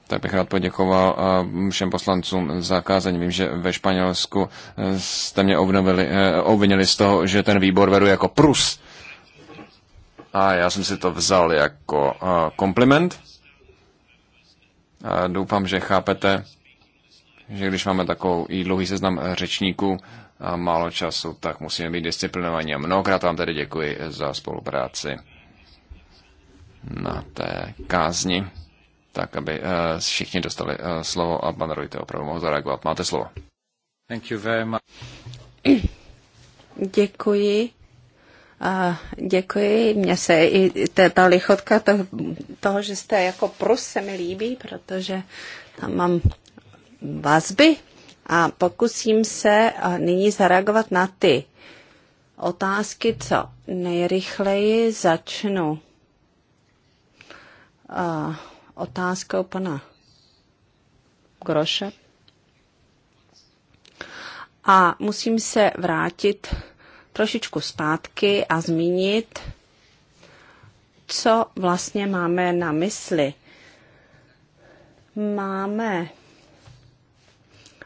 tak bych rád poděkoval eh, všem poslancům za kázání. Vím, že ve Španělsku jste mě obnovili, obvinili z toho, že ten výbor vedu jako Prus. A já jsem si to vzal jako kompliment. doufám, že chápete, že když máme takový dlouhý seznam eh, řečníků a málo času, tak musíme být disciplinovaní. A mnohokrát vám tedy děkuji za spolupráci na té kázni, tak aby eh, všichni dostali eh, slovo a pan Rojte opravdu mohl zareagovat. Máte slovo. Thank you very much. Děkuji. A děkuji. Mně se i ta lichotka to, toho, že jste jako prus, se mi líbí, protože tam mám vazby a pokusím se nyní zareagovat na ty otázky, co nejrychleji začnu uh, otázkou pana Groše. A musím se vrátit trošičku zpátky a zmínit, co vlastně máme na mysli. Máme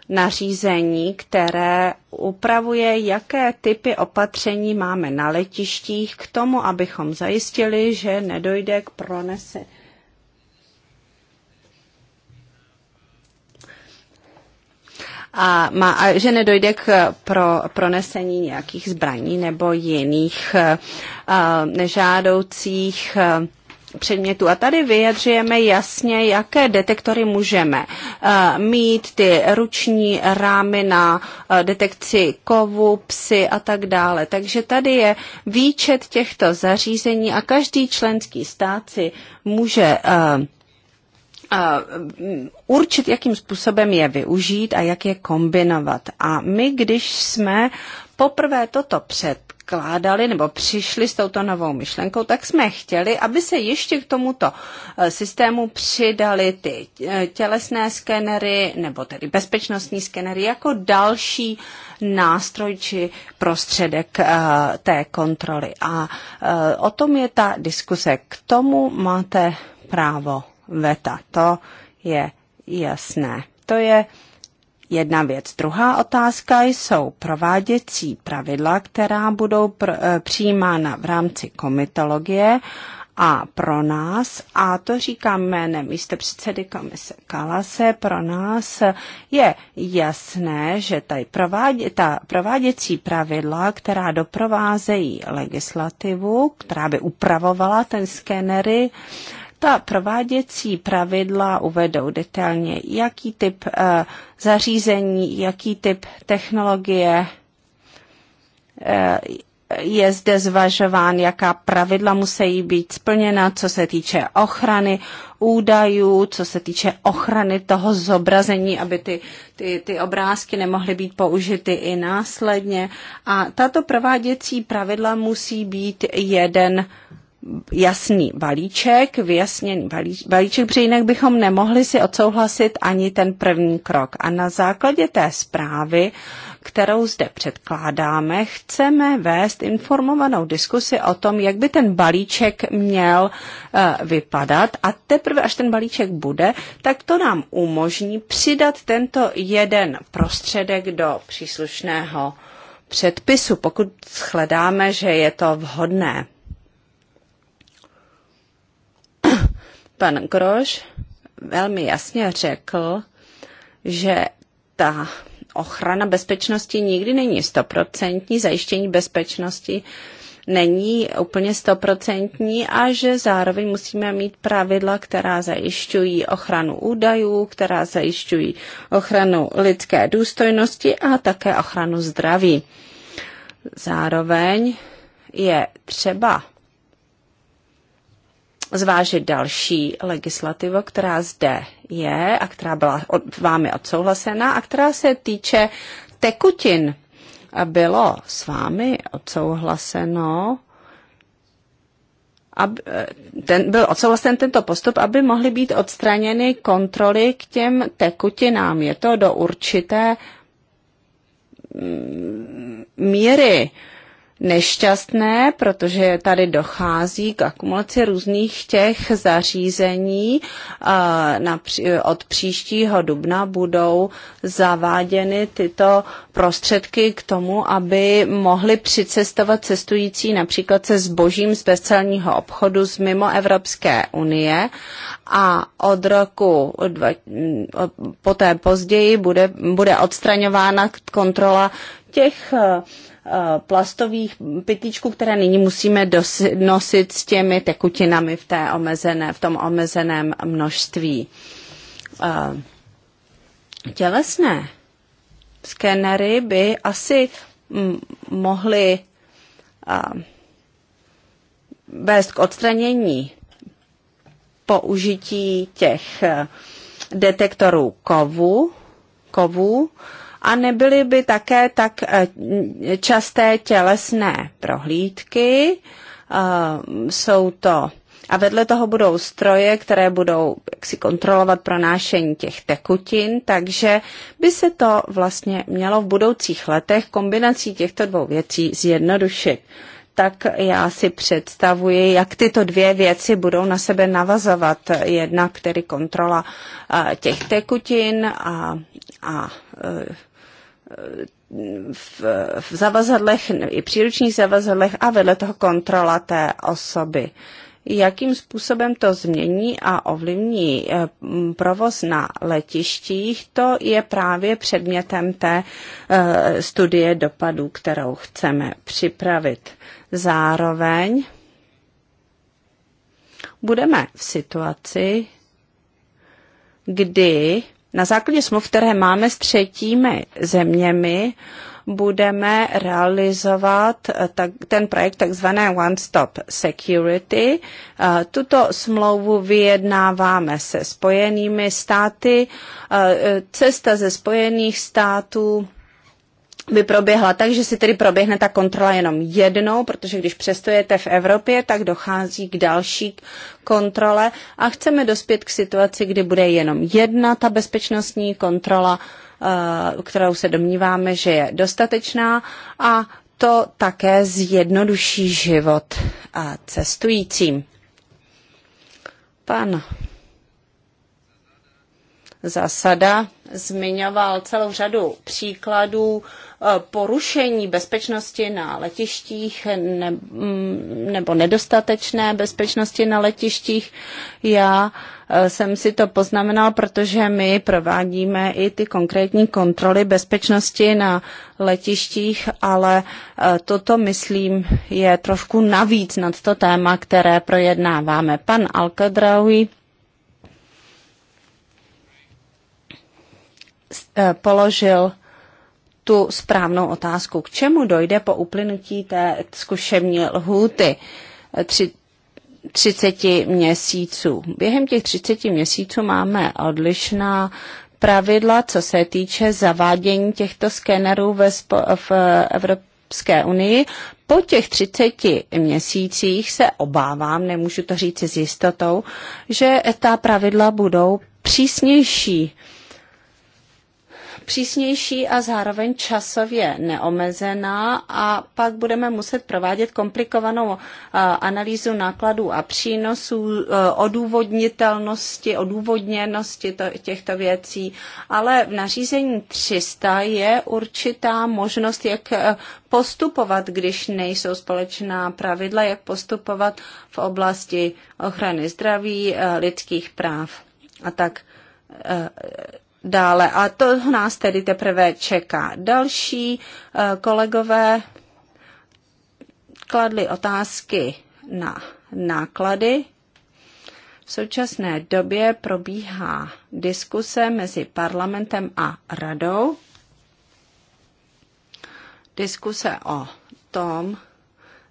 nařízení, které upravuje, jaké typy opatření máme na letištích k tomu, abychom zajistili, že nedojde k pronesení. a, má, a že nedojde k pro, pronesení nějakých zbraní nebo jiných a, eh, nežádoucích a, eh, předmětů. A tady vyjadřujeme jasně, jaké detektory můžeme eh, mít, ty ruční rámy na eh, detekci kovu, psy a tak dále. Takže tady je výčet těchto zařízení a každý členský stát si může eh, určit, jakým způsobem je využít a jak je kombinovat. A my, když jsme poprvé toto předkládali nebo přišli s touto novou myšlenkou, tak jsme chtěli, aby se ještě k tomuto eh, systému přidali ty eh, tělesné skenery nebo tedy bezpečnostní skenery jako další nástroj či prostředek eh, té kontroly. A o tom je ta diskuse. K tomu máte právo veta. To je jasné. To je uh, jedna věc. Druhá otázka jsou prováděcí pravidla, která budou pr- eh, přijímána v rámci komitologie a pro nás, a to říkám jménem místo předsedy komise Kalase, pro nás je jasné, že tady provádě, ta prováděcí pravidla, která doprovázejí legislativu, která by upravovala ten skenery, uh, ta prováděcí pravidla uvedou detailně, jaký typ eh, zařízení, jaký typ technologie eh, je zde zvažován, jaká pravidla musí být splněna, co se týče ochrany údajů, co se týče ochrany toho zobrazení, aby ty, ty, ty obrázky nemohly být použity i následně. A tato prováděcí pravidla musí být jeden jasný balíček, vyjasněný balíček, protože jinak bychom nemohli si odsouhlasit ani ten první krok. A na základě té zprávy, kterou zde předkládáme, chceme vést informovanou diskusi o tom, jak by ten balíček měl eh, vypadat a teprve, až ten balíček bude, tak to nám umožní přidat tento jeden prostředek do příslušného předpisu, pokud shledáme, že je to vhodné. Pan Groš velmi jasně řekl, že ta ochrana bezpečnosti nikdy není stoprocentní, zajištění bezpečnosti není úplně stoprocentní a že zároveň musíme mít pravidla, která zajišťují ochranu údajů, která zajišťují ochranu lidské důstojnosti a také ochranu zdraví. Zároveň je třeba zvážit další legislativu, která zde je a která byla od, vámi odsouhlasena a která se týče tekutin. Bylo s vámi odsouhlaseno aby, ten, byl odsouhlasen tento postup, aby mohly být odstraněny kontroly k těm tekutinám. Je to do určité mm, míry. Uh, nešťastné, protože tady dochází k akumulaci různých těch zařízení. Od příštího dubna budou zaváděny tyto prostředky k tomu, aby mohli přicestovat cestující například se zbožím z bezcelního obchodu z mimo Evropské unie a od roku dva, poté později bude, bude odstraňována kontrola těch Eh, plastových pytlíčků, které nyní musíme nosit s těmi tekutinami v, té omezené, v tom omezeném množství. Eh, tělesné skenery by asi mohly eh, vést k odstranění použití těch detektorů kovu, kovu a nebyly by také tak eh, časté tělesné prohlídky. Eh, jsou to a vedle toho budou stroje, které budou si kontrolovat pronášení těch tekutin, takže by se to vlastně mělo v budoucích letech kombinací těchto dvou věcí zjednodušit. Tak já si představuji, jak tyto dvě věci budou na sebe navazovat. jedna, který kontrola eh, těch tekutin a, a v, v zavazadlech, i příručních zavazadlech a vedle toho kontrola té osoby. Jakým způsobem to změní a ovlivní eh, provoz na letištích, to je právě předmětem té eh, studie dopadů, kterou chceme připravit. Zároveň budeme v situaci, kdy na základě smluv, které máme s třetími zeměmi, budeme realizovat eh, ten projekt takzvané One Stop Security. Eh, tuto smlouvu vyjednáváme se spojenými státy. Eh, cesta ze spojených států by proběhla tak, že si tedy proběhne ta kontrola jenom jednou, protože když přestojete v Evropě, tak dochází k další kontrole a chceme dospět k situaci, kdy bude jenom jedna ta bezpečnostní kontrola, eh, kterou se domníváme, že je dostatečná a to také zjednoduší život eh, cestujícím. Pan zásada zmiňoval celou řadu příkladů e, porušení bezpečnosti na letištích mm, nebo nedostatečné bezpečnosti na letištích. Já e, jsem si to poznamenal, protože my provádíme i ty konkrétní kontroly bezpečnosti na letištích, ale e, toto, myslím, je trošku navíc nad to téma, které projednáváme. Pan Alkadraoui Eh, položil tu správnou otázku. K čemu dojde po uplynutí té zkušební lhůty 30 eh, měsíců? Během těch 30 měsíců máme odlišná pravidla, co se týče zavádění těchto skenerů ve spo- v Evropské unii. Po těch 30 měsících se obávám, nemůžu to říct s jistotou, že ta pravidla budou přísnější přísnější a zároveň časově neomezená a pak budeme muset provádět komplikovanou eh, analýzu nákladů a přínosů, eh, odůvodnitelnosti, odůvodněnosti těchto věcí, ale v nařízení 300 je určitá možnost, jak eh, postupovat, když nejsou společná pravidla, jak postupovat v oblasti ochrany zdraví, lidských práv a tak dále. A to nás tedy teprve čeká. Další eh, kolegové kladli otázky na náklady. V současné době probíhá diskuse mezi parlamentem a radou. Diskuse o tom,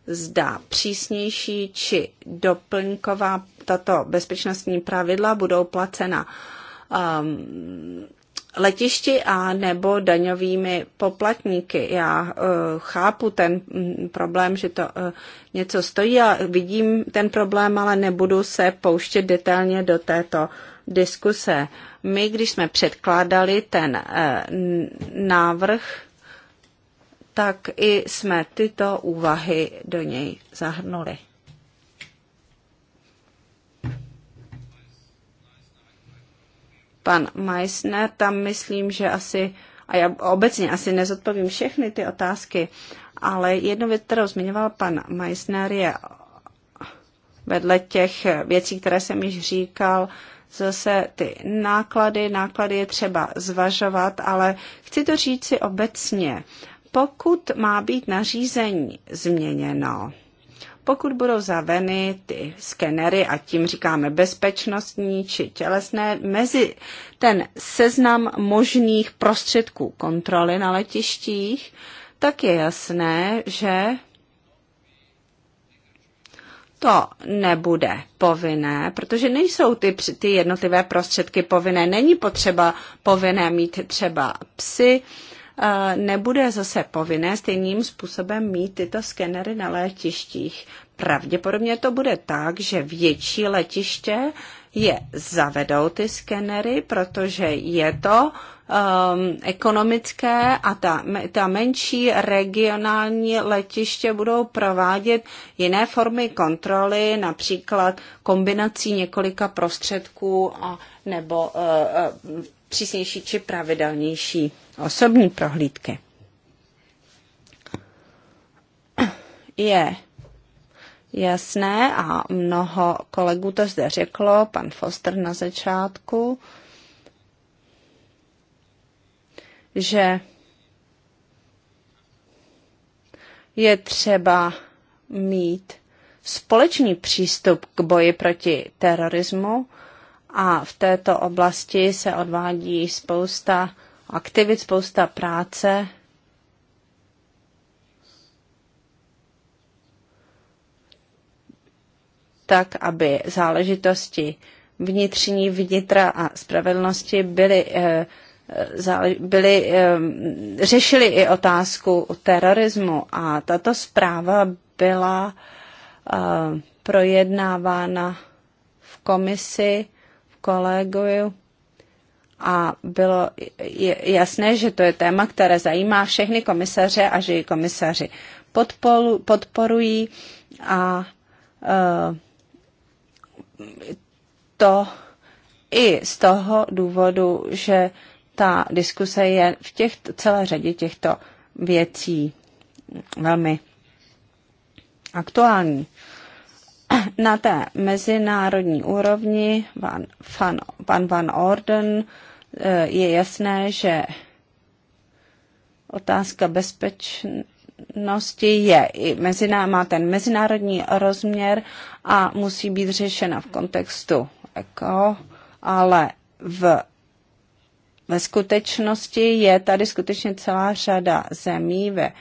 zda přísnější či doplňková tato bezpečnostní pravidla budou placena uh, Um, letišti a nebo daňovými poplatníky. Já uh, chápu ten um, problém, že to uh, něco stojí a vidím ten problém, ale nebudu se pouštět detailně do této diskuse. My, když jsme předkládali ten uh, návrh, tak i jsme tyto úvahy do něj zahrnuli. pan Meissner, tam myslím, že asi, a já obecně asi nezodpovím všechny ty otázky, ale jednu věc, kterou zmiňoval pan Meissner, je vedle těch věcí, které jsem již říkal, zase ty náklady, náklady je třeba zvažovat, ale chci to říct si obecně. Pokud má být nařízení změněno, pokud budou zaveny ty skenery, a tím říkáme bezpečnostní či tělesné, mezi ten seznam možných prostředků kontroly na letištích, tak je jasné, že to nebude povinné, protože nejsou ty, ty jednotlivé prostředky povinné. Není potřeba povinné mít třeba psy, uh, nebude zase povinné stejným způsobem mít tyto skenery na letištích. Pravděpodobně to bude tak, že větší letiště je zavedou ty skenery, protože je to um, ekonomické a ta, ta menší regionální letiště budou provádět jiné formy kontroly, například kombinací několika prostředků a, nebo uh, uh, přísnější či pravidelnější osobní prohlídky. Je jasné a mnoho kolegů to zde řeklo, pan Foster na začátku, uh, že je třeba mít společný přístup k boji proti terorismu a v této oblasti se odvádí spousta aktivit, spousta práce. tak, aby záležitosti vnitřní vnitra a spravedlnosti byly eh, byli, řešili i otázku o terorismu a tato zpráva byla projednávána v komisi, v kolegu a bylo jasné, že to je téma, které zajímá všechny komisaře a že ji komisaři podporují a to i z toho důvodu, že ta diskuse je v těch, celé řadě těchto věcí velmi aktuální. Na té mezinárodní úrovni Van, Van, Van, Van Orden eh, je jasné, že otázka bezpečnosti je i meziná, má ten mezinárodní rozměr a musí být řešena v kontextu eko, ale v ve skutečnosti je tady skutečně celá řada zemí ve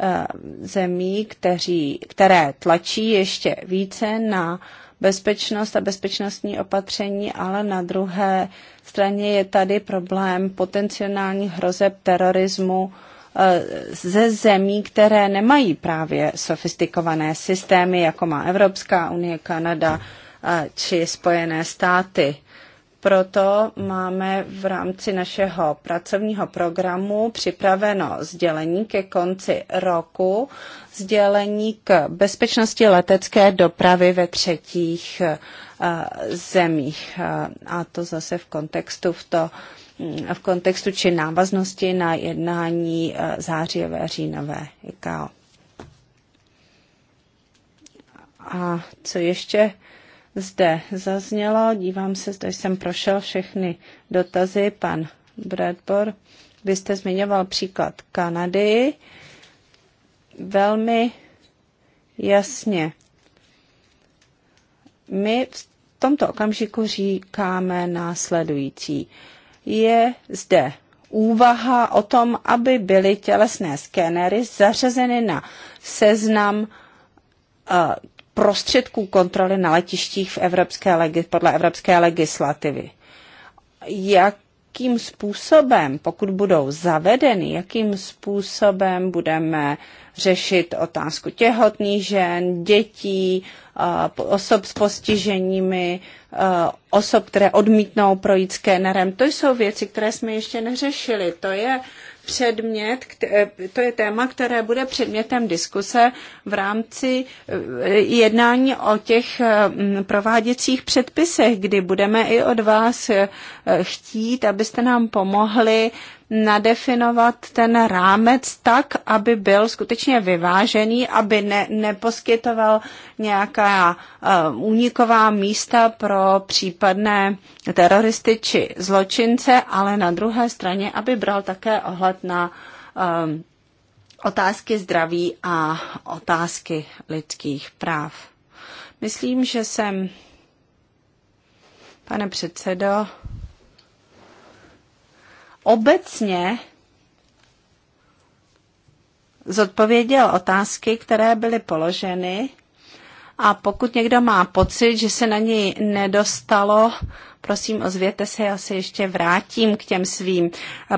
eh, zemí, kteří, které tlačí ještě více na bezpečnost a bezpečnostní opatření, ale na druhé straně je tady problém potenciální hrozeb terorismu eh, ze zemí, které nemají právě sofistikované systémy, jako má Evropská unie, Kanada eh, či Spojené státy. Proto máme v rámci našeho pracovního programu připraveno sdělení ke konci roku, sdělení k bezpečnosti letecké dopravy ve třetích eh, zemích. Eh, a to zase v kontextu v to, mm, v kontextu či návaznosti na jednání eh, zářivé říjnové IKO. A co ještě zde zaznělo. Dívám se, zde jsem prošel všechny dotazy. Pan Bradbor, vy jste zmiňoval příklad Kanady. Velmi jasně. My v tomto okamžiku říkáme následující. Je zde úvaha o tom, aby byly tělesné skénery zařazeny na seznam eh, prostředků kontroly na letištích v evropské, podle evropské legislativy. Jak jakým způsobem, pokud budou zavedeny, jakým způsobem budeme řešit otázku těhotných žen, dětí, osob s postiženími, osob, které odmítnou projít skénerem. To jsou věci, které jsme ještě neřešili. To je předmět, eh, to je téma, které bude předmětem diskuse v rámci eh, jednání o těch eh, mm, prováděcích předpisech, kdy budeme i od vás chtít, abyste nám pomohli nadefinovat ten rámec tak, aby byl skutečně vyvážený, aby ne, neposkytoval nějaká uh, úniková místa pro případné teroristy či zločince, ale na druhé straně, aby bral také ohled na um, otázky zdraví a otázky lidských práv. Myslím, že jsem, pane předsedo, obecně zodpověděl otázky, které byly položeny a pokud někdo má pocit, že se na něj nedostalo, prosím, ozvěte se, já se ještě vrátím k těm svým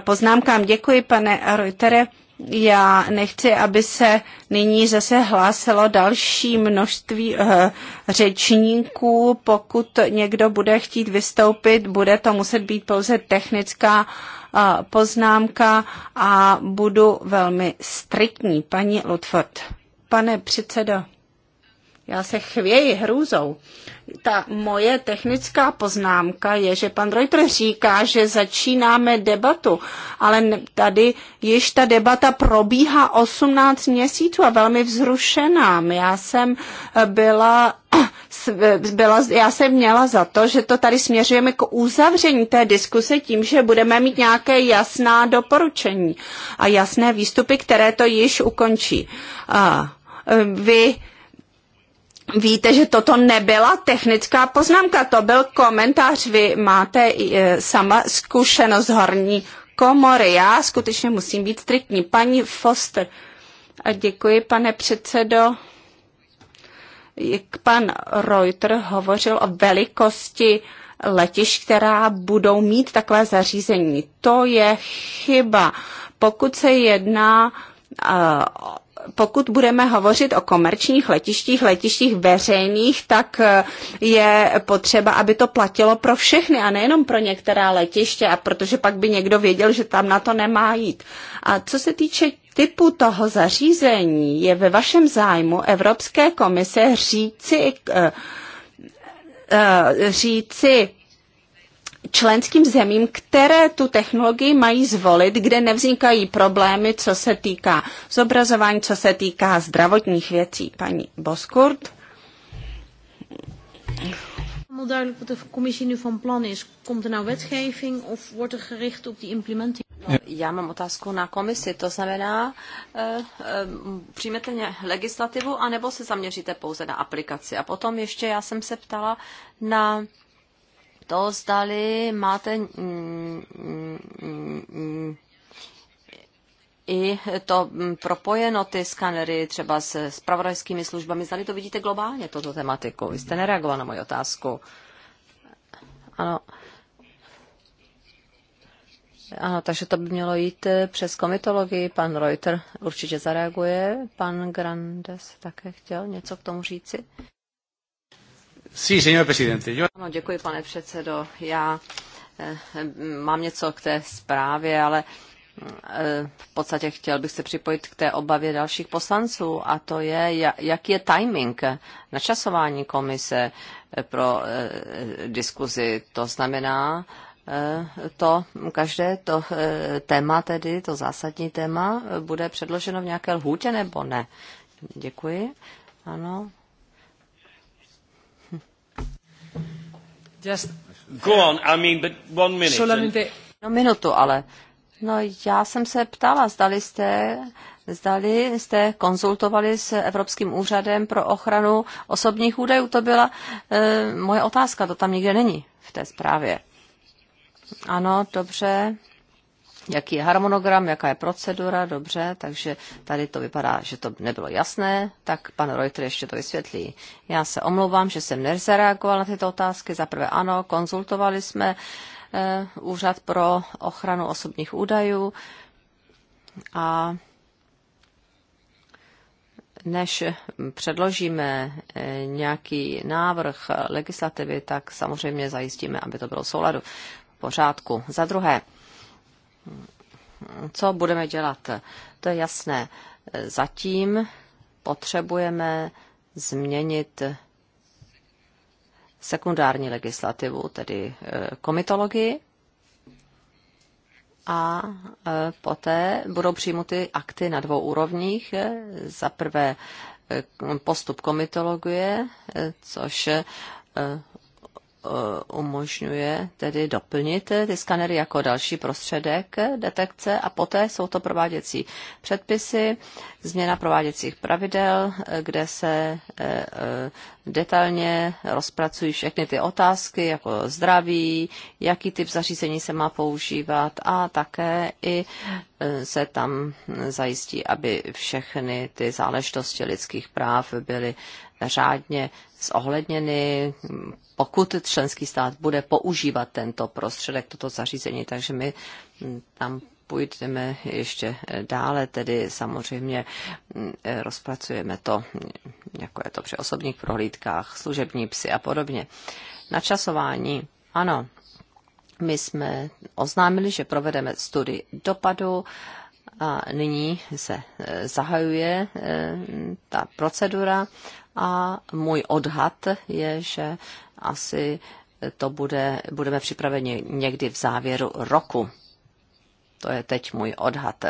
poznámkám. Děkuji, pane Reutere. Já nechci, aby se nyní zase hlásilo další množství uh, řečníků. Pokud někdo bude chtít vystoupit, bude to muset být pouze technická uh, poznámka a budu velmi striktní. Paní Ludford. Pane předsedo, já se chvěji hrůzou. Ta moje technická poznámka je, že pan Reuter říká, že začínáme debatu, ale tady již ta debata probíhá 18 měsíců a velmi vzrušená. Já jsem eh, byla eh, byla, já jsem měla za to, že to tady směřujeme k uzavření té diskuse tím, že budeme mít nějaké jasná doporučení a jasné výstupy, které to již ukončí. A eh, vy Víte, že toto nebyla technická poznámka, to byl komentář. Vy máte eh, sama zkušenost horní komory. Já skutečně musím být striktní. Paní Foster, a děkuji, pane předsedo. Jak pan Reuter hovořil o velikosti letiš, která budou mít takové zařízení. To je chyba. Pokud se jedná uh, pokud budeme hovořit o komerčních letištích, letištích veřejných, tak eh, je potřeba, aby to platilo pro všechny a nejenom pro některá letiště, a protože pak by někdo věděl, že tam na to nemá jít. A co se týče typu toho zařízení, je ve vašem zájmu Evropské komise říci, eh, eh, říci členským zemím, které tu technologii mají zvolit, kde nevznikají problémy, co se týká zobrazování, co se týká zdravotních věcí. Paní Boskurt. Er er já mám otázku na komisi, to znamená, eh, eh, přijmete ně legislativu anebo se zaměříte pouze na aplikaci. A potom ještě já jsem se ptala na to, zdali máte i to propojeno ty skanery třeba se spravodajskými službami. Zdali to vidíte globálně, toto tematiku. Vy jste nereagoval na moji otázku. Ano. Ano, takže to by mělo jít eh, přes komitologii. Pan Reuter určitě zareaguje. Pan Grandes také chtěl něco k tomu říci. Ano, děkuji, pane předsedo. Já eh, mám něco k té zprávě, ale eh, v podstatě chtěl bych se připojit k té obavě dalších poslanců a to je, jaký je timing načasování komise pro eh, diskuzi. To znamená, to každé to téma tedy, to zásadní téma, bude předloženo v nějaké lhůtě nebo ne? Děkuji. Ano, Just... Go on, I mean, but one minute. Solamente... No minutu, ale. No já jsem se ptala, zdali jste, zdali jste konzultovali s Evropským úřadem pro ochranu osobních údajů. To byla e, moje otázka, to tam nikde není v té zprávě. Ano, dobře jaký je harmonogram, jaká je procedura, dobře, takže tady to vypadá, že to nebylo jasné, tak pan Reuter ještě to vysvětlí. Já se omlouvám, že jsem nezareagoval na tyto otázky. Za prvé ano, konzultovali jsme eh, Úřad pro ochranu osobních údajů a než předložíme eh, nějaký návrh legislativy, tak samozřejmě zajistíme, aby to bylo v souladu v pořádku. Za druhé, co budeme dělat? To je jasné. Zatím potřebujeme změnit sekundární legislativu, tedy eh, komitologii, a eh, poté budou přijmuty akty na dvou úrovních. Eh, za prvé postup komitologie, což Eh, umožňuje tedy doplnit ty skanery jako další prostředek detekce a poté jsou to prováděcí předpisy, změna prováděcích pravidel, eh, kde se eh, eh, detailně rozpracují všechny ty otázky, jako zdraví, jaký typ zařízení se má používat a také i se tam zajistí, aby všechny ty záležitosti lidských práv byly řádně zohledněny, pokud členský stát bude používat tento prostředek, toto zařízení. Takže my tam půjdeme ještě dále, tedy samozřejmě mm, e, rozpracujeme to, jako je to při osobních prohlídkách, služební psy a podobně. Načasování, ano, my jsme oznámili, že provedeme studii dopadu a nyní se e, zahajuje e, ta procedura a můj odhad je, že asi to bude, budeme připraveni někdy v závěru roku to je teď můj odhad.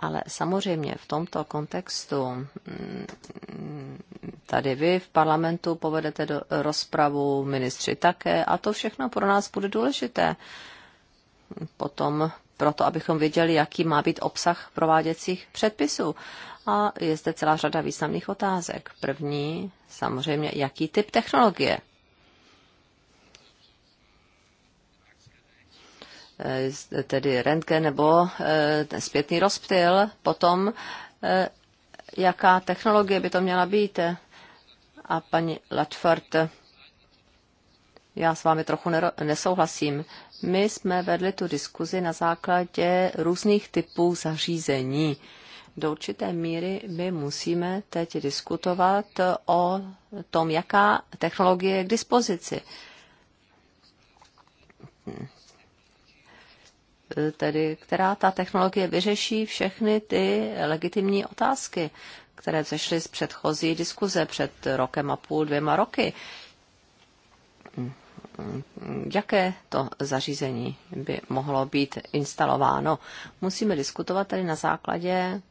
Ale samozřejmě v tomto kontextu mm, tady vy v parlamentu povedete do rozpravu, ministři také a to všechno pro nás bude důležité. Potom proto, abychom věděli, jaký má být obsah prováděcích předpisů. A je zde celá řada významných otázek. První, samozřejmě, jaký typ technologie Eh, tedy rentgen nebo eh, ten zpětný rozptyl, potom eh, jaká technologie by to měla být. A paní Latford, já s vámi trochu nesouhlasím. My jsme vedli tu diskuzi na základě různých typů zařízení. Do určité míry my musíme teď diskutovat o tom, jaká technologie je k dispozici tedy, která ta technologie vyřeší všechny ty legitimní otázky, které zešly z předchozí diskuze před rokem a půl, dvěma roky. Jaké to zařízení by mohlo být instalováno? Musíme diskutovat tedy na základě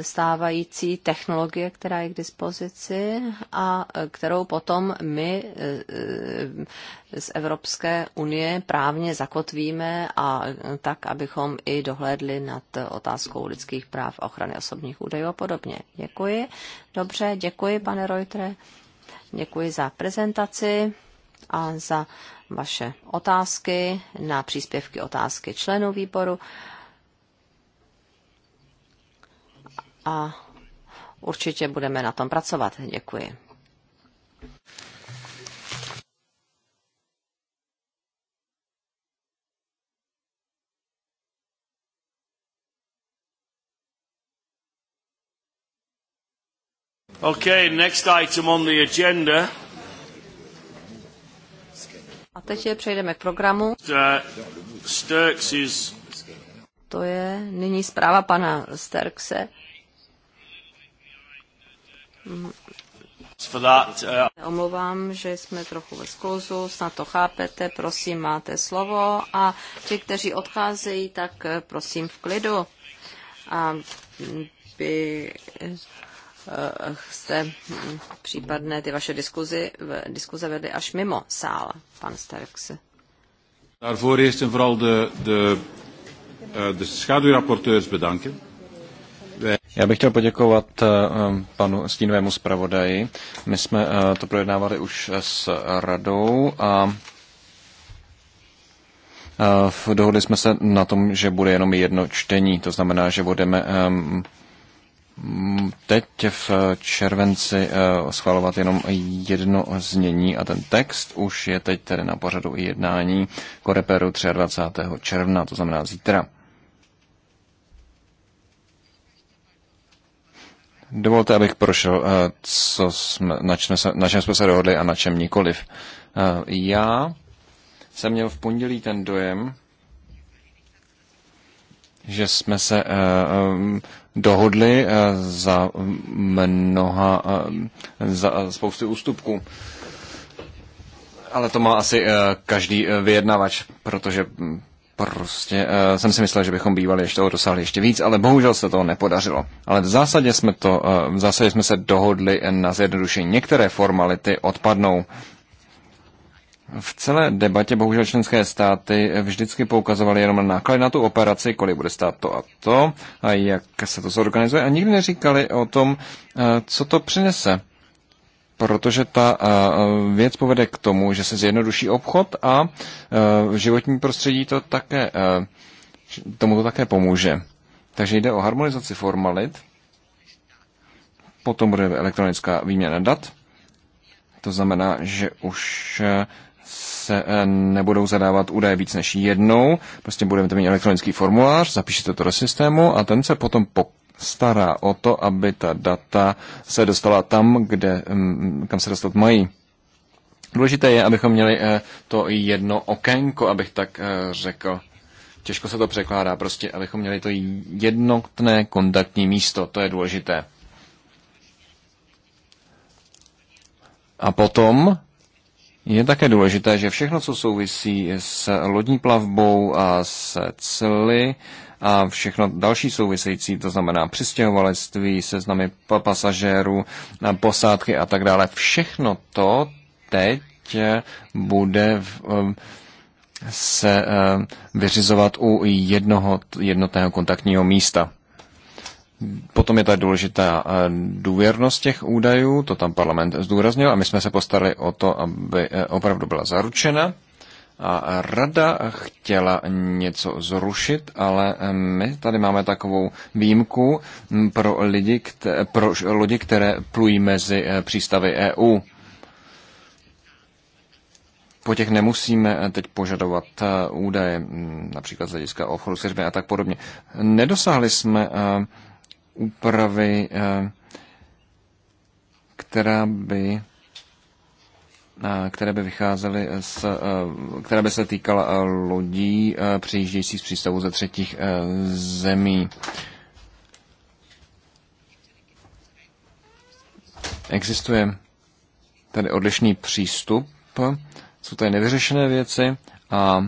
stávající technologie, která je k dispozici a kterou potom my eh, eh, z Evropské unie právně zakotvíme a eh, tak, abychom i dohlédli nad otázkou lidských práv, ochrany osobních údajů a podobně. Děkuji. Dobře, děkuji, pane Reutere. Děkuji za prezentaci a za vaše otázky na příspěvky otázky členů výboru. a určitě budeme na tom pracovat. Děkuji. Okay, next item on the agenda. A teď je přejdeme k programu. Uh, to je nyní zpráva pana Sterkse Omlouvám, že jsme trochu ve skluzu, snad to chápete, prosím, máte slovo a ti, kteří odcházejí, tak eh, prosím v klidu. A by eh, jste hm, případné ty vaše diskuzi, diskuze vedli až mimo sál, pan Sterks. Daarvoor eerst en vooral de, de, eh, de schaduwrapporteurs bedanken. Já bych chtěl poděkovat eh, panu stínovému zpravodaji. My jsme eh, to projednávali už s radou a eh, dohodli jsme se na tom, že bude jenom jedno čtení. To znamená, že budeme ehm, teď v červenci schvalovat jenom jedno znění a ten text už je teď tedy na pořadu i jednání Koreperu 23. června, to znamená zítra. Dovolte, abych prošel, eh, co jsme, na, čem se, na čem jsme se dohodli a na čem nikoliv. Eh, já jsem měl v pondělí ten dojem, že jsme se eh, dohodli za mnoha, za spousty ústupků. Ale to má asi každý vyjednavač, protože hm, prostě uh, jsem si myslel, že bychom bývali ještě toho dosáhli ještě víc, ale bohužel se to nepodařilo. Ale v zásadě jsme, to, uh, v zásadě jsme se dohodli na zjednodušení. Některé formality odpadnou. V celé debatě bohužel členské státy vždycky poukazovaly jenom na náklady na tu operaci, kolik bude stát to a to, a jak se to zorganizuje, a nikdy neříkali o tom, eh, co to přinese protože ta eh, eh, věc povede k tomu, že se zjednoduší obchod a eh, životní prostředí to také, tomu to také pomůže. Takže jde o harmonizaci formalit, potom bude elektronická výměna dat, to znamená, že už se nebudou zadávat údaje víc než jednou, prostě budeme tam mít elektronický formulář, zapíšete to do systému a ten se potom pokud stará o to, aby ta data se dostala tam, kde, mm, kam se dostat mají. Důležité je, abychom měli eh, to jedno okénko, abych tak eh, řekl. Těžko se to překládá, prostě abychom měli to jednotné kontaktní místo, to je důležité. A potom je také důležité, že všechno, co souvisí s lodní plavbou a se cely a všechno další související, to znamená přistěhovalectví, seznamy pasažérů, posádky a tak dále. Všechno to teď eh, bude v, eh, se eh, vyřizovat u jednoho jednotného kontaktního místa. Potom je tady důležitá důvěrnost těch údajů, to tam parlament zdůraznil a my jsme se postarali o to, aby opravdu byla zaručena. A rada chtěla něco zrušit, ale my tady máme takovou výjimku pro, lidi, kte, pro lodi, které plují mezi eh, přístavy EU. Po těch nemusíme eh, teď požadovat eh, údaje, mm, například z hlediska obchodu s a tak podobně. Nedosáhli jsme úpravy, která by Eh, které by vycházely z, eh, které by se týkala eh, lodí přijíždějících z přístavu ze třetích zemí. Existuje tady odlišný přístup, jsou tady nevyřešené věci a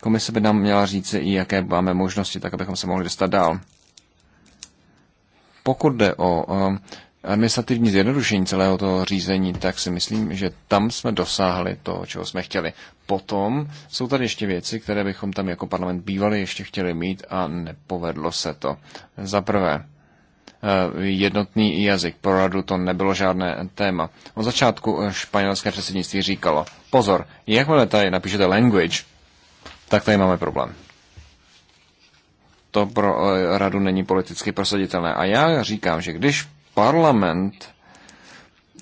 komise by nám měla říci, i jaké máme možnosti, tak abychom se mohli dostat dál. Pokud jde o administrativní zjednodušení celého toho řízení, tak si myslím, že tam jsme dosáhli to, čeho jsme chtěli. Potom jsou tady ještě věci, které bychom tam jako parlament bývali ještě chtěli mít a nepovedlo se to. Za prvé, eh, jednotný jazyk. Pro radu to nebylo žádné téma. Od začátku eh, španělské předsednictví říkalo, pozor, jakmile tady napíšete language, tak tady máme problém to pro eh, radu není politicky prosaditelné. A já říkám, že když parlament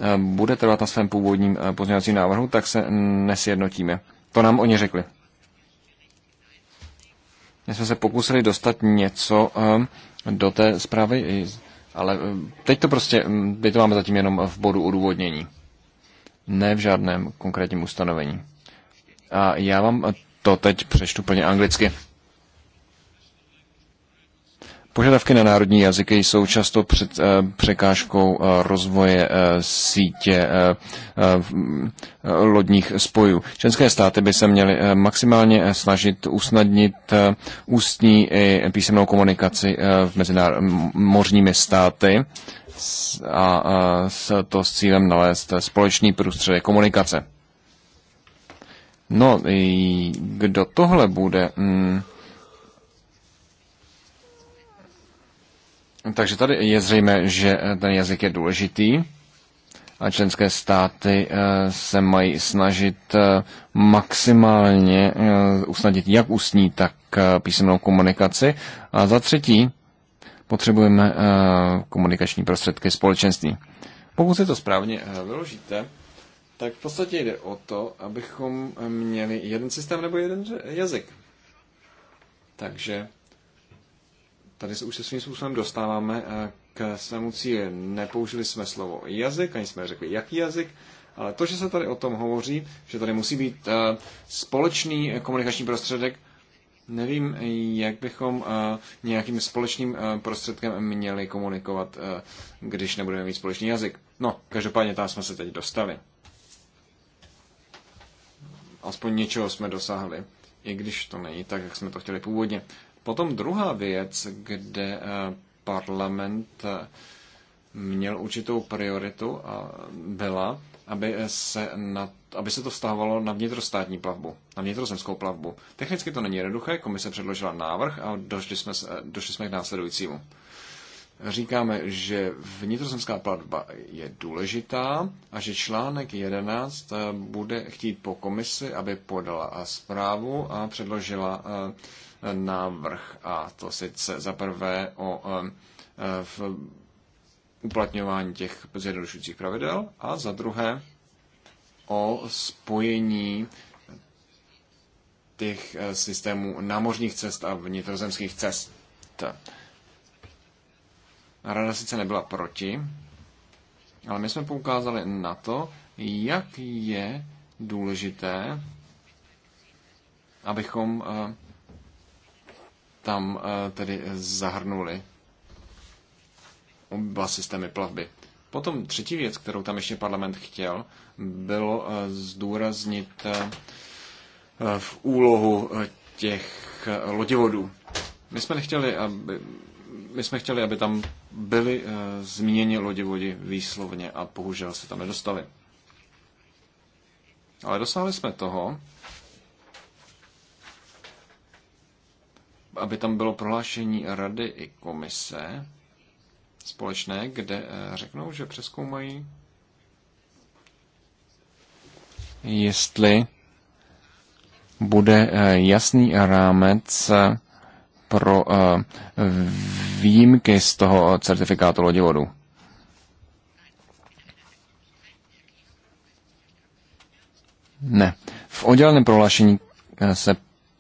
eh, bude trvat na svém původním eh, pozměňovacím návrhu, tak se nesjednotíme. To nám oni řekli. My jsme se pokusili dostat něco eh, do té zprávy, ale teď to prostě, mm, teď to máme zatím jenom v bodu odůvodnění. Ne v žádném konkrétním ustanovení. A já vám to teď přečtu plně anglicky. Požadavky na národní jazyky jsou často před eh, překážkou eh, rozvoje eh, sítě lodních spojů. Členské státy by se měly maximálně snažit usnadnit ústní i písemnou komunikaci v mezinár- mořními státy a s to s cílem nalézt společný prostředek komunikace. No, kdo tohle bude? Hmm Takže tady je zřejmé, že eh, ten jazyk je důležitý a členské státy eh, se mají snažit eh, maximálně usnadnit jak ústní, tak písemnou komunikaci. A za třetí, potřebujeme komunikační prostředky společenství. Pokud si to správně vyložíte, tak v podstatě jde o to, abychom měli jeden systém nebo jeden jazyk. Takže Tady se už se svým způsobem dostáváme eh, k svému cíli. Nepoužili jsme slovo jazyk, ani jsme řekli, jaký jazyk, ale to, že se tady o tom hovoří, že tady musí být eh, společný komunikační prostředek, nevím, jak bychom eh, nějakým společným prostředkem měli komunikovat, když nebudeme mít společný jazyk. No, každopádně tam jsme se teď dostali. Aspoň něčeho jsme dosáhli, i když to není tak, jak jsme to chtěli původně. Potom druhá věc, kde eh, parlament eh, měl určitou prioritu a byla, aby se, na, aby se to vztahovalo na vnitrostátní plavbu, na vnitrozemskou plavbu. Technicky to není jednoduché, komise předložila návrh a došli jsme, eh, došli jsme k následujícímu. Říkáme, že vnitrozemská platba je důležitá a že článek 11 bude chtít po komisi, aby podala zprávu a předložila uh, návrh, a to sice za prvé o e, v uplatňování těch zjednodušujících pravidel a za druhé o spojení těch e, systémů námořních cest a vnitrozemských cest. Rada sice nebyla proti, ale my jsme poukázali na to, jak je důležité, abychom e, tam eh, tedy zahrnuli oba systémy plavby. Potom třetí věc, kterou tam ještě parlament chtěl, bylo eh, zdůraznit eh, v úlohu těch lodivodů. My jsme nechtěli, aby, my jsme chtěli, aby tam byly zmíněni lodivodi výslovně a bohužel se tam nedostali. Ale dosáhli jsme toho, aby tam bylo prohlášení rady i komise společné, kde eh, řeknou, že přeskoumají, jestli bude eh, jasný rámec eh, pro výjimky z toho certifikátu lodivodu. Ne. V odděleném prohlášení se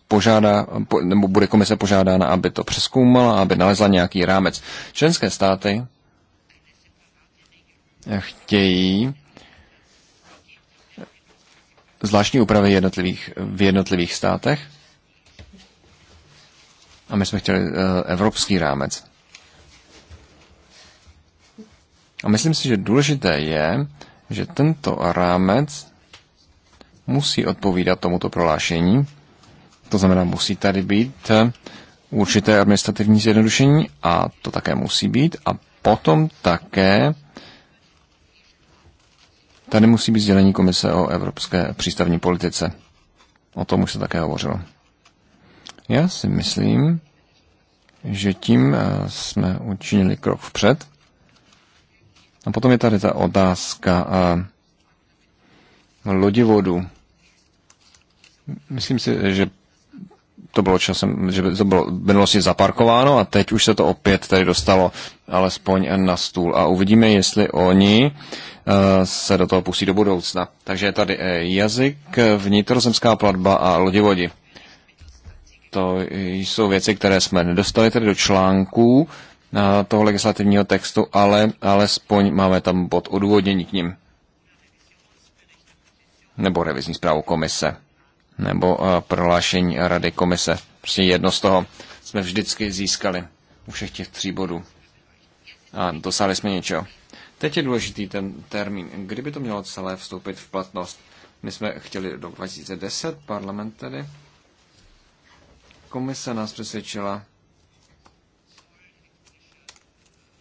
požádá, nebo bude komise požádána, aby to přeskoumala, aby nalezla nějaký rámec. Členské státy chtějí zvláštní úpravy jednotlivých, v jednotlivých státech a my jsme chtěli eh, evropský rámec. A myslím si, že důležité je, že tento rámec musí odpovídat tomuto prohlášení to znamená, musí tady být eh, určité administrativní zjednodušení a to také musí být. A potom také tady musí být sdělení Komise o evropské přístavní politice. O tom už se také hovořilo. Já si myslím, že tím eh, jsme učinili krok vpřed. A potom je tady ta otázka eh, lodivodu. Myslím si, že to bylo časem, že to bylo v minulosti zaparkováno a teď už se to opět tady dostalo alespoň na stůl a uvidíme, jestli oni eh, se do toho pustí do budoucna. Takže je tady eh, jazyk, eh, vnitrozemská platba a lodivodi. To jsou věci, které jsme nedostali tady do článků toho legislativního textu, ale alespoň máme tam bod odůvodnění k ním. Nebo revizní zprávu komise nebo eh, prohlášení Rady komise. Prostě jedno z toho jsme vždycky získali u všech těch tří bodů. A dosáhli jsme něčeho. Teď je důležitý ten termín. Kdyby to mělo celé vstoupit v platnost? My jsme chtěli do 2010, parlament tedy. Komise nás přesvědčila,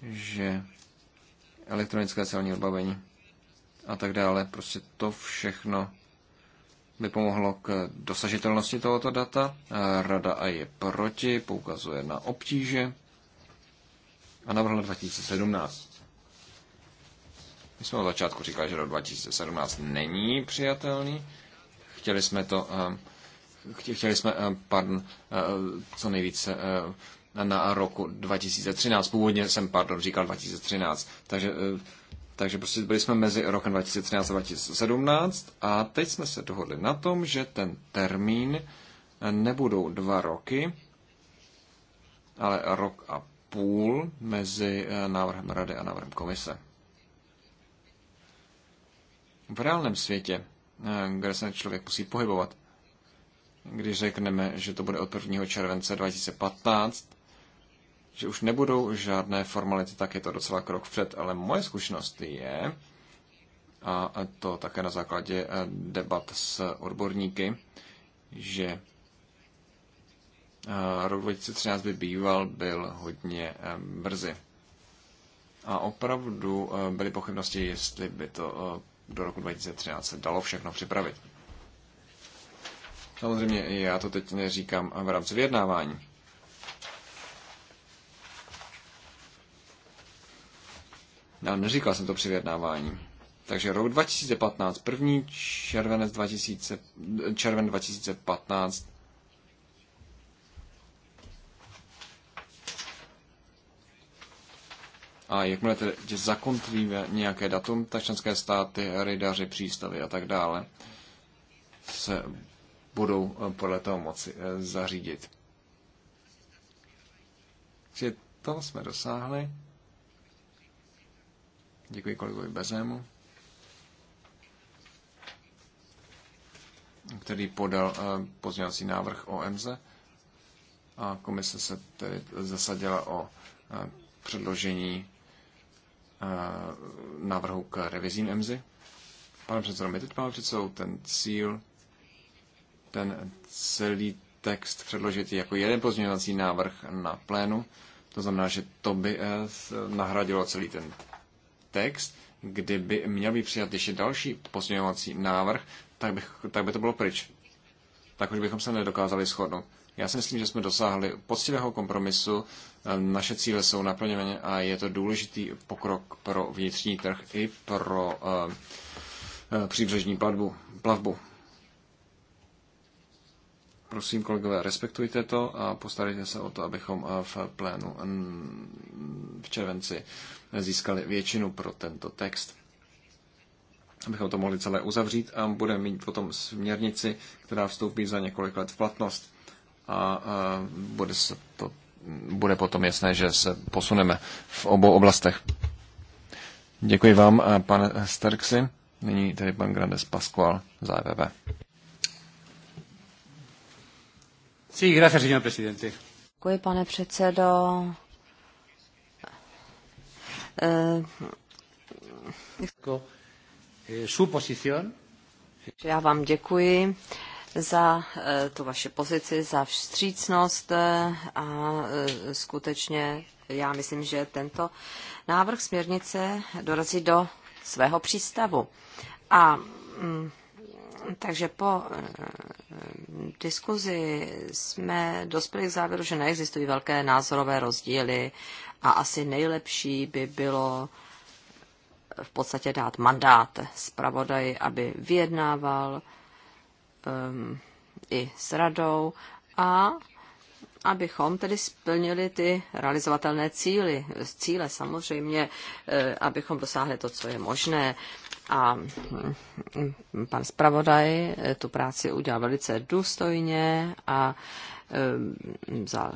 že elektronické celní odbavení a tak dále, prostě to všechno by pomohlo k dosažitelnosti tohoto data. Rada a je proti, poukazuje na obtíže a navrhla 2017. My jsme od začátku říkali, že do 2017 není přijatelný. Chtěli jsme to, eh, chtěli jsme, eh, pardon, eh, co nejvíce na roku 2013. Původně jsem, pardon, říkal 2013. Takže takže prostě byli jsme mezi rokem 2013 a 2017 a teď jsme se dohodli na tom, že ten termín nebudou dva roky, ale rok a půl mezi eh, návrhem Rady a návrhem Komise. V reálném světě, eh, kde se člověk musí pohybovat, když řekneme, že to bude od 1. července 2015, že už nebudou žádné formality, tak je to docela krok vpřed. Ale moje zkušenost je, a to také na základě eh, debat s odborníky, že eh, rok 2013 by býval byl hodně eh, brzy. A opravdu byly pochybnosti, jestli by to do roku 2013 se dalo všechno připravit. Samozřejmě já to teď neříkám v rámci vyjednávání, Já neříkal jsem to při vyjednávání. Takže rok 2015, první červenec 2000, červen 2015, A jakmile tedy zakontríme nějaké datum, tak členské státy, rydaři, přístavy a tak dále se budou eh, podle toho moci eh, zařídit. Takže toho jsme dosáhli. Děkuji kolegovi Bezému, který podal eh, pozměňovací návrh o EMZE a komise se tedy zasadila o eh, předložení eh, návrhu k revizím mz. Pane předsedo, my teď máme před sebou ten cíl, ten celý text předložit jako jeden pozměňovací návrh na plénu. To znamená, že to by nahradilo celý ten text, kdyby měl být přijat ještě další pozměňovací návrh, tak, bych, tak by to bylo pryč. Tak už bychom se nedokázali shodnout. Já si myslím, že jsme dosáhli poctivého kompromisu, ehm, naše cíle jsou naplněné a je to důležitý pokrok pro vnitřní trh i pro uh, příbřežní platbu, plavbu. Prosím, kolegové, respektujte to a postarejte se o to, abychom eh, v plénu v červenci získali většinu pro tento text. Abychom to mohli celé uzavřít a budeme mít potom směrnici, která vstoupí za několik let v platnost a eh, bude, se to, bude potom jasné, že se posuneme v obou oblastech. Děkuji vám, eh, pane Sterksy. Nyní tedy pan Grandes Pasqual za EVV. Sí, gracias, señor presidente. Děkuji, pane předsedo. Eh, eh, su posición. Já vám děkuji za eh, tu vaši pozici, za vstřícnost a skutečně já myslím, že tento návrh směrnice dorazí do svého přístavu. A mm, takže po eh, diskuzi jsme dospěli k závěru, že neexistují velké názorové rozdíly a asi nejlepší by bylo eh, v podstatě dát mandát zpravodaji, aby vyjednával um, i s radou a abychom tedy splnili ty realizovatelné cíly, cíle samozřejmě, eh, abychom dosáhli to, co je možné. A hm, pan zpravodaj eh, tu práci udělal velice důstojně a eh, vzal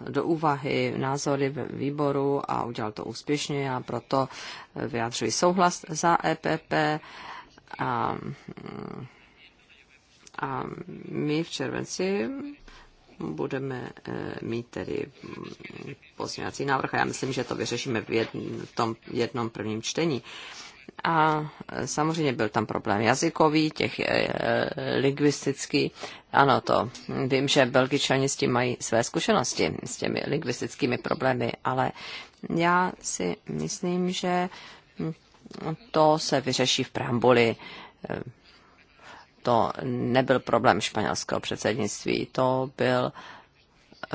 do úvahy názory ve výboru a udělal to úspěšně. Já proto vyjadřuji souhlas za EPP. A, hm, a my v červenci budeme eh, mít tedy mm, pozměňovací návrh a já myslím, že to vyřešíme v, jedn, v tom jednom prvním čtení. A eh, samozřejmě byl tam problém jazykový, těch e, lingvistický. Ano, to vím, že belgičani s tím mají své zkušenosti, s těmi lingvistickými problémy, ale já si myslím, že mm, to se vyřeší v preambuli to nebyl problém španělského předsednictví, to byl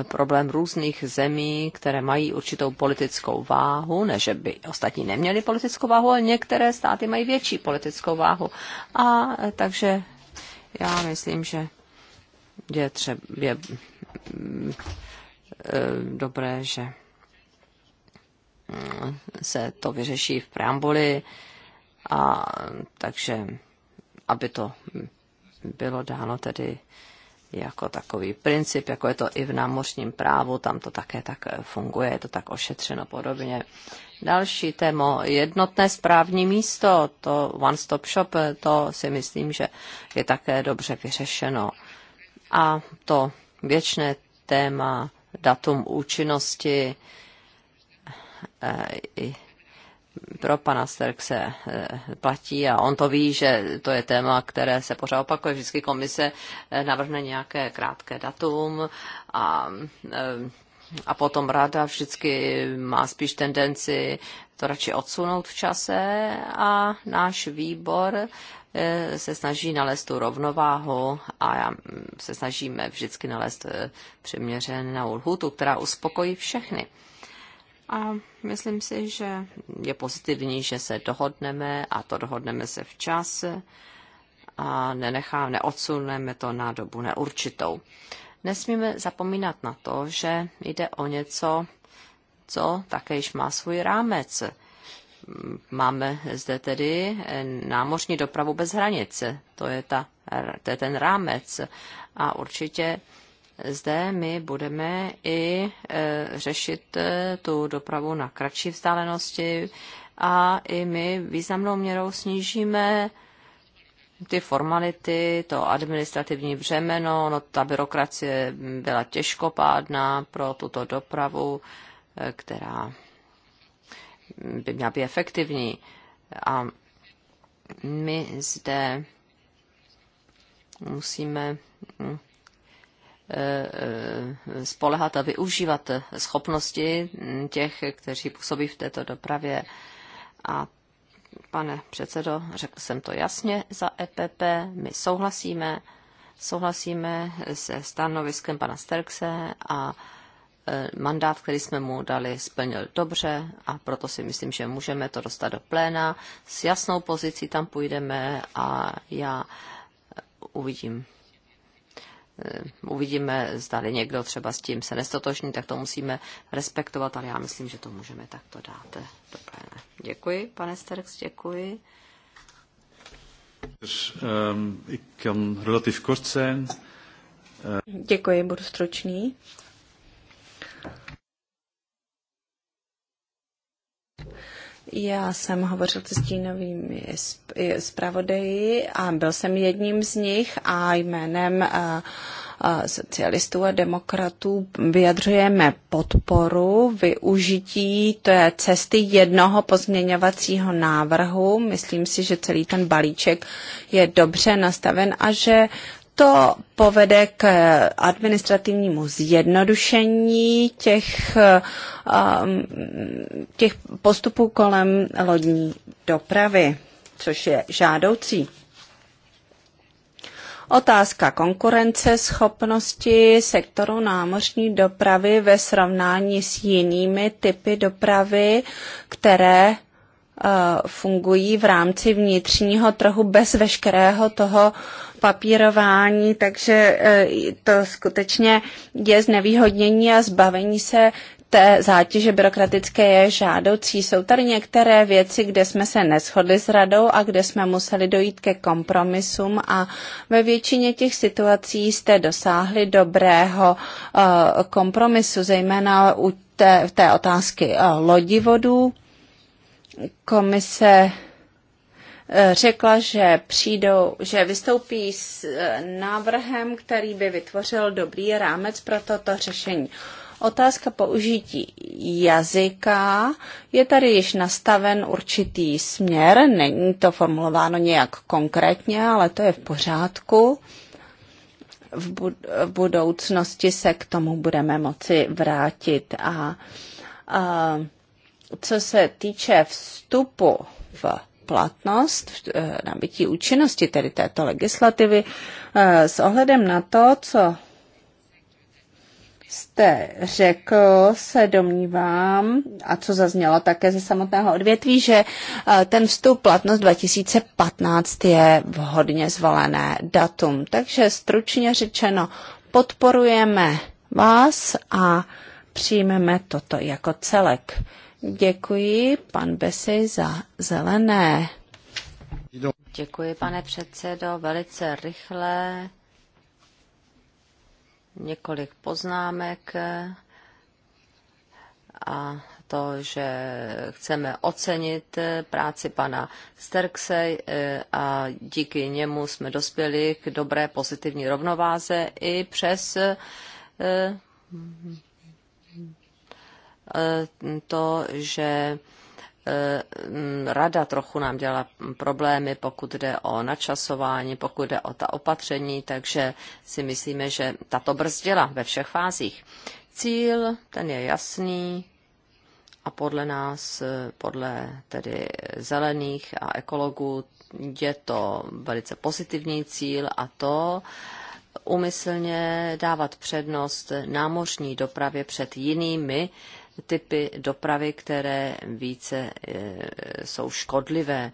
problém různých zemí, které mají určitou politickou váhu, ne že by ostatní neměli politickou váhu, ale některé státy mají větší politickou váhu. A takže já myslím, že je třeba je, mm, e, dobré, že mm, se to vyřeší v preambuli a takže aby to mm, bylo dáno tedy jako takový princip, jako je to i v námořním právu, tam to také tak eh, funguje, je to tak ošetřeno podobně. Další téma, jednotné správní místo, to One Stop Shop, eh, to si myslím, že je také dobře vyřešeno. A to věčné téma, datum účinnosti, e, pro pana Sterkse eh, platí a on to ví, že to je téma, které se pořád opakuje. Vždycky komise eh, navrhne nějaké krátké datum a eh, a potom rada vždycky má spíš tendenci to radši odsunout v čase a náš výbor se snaží nalézt tu rovnováhu a já mm, se snažíme vždycky nalézt přiměřenou lhutu, která uspokojí všechny. A myslím si, že je pozitivní, že se dohodneme a to dohodneme se včas a nenechá, neodsuneme to na dobu neurčitou. Nesmíme zapomínat na to, že jde o něco, co také již má svůj rámec. Máme zde tedy námořní dopravu bez hranice. To je, ta, to je ten rámec. A určitě zde my budeme i e, řešit e, tu dopravu na kratší vzdálenosti a i my významnou měrou snížíme ty formality, to administrativní břemeno, no ta byrokracie byla těžkopádná pro tuto dopravu, e, která by měla být efektivní. A my zde musíme hm, Eh, spolehat a využívat schopnosti těch, kteří působí v této dopravě. A pane předsedo, řekl jsem to jasně za EPP, my souhlasíme, souhlasíme se stanoviskem pana Sterkse a eh, mandát, který jsme mu dali, splnil dobře a proto si myslím, že můžeme to dostat do pléna. S jasnou pozicí tam půjdeme a já uvidím, Eh, uvidíme, zdali někdo třeba s tím se nestotožní, tak to musíme respektovat, ale já myslím, že to můžeme takto dát eh, do pléna. Děkuji, pane Sterx, děkuji. Um, eh, děkuji, budu stručný. Já jsem hovořil s stínovými zpravodaji a byl jsem jedním z nich a jménem eh, eh, socialistů a demokratů vyjadřujeme podporu využití té cesty jednoho pozměňovacího návrhu. Myslím si, že celý ten balíček je dobře nastaven a že to povede k administrativnímu zjednodušení těch, um, těch postupů kolem lodní dopravy, což je žádoucí. Otázka konkurence schopnosti sektoru námořní dopravy ve srovnání s jinými typy dopravy, které fungují v rámci vnitřního trhu bez veškerého toho papírování, takže e, to skutečně je znevýhodnění a zbavení se té zátěže byrokratické je žádoucí. Jsou tady některé věci, kde jsme se neschodli s radou a kde jsme museli dojít ke kompromisům a ve většině těch situací jste dosáhli dobrého e, kompromisu, zejména u té, té otázky e, lodivodů komise eh, řekla, že přijdou, že vystoupí s eh, návrhem, který by vytvořil dobrý rámec pro toto řešení. Otázka použití jazyka. Je tady již nastaven určitý směr, není to formulováno nějak konkrétně, ale to je v pořádku. V budoucnosti se k tomu budeme moci vrátit a, a co se týče vstupu v platnost eh, nabití účinnosti tedy této legislativy eh, s ohledem na to, co jste řekl, se domnívám, a co zaznělo také ze samotného odvětví, že eh, ten vstup platnost 2015 je vhodně zvolené datum. Takže stručně řečeno, podporujeme vás a přijmeme toto jako celek. Děkuji, pan Besej, za zelené. Děkuji, pane předsedo, velice rychle. Několik poznámek a to, že chceme ocenit práci pana Sterkse a díky němu jsme dospěli k dobré pozitivní rovnováze i přes eh, Eh, to, že eh, mm, rada trochu nám dělala problémy, pokud jde o načasování, pokud jde o ta opatření, takže si myslíme, že tato brzdila ve všech fázích. Cíl, ten je jasný a podle nás, eh, podle tedy zelených a ekologů, je to velice pozitivní cíl a to umyslně dávat přednost námořní dopravě před jinými typy dopravy, které více e, jsou škodlivé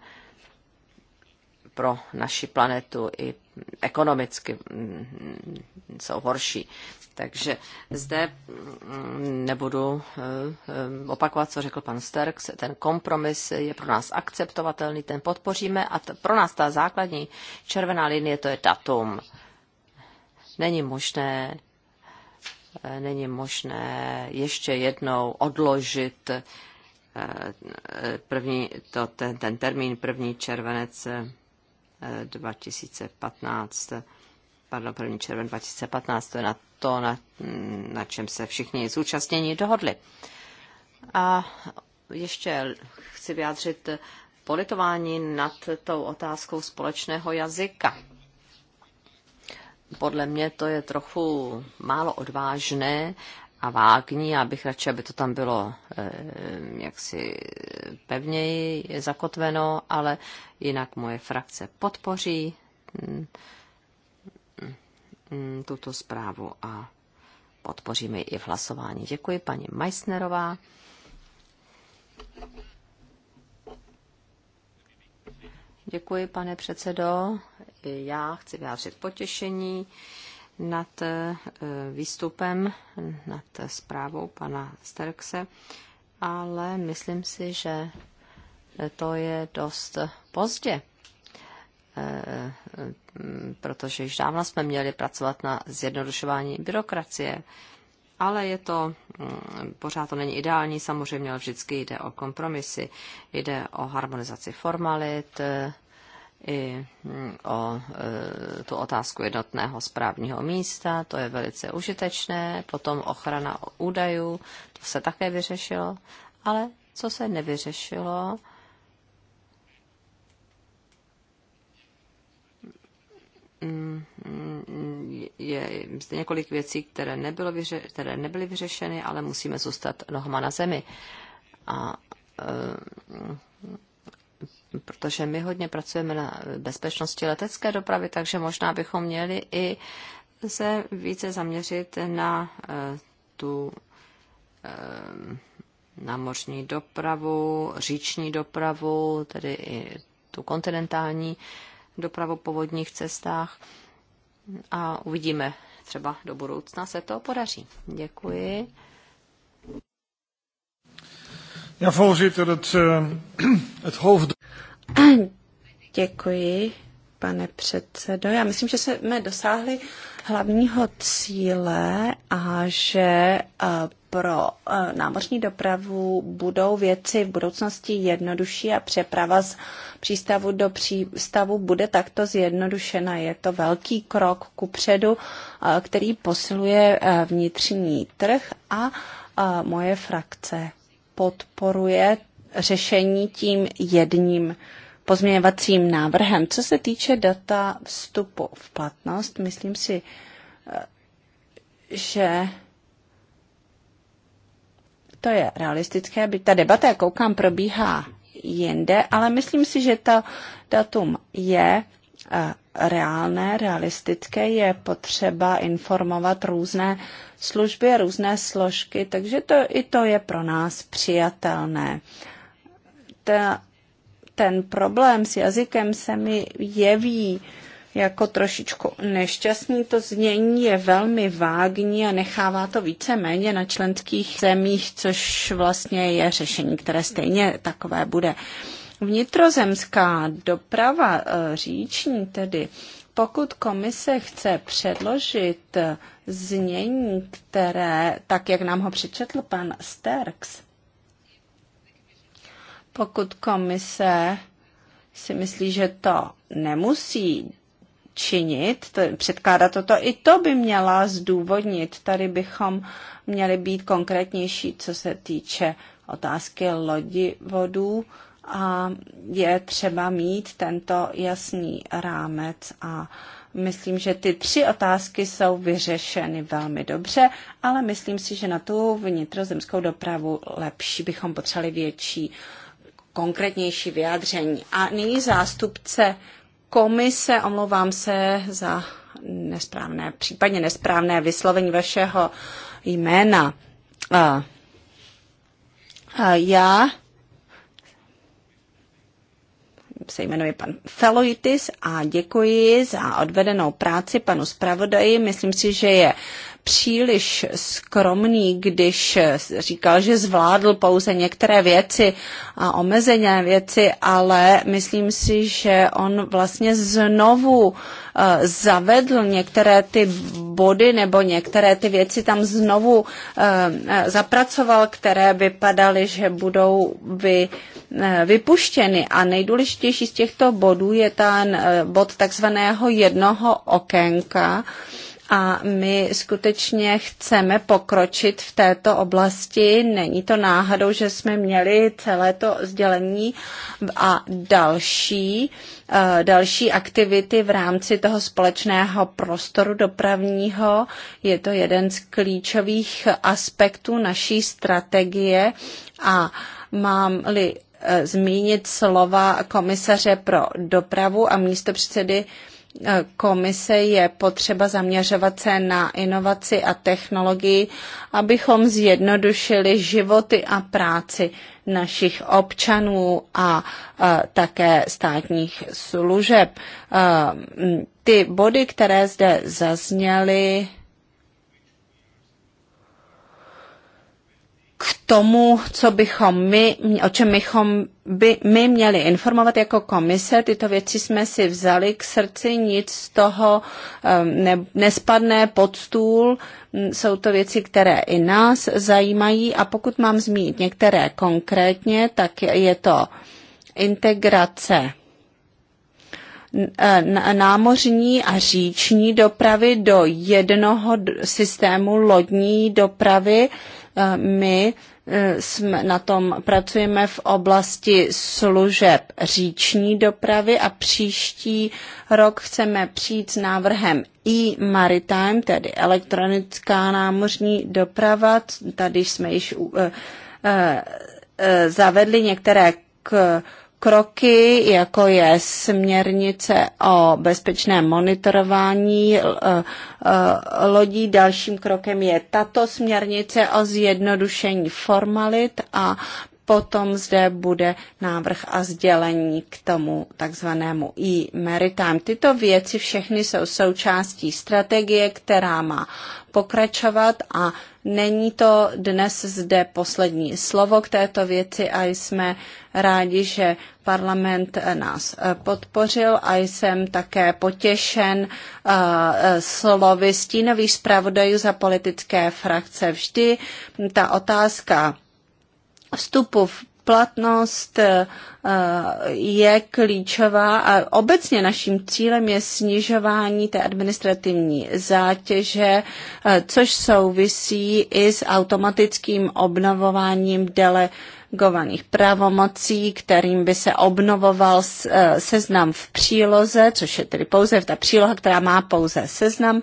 pro naši planetu i ekonomicky mm, jsou horší. Takže zde mm, nebudu e, e, opakovat, co řekl pan Sterks. Ten kompromis je pro nás akceptovatelný, ten podpoříme a pro nás ta základní červená linie to je datum. Není možné Eh, není možné ještě jednou odložit eh, první, to, ten, ten termín 1. červenec 2015, eh, pardon, 1. červen 2015, to je na to, na, na čem se všichni zúčastnění dohodli. A ještě chci vyjádřit politování nad tou otázkou společného jazyka podle mě to je trochu málo odvážné a vágní, já bych radši, aby to tam bylo eh, jaksi pevněji zakotveno, ale jinak moje frakce podpoří mm, mm, mm, tuto zprávu a podpoříme ji i v hlasování. Děkuji paní Meissnerová. Děkuji, pane předsedo. Já chci vyjádřit potěšení nad eh, výstupem, nad zprávou pana Sterkse, ale myslím si, že to je dost pozdě, eh, protože již dávno jsme měli pracovat na zjednodušování byrokracie ale je to, mm, pořád to není ideální, samozřejmě, ale vždycky jde o kompromisy, jde o harmonizaci formalit, e, i mm, o e, tu otázku jednotného správního místa, to je velice užitečné, potom ochrana údajů, to se také vyřešilo, ale co se nevyřešilo, je zde několik věcí, které, nebylo vyře- které nebyly vyřešeny, ale musíme zůstat nohama na zemi. A, e, protože my hodně pracujeme na bezpečnosti letecké dopravy, takže možná bychom měli i se více zaměřit na e, tu e, eh, námořní dopravu, říční dopravu, tedy i tu kontinentální. E, dopravu po vodních cestách a uvidíme, třeba do budoucna se to podaří. Děkuji. Ja, voorzitter, het, eh, het hoofd... Děkuji, pane předsedo. Já myslím, že jsme dosáhli hlavního cíle a že eh, pro eh, námořní dopravu budou věci v budoucnosti jednodušší a přeprava z přístavu do přístavu bude takto zjednodušena. Je to velký krok ku předu, eh, který posiluje vnitřní trh a moje frakce podporuje řešení tím jedním pozměňovacím návrhem. Co se týče data vstupu v platnost, myslím si, eh, že to je realistické, byť ta debata, jak koukám, probíhá jinde, ale myslím si, že to datum je eh, reálné, realistické, je potřeba informovat různé služby, různé složky, takže to, i to je pro nás přijatelné. Ta ten problém s jazykem se mi jeví jako trošičku nešťastný. To znění je velmi vágní a nechává to více-méně na členských zemích, což vlastně je řešení, které stejně takové bude. Vnitrozemská doprava e, říční tedy, pokud komise chce předložit e, znění, které, tak jak nám ho přečetl pan Sterks, pokud komise si myslí, že to nemusí činit, to, předkládat toto, i to by měla zdůvodnit. Tady bychom měli být konkrétnější, co se týče otázky vodů a je třeba mít tento jasný rámec a Myslím, že ty tři otázky jsou vyřešeny velmi dobře, ale myslím si, že na tu vnitrozemskou dopravu lepší bychom potřebovali větší uh, konkrétnější vyjádření. A nyní zástupce komise, omlouvám se za nesprávné, případně nesprávné vyslovení vašeho jména. A, a já se jmenuje pan Feloitis a děkuji za odvedenou práci panu zpravodaji. Myslím si, že je příliš skromný, když říkal, že zvládl pouze některé věci a omezené věci, ale myslím si, že on vlastně znovu eh, zavedl některé ty body nebo některé ty věci tam znovu eh, eh, zapracoval, které vypadaly, že budou vy, vypuštěny. A nejdůležitější z těchto bodů je ten bod takzvaného jednoho okénka, a my skutečně chceme pokročit v této oblasti. Není to náhodou, že jsme měli celé to sdělení a další, eh, další aktivity v rámci toho společného prostoru dopravního. Je to jeden z klíčových aspektů naší strategie a mám-li eh, zmínit slova komisaře pro dopravu a místo předsedy E, komise je potřeba zaměřovat se na inovaci a technologii, abychom zjednodušili životy a práci našich občanů a, a e, také státních služeb. A, e, ty body, které zde zazněly, k tomu, co bychom my, o čem bychom by my měli informovat jako komise. Tyto věci jsme si vzali k srdci, nic z toho um, ne, nespadne pod stůl. Mm, jsou to věci, které i nás zajímají a pokud mám zmínit některé konkrétně, tak je to integrace námořní a říční dopravy do jednoho systému lodní dopravy Eh, my jsme eh, na tom pracujeme v oblasti služeb říční dopravy a příští rok chceme přijít s návrhem e-maritime, tedy elektronická námořní doprava. Tady jsme již eh, zavedli některé k kroky, jako je směrnice o bezpečném monitorování eh, eh, lodí. Dalším krokem je tato směrnice o zjednodušení formalit a potom zde bude návrh a sdělení k tomu takzvanému e-maritime. Tyto věci všechny jsou součástí strategie, která má pokračovat a Není to dnes zde poslední slovo k této věci a jsme rádi, že parlament nás eh, podpořil a jsem také potěšen eh, slovy stínových zpravodajů za politické frakce. Vždy ta otázka vstupu v platnost eh, je klíčová a obecně naším cílem je snižování té administrativní zátěže, eh, což souvisí i s automatickým obnovováním dele delegovaných pravomocí, kterým by se obnovoval eh, seznam v příloze, což je tedy pouze ta příloha, která má pouze seznam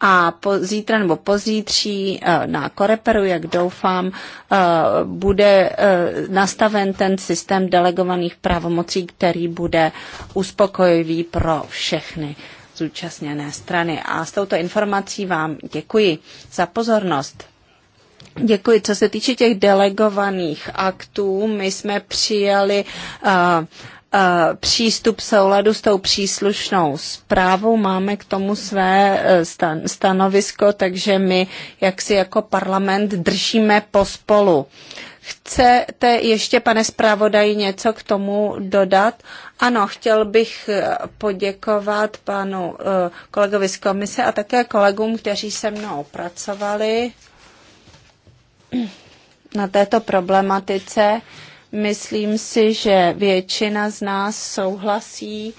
a po, zítra nebo pozítří eh, na Koreperu, jak doufám, eh, bude eh, nastaven ten systém delegovaných pravomocí, který bude uspokojivý pro všechny zúčastněné strany. A s touto informací vám děkuji za pozornost. Děkuji. Co se týče těch delegovaných aktů, my jsme přijali uh, Eh, přístup souladu s tou příslušnou zprávou. Máme k tomu své eh, stan- stanovisko, takže my jak si jako parlament držíme pospolu. Chcete ještě, pane zpravodaji, něco k tomu dodat? Ano, chtěl bych eh, poděkovat panu kolegovi z komise a také kolegům, kteří se mnou pracovali na této problematice. Myslím si, že většina z nás souhlasí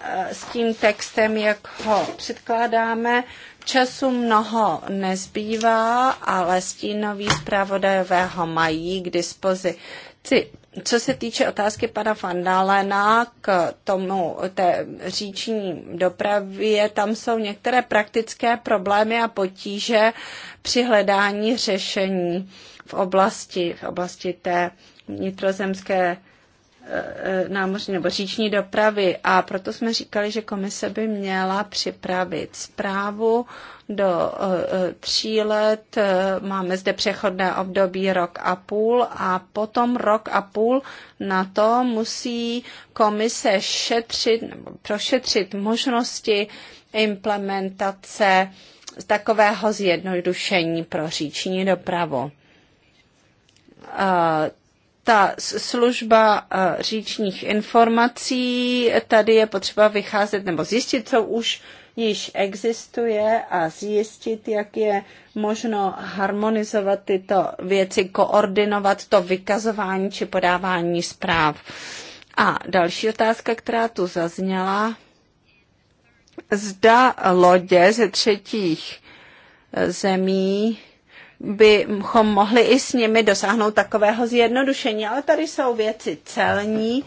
eh, s tím textem, jak ho předkládáme. Času mnoho nezbývá, ale stínoví zpravodajové ho mají k dispozici. Co se týče otázky pana Fandalena k tomu té říční dopravě, tam jsou některé praktické problémy a potíže při hledání řešení v oblasti, v oblasti té vnitrozemské eh, eh, námořní nebo říční dopravy a proto jsme říkali, že komise by měla připravit zprávu do eh, tří let. Máme zde přechodné období rok a půl a potom rok a půl na to musí komise šetřit nebo prošetřit možnosti implementace takového zjednodušení pro říční dopravu ta služba eh, říčních informací, tady je potřeba vycházet nebo zjistit, co už již existuje a zjistit, jak je možno harmonizovat tyto věci, koordinovat to vykazování či podávání zpráv. A další otázka, která tu zazněla. Zda lodě ze třetích eh, zemí bychom mohli i s nimi dosáhnout takového zjednodušení. Ale tady jsou věci celní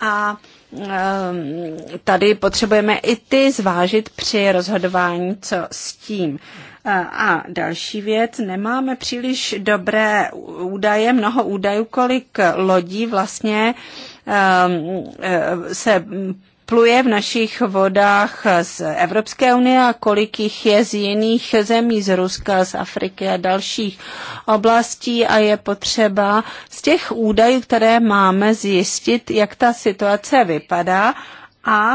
a ehm, tady potřebujeme i ty zvážit při rozhodování, co s tím. E, a další věc, nemáme příliš dobré údaje, mnoho údajů, kolik lodí vlastně ehm, e, se pluje v našich vodách z Evropské unie a kolik jich je z jiných zemí, z Ruska, z Afriky a dalších oblastí a je potřeba z těch údajů, které máme, zjistit, jak ta situace vypadá a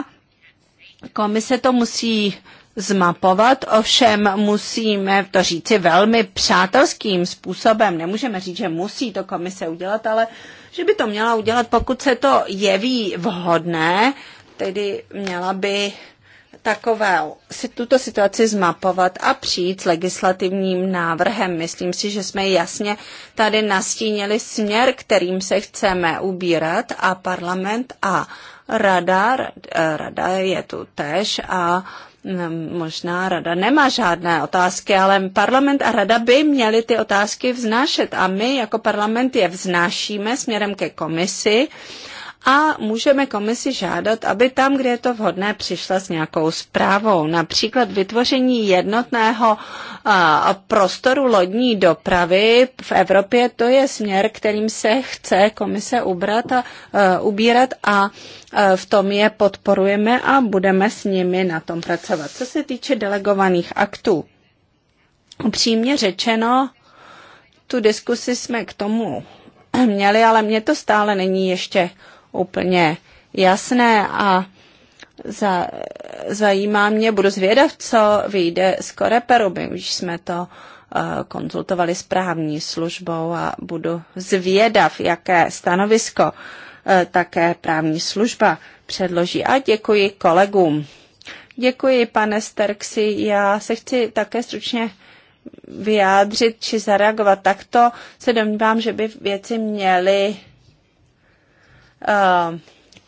komise to musí zmapovat, ovšem musíme to říci velmi přátelským způsobem. Nemůžeme říct, že musí to komise udělat, ale že by to měla udělat, pokud se to jeví vhodné, Tedy měla by takové, tuto situaci zmapovat a přijít s legislativním návrhem. Myslím si, že jsme jasně tady nastínili směr, kterým se chceme ubírat a parlament a rada, rada je tu tež a mm, možná rada nemá žádné otázky, ale parlament a rada by měly ty otázky vznášet a my jako parlament je vznášíme směrem ke komisi a můžeme komisi žádat, aby tam, kde je to vhodné, přišla s nějakou zprávou. Například vytvoření jednotného prostoru lodní dopravy v Evropě, to je směr, kterým se chce komise ubrat a, e, ubírat a e, v tom je podporujeme a budeme s nimi na tom pracovat. Co se týče delegovaných aktů, upřímně řečeno, tu diskusi jsme k tomu měli, ale mně to stále není ještě úplně jasné a za, zajímá mě, budu zvědav, co vyjde z Koreperu, my už jsme to eh, konzultovali s právní službou a budu zvědav, jaké stanovisko eh, také právní služba předloží. A děkuji kolegům. Děkuji, pane Sterksi. Já se chci také stručně vyjádřit či zareagovat takto. Se domnívám, že by věci měly Eh,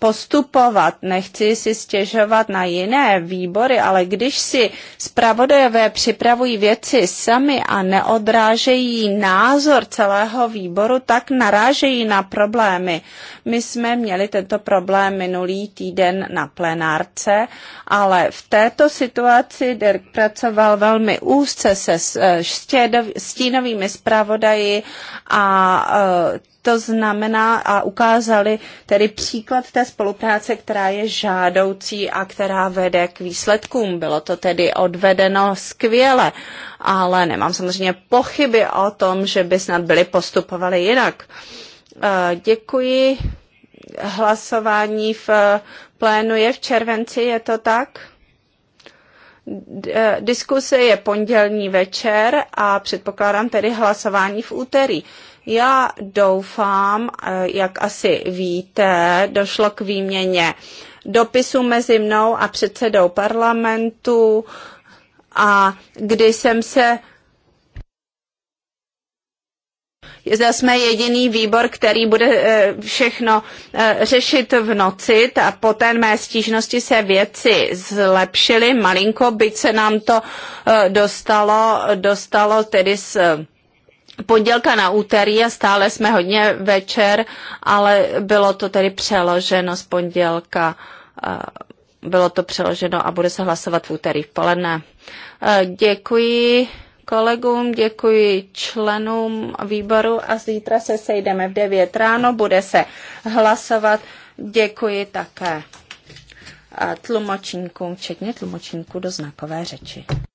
postupovat, nechci si stěžovat na jiné výbory, ale když si zpravodajové připravují věci sami a neodrážejí názor celého výboru, tak narážejí na problémy. My jsme měli tento problém minulý týden na plenárce, ale v této situaci Dirk pracoval velmi úzce se eh, stínovými zpravodaji a eh, to znamená a ukázali tedy příklad té spolupráce, která je žádoucí a která vede k výsledkům. Bylo to tedy odvedeno skvěle, ale nemám samozřejmě pochyby o tom, že by snad byly postupovali jinak. Eh, děkuji. Hlasování v eh, plénu je v červenci, je to tak? Eh, diskuse je pondělní večer a předpokládám tedy hlasování v úterý. Já doufám, eh, jak asi víte, došlo k výměně dopisu mezi mnou a předsedou parlamentu a kdy jsem se Zda jsme jediný výbor, který bude eh, všechno eh, řešit v noci a po té mé stížnosti se věci zlepšily malinko, byť se nám to dostalo, dostalo tedy z pondělka na úterý a stále jsme hodně večer, ale bylo to tedy přeloženo z pondělka. Bylo to přeloženo a bude se hlasovat v úterý v poledne. Děkuji kolegům, děkuji členům výboru a zítra se sejdeme v 9 ráno, bude se hlasovat. Děkuji také tlumočníkům, včetně tlumočníků do znakové řeči.